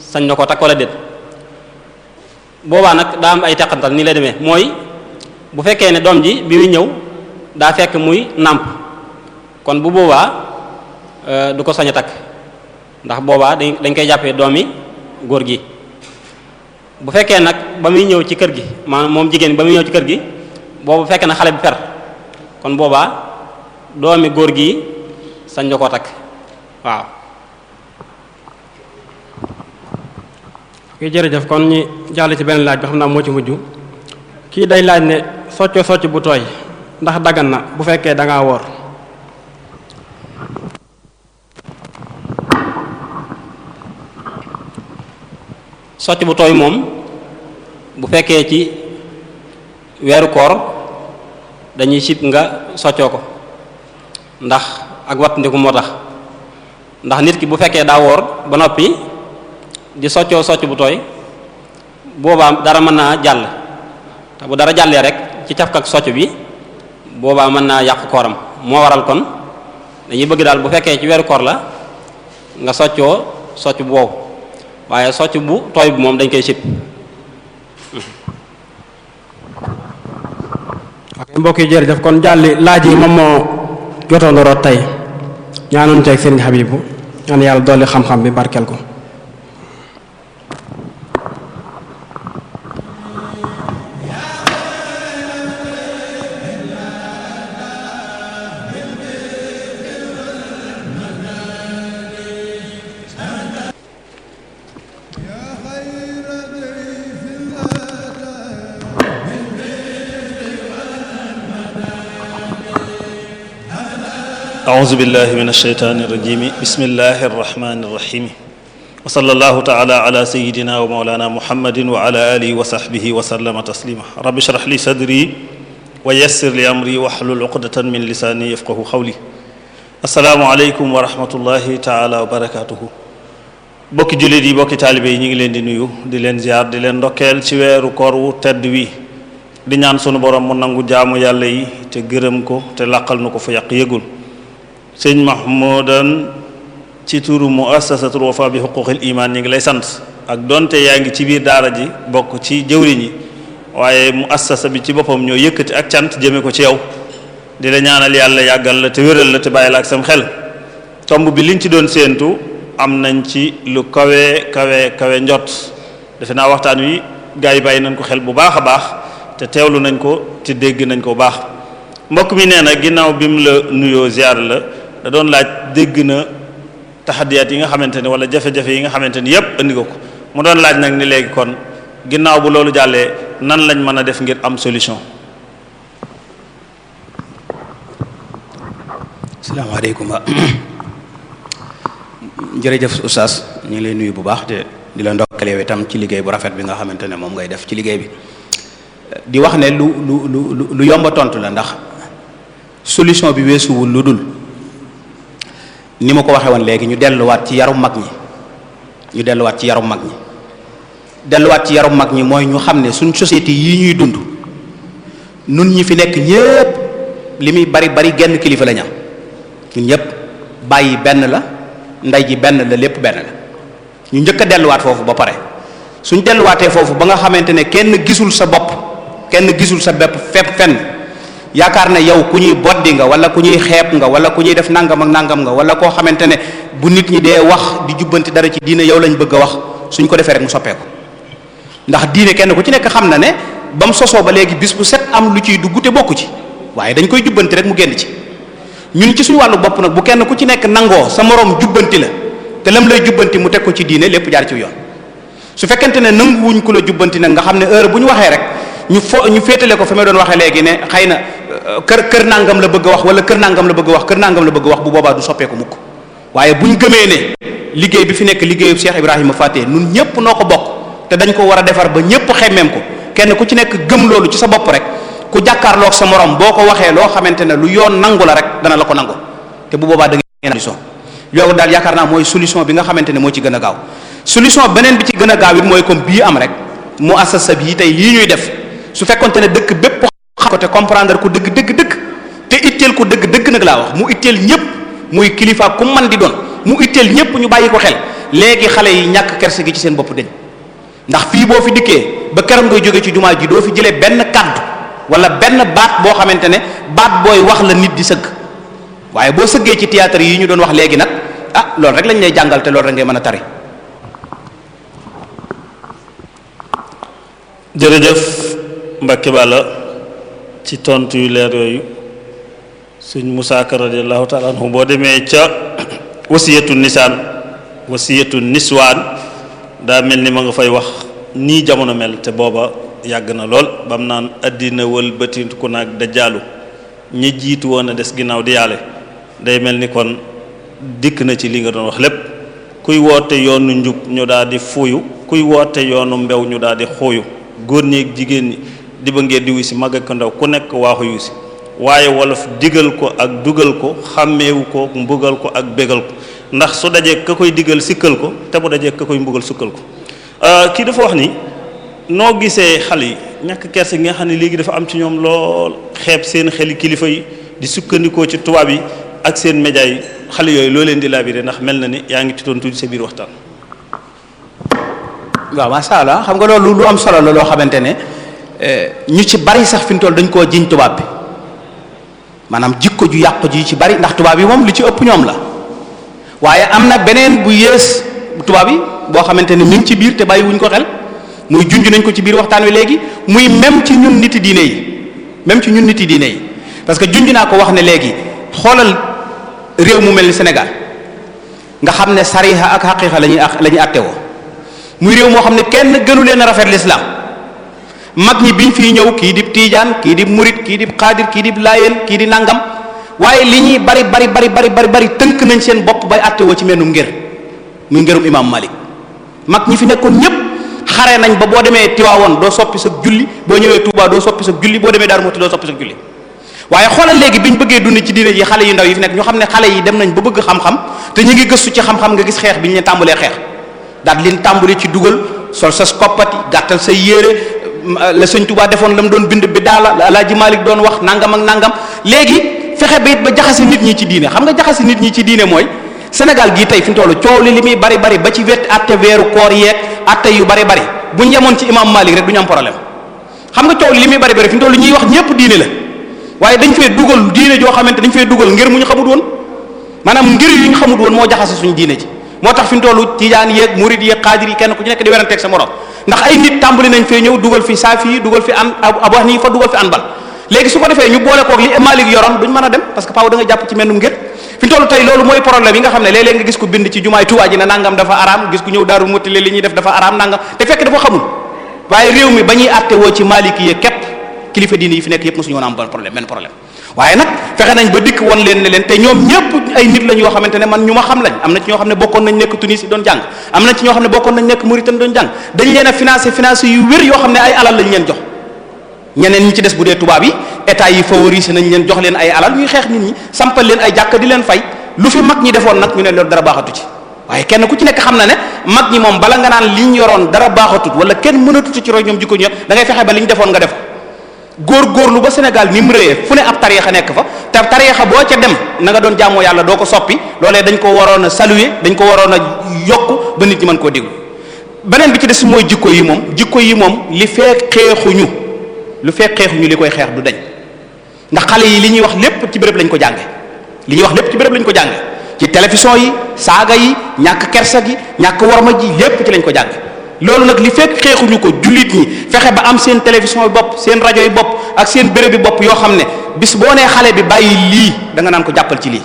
sañ na ko takk wala det boobaa nag daa am ay teqantal nii lay demee mooy bu fekkee ne doom ji bi muy ñëw daa fekk muy nàmp kon bu boobaa euh, du ko sañ a takk ndax boobaa dañ koy jàppee doomi góor gi bu fekkee nag ba muy ñëw ci kër gi maanaam moom jigéen ba muy ñëw ci kër gi bu fekkee na xale bi fer kon boobaa doomi góor gi sañ na koo takk waaw jërëjëf kon ñi jàll ci benn laaj bi xam naa moo ci mujj kii day laaj ne socco socc bu tooy ndax daggan na bu fekkee da ngaa woor socc bu tooy moom bu fekkee ci weeru koor dañuy sib nga soccoo ko ndax ak wattandiku moo tax ndax nit ki bu fekkee daa woor ba noppi di soccoo socc bu tooy boobaa dara mën naa jàll te bu dara jàllee rek ci cafkak socc bi boobaa mën naa yàq kooram moo waral kon dañuy bëgg daal bu fekkee ci weeru koor la nga soccoo socc bu wow waaye socc bu tooy bi moom dañ koy sib mbokk yi jërëjëf kon jàlli laaj yi moom moo jotoon root tey ñaanoon ceeg seen Habibu ñaan yàlla dolli xam-xam bi barkeel ko أعوذ بالله من الشيطان الرجيم بسم الله الرحمن الرحيم وصلى الله تعالى على سيدنا ومولانا محمد وعلى آله وصحبه وسلم تسليما رب اشرح لي صدري ويسر لي أمري واحلل عقدة من لساني يفقه قولي السلام عليكم ورحمة الله تعالى وبركاته bokki jullit yi bokki taalibe yi ñu ngi leen di nuyu di leen ziar di leen ndokkeel ci weeru koor wu tedd wi di ñaan sunu borom mu nangu jaamu yàlla yi te gërëm ko te làqal nu ko fa yàq yëgul sëñ Mahmoudan ci turu muassasatul wafa bi xuquqil iman ñi ngi lay sant ak donte yaa ngi ci biir daara ji bokk ci jëwriñ ñi waaye mu muassasa bi ci boppam ñoo yëkkati ak cant jëme ko ci yow di la ñaanal yàlla yàggal la te wéral la te bàyyi la ak sam xel tomb bi liñ ci doon séentu am nañ ci lu kawe kawe kawe njot defe naa waxtaan wi gars yi bàyyi nañ ko xel bu baax a baax te teewlu nañ ko te dégg nañ ko bu baax mbokk mi nee na ginnaaw bi mu la nuyoo ziar la da doon laaj dégg na taxadiyaat yi nga xamante ni wala jafe-jafe yi nga xamante ni yépp indi ko mu doon laaj nag ni léegi kon ginnaaw bu loolu jàllee nan lañ mën a def ngir am solution. asalaamaaleykum wa jërëjëf oustaz ñu ngi lay nuyu bu baax te di la ndokkale yow ci liggéey bu rafet bi nga xamante ne moom ngay def ci liggéey bi di wax ne lu lu lu yomba tontu la ndax solution bi weesuwul lu dul ni ma ko waxee woon léegi ñu delluwaat ci yarum mag ñi ñu delluwaat ci yarum mag ñi delluwaat ci yarum mag ñi mooy ñu xam ne suñ société yi ñuy dund nun ñi fi nekk ñépp li muy bari bari genn kilifa la ñam ñun ñépp bàyyi benn la ndey ji benn la lépp benn la ñu njëkk a delluwaat foofu ba pare suñ delluwaatee foofu ba nga xamante ne kenn gisul sa bopp kenn gisul sa bépp fépp fenn yaakaar na yow ku ñuy boddi nga wala ku ñuy xeeb nga wala ku ñuy def nangam ak nangam nga wala koo xamante ne bu nit ñi dee wax di jubbanti dara ci diine yow lañ bëgg a wax suñ ko defee rek mu soppeeku ndax diine kenn ku ci nekk xam na ne ba mu sosoo ba léegi bis bu set am lu ciy dugg te bokku ci waaye dañ koy jubbanti rek mu génn ci ñun ci suñu wàllu bopp nag bu kenn ku ci nekk nangoo sa moroom jubbanti la te lam lay jubbanti mu teg ko ci diine lépp jaar ci yoon su fekkente ne nanguwuñ ku la jubbanti nag nga xam ne heure bu ñu waxee rek ñu fo ñu féetale ko fi may doon waxee léegi ne xëy na kër kër nangam la bëgg a wax wala kër nangam la bëgg a wax kër nangam la bëgg a wax bu boobaa du soppeeku mukk waaye buñ gëmee ne liggéey bi fi nekk liggéeyu Cheikh Ibrahima Faté nun ñëpp noo ko bokk te dañ ko war a defar ba ñëpp xemmeem ko kenn ku ci nekk gëm loolu ci sa bopp rek ku jàkkaarloog sa morom boo ko waxee loo xamante ne lu yoon nangu la rek dana la ko nangu te bu boobaa da ngeen solution loolu daal yaakaar naa mooy solution bi nga xamante ne moo ci gën a gaaw solution beneen bi ci gën a gaaw mooy comme bii am rek mu assasa bii tey lii ñuy def su fekkonte ne dëkk bépp ko te comprendre ko dëgg dëgg dëgg te itteel ko dëgg dëgg nag laa wax mu itteel ñëpp muy kilifa ku man di doon mu itteel ñëpp ñu bàyyi ko xel léegi xale yi ñàkk kerse gi ci seen bopp dañ ndax fii boo fi dikkee ba këram ngay jóge ci jumaa ji doo fi jëlee benn kàddu wala benn baat boo xamante ne baat booy wax la nit di sëgg waaye boo sëggee ci théâtre yi ñu doon wax léegi nag ah loolu rek lañ lay jàngal te loolu rek ngay mën a tari. jërëjëf Mbacke Balla ci tontu yu leer yooyu suñ Musaa Ka radiyallahu boo demee ca wasiyatu nisaan wasiyatu niswaan daa mel ni ma nga fay wax nii jamono mel te booba yàgg na lool bam naan àddina wëlbatiku naag dajaalu ñi jiitu woon a des ginnaaw di yàlla day mel ni kon dikk na ci li nga doon wax lépp kuy woote yoonu njub ñu daal fuuyu kuy woote yoonu mbew ñu daal di xuuyu góor ñi jigéen ñi di ba ngeen di wuy si mag ak ndaw ku nekk waaxu yu waaye wolof digal ko ak dugal ko xàmmeewu ko mbugal ko ak bégal ko ndax su dajee ka koy digal sikkal ko te bu dajee ka koy mbugal sukkal ko euh, kii dafa wax ni noo gisee xale yi ñàkk kerse yi nga xam ne léegi dafa am ci ñoom lool xeeb seen xeli kilifa yi di sukkandikoo ci tubaab yi ak seen média yi xale yooyu loo leen di laabiré ndax mel na ni yaa ngi ci doon tudd sa biir waxtaan. waaw macha xamante ne. ñu ci bari sax fi mu dañ koo jiñ tubaab bi maanaam jikko ju yàqu ji ci bari ndax tubaab yi moom li ci ëpp ñoom la waaye am na beneen bu yées tubaab yi boo xamante ne mi ci biir te bàyyi ko xel muy junj nañ ko ci biir waxtaan wi léegi muy même ci ñun niti diine yi même ci ñun niti diine yi parce que junj naa ko wax ne léegi xoolal réew mu mel ni Sénégal nga xam ne sariha ak xaqiiqa lañuy la ñuy àttewoo muy réew moo xam ne kenn gënu leen a rafet l'islam mag ñi biñ fi ñëw kii di tiijaan kii di murit kii di xaadir kii di laayeen kii di nangam waaye li ñuy bari bari bari bari bari bari tënk nañ seen bopp bay woo ci mennum ngër muy ngërum imam malik mag ñi fi nekkoon ñépp xare nañ ba boo demee tiwaawoon doo soppi sa julli boo ñëwee Touba doo soppi sa julli boo demee Darou Moukhty doo soppi sa julli waaye xoolal léegi biñ bëggee dund ci diine yi xale yu ndaw yi fi nekk ñu xam ne xale yi dem nañ ba bëgg xam te ñu ngi gëstu ci xam nga gis xeex bi ñu leen tàmbalee xeex daal leen tàmbali ci dugal sol sa koppati gàttal sa yére la sëñ Touba defoon la mu doon bind bi daala la Alaaji Malik doon wax nangam ak nangam léegi fexe ba it ba jaxase nit ñi ci diine xam nga jaxase nit ñi ci diine mooy Sénégal gii tey fi mu toll coow li li muy bari bari ba ci wet atte weeru koor yeeg atte yu bari bari bu ñu emoon ci imam Malik rek du ñu am problème xam nga coow li li muy bari bari fi ñuy wax ñëpp diine la waaye dañ fee dugal diine joo xamante dañ fee dugal ngir mu ñu xamut woon maanaam ngir yu ñu xamut woon moo jaxase suñu diine ci moo tax fi toll tijaan yeeg murid yeeg kenn ku nekk di werante ak sa morom ndax ay nit tàmbali nañ fee ñëw dugal fi saafi yi dugal fi an abu hanifa dugal fi anbal léegi su ko defee ñu boole koog li malik yoroon duñ mën a dem parce paaw da jàpp ci mennum ngir fi tollu tey loolu mooy problème yi nga xam ne léeg-léeg nga gis ko bind ci jumaay tuwaa ji ne nangam dafa araam gis ku ñëw daaru muti li ñuy def dafa araam nangam te fekk dafa xamul waaye réew mi ba ñuy àtte woo ci malik yi képp kilifa diine yi fi nekk yépp mosuñu waaye nag fexe nañ ba dikk won leen ne leen te ñoom ñëpp ay nit lañ yoo xamante ne man ñu ma xam lañ am na ci ñoo xam ne bokkoon nañ nekk Tunisie doon jàng am na ci ñoo xam ne bokkoon nañ nekk Mauritanie a financé financé yu wér yoo xam ne ay alal lañ leen jox ñi ci des bu dee tubaab yi état yi favorisé nañ leen jox ay alal ñuy xeex nit ñi sampal leen ay jàkk di leen fay lu fi mag ñi defoon nag ñu ne loolu dara baaxatu ci waaye kenn ku ci nekk xam na ne mag ñi moom bala nga naan liñ yoroon dara baaxatu wala kenn mënatut ci roy ñoom jikko ñoom da ngay fexe ba liñ defoon nga def góor góorlu ba Sénégal ni mu rëyee fu ne ab tariixa nekk fa te tariixa boo ca dem nanga doon jaamoo yàlla doo ko soppi loolee dañ ko waroon a saluer dañ ko waroon a yokk ba nit ñi man koo déglu beneen bi ci des mooy jikko yi moom jikko yi moom li fee xeexuñu lu fee xeexuñu li koy xeex du dañ ndax xale yi li ñuy wax lépp ci béréb lañ ko jànge li ñuy wax lépp ci béréb lañ ko jànge ci télévision yi saaga yi ñàkk kersa gi ñàkk warma ji lépp ci lañ ko jànge loolu nag li fekk xeexuñu ko jullit ñi fexe ba am seen télévision yi bopp seen rajo yi bopp ak seen béréb yi bopp yoo xam ne bis boo nee xale bi bàyyi lii da nga naan ko jàppal ci lii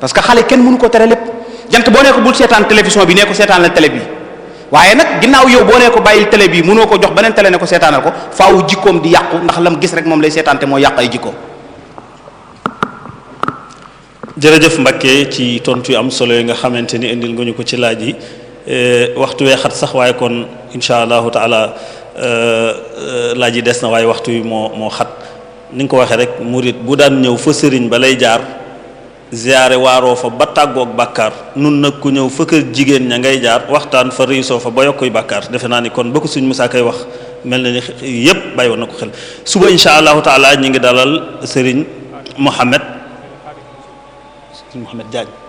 parce que xale kenn mënu ko tere lépp jant boo nee ko bul seetaan télévision bi nee ko seetaan la bi waaye nag ginnaaw yow boo nee ko bàyyil télé bi mënoo ko jox beneen télé ne ko seetaanal ko faawu jikkoom di yàqu ndax lam gis rek moom lay seetaan te moo yàq ay jikkoom. ci tontu yu am solo yi nga xamante ni indil nga ñu ko ci laaj yi. Eh, waxtu wee xat sax waaye kon incha allahu taala eh, eh, laaj yi des na waaye waxtu yi moo moo xat ni nga ko waxee rek murit bu daan ñëw fa sëriñ ba lay jaar ziyaare waaroo fa ba tàggook bàkkaar nun nag ku ñëw fa kër jigéen ña ngay jaar waxtaan fa réussoo fa ba yokkuy bàkkaar defe naa ni kon bokk ko suñ Musaa koy wax mel na ni yépp bàyyi woon na ko xel suba incha allahu taala ñi ngi dalal sëriñ Mohamed sëriñ Mohamed Diagne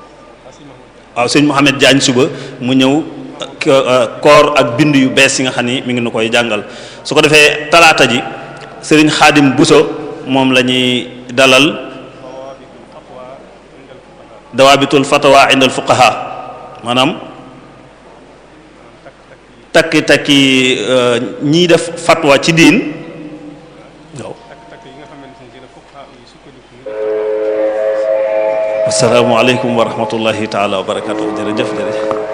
waaw sëñ Mouhamed Diagne suba mu ñëw euh, koor ak bind yu bees yi nga xam ni mi ngi nu koy jàngal su ko defee talaata ji sëriñ Xaadim Buso moom la ñuy dalal dawaabitul fatawa indal fuqaha maanaam takki takki euh, ñiy def fatwa ci diin asalaamaaleykum wa rahmatullahi taala wa barakatuh jërëjëf jërëjëf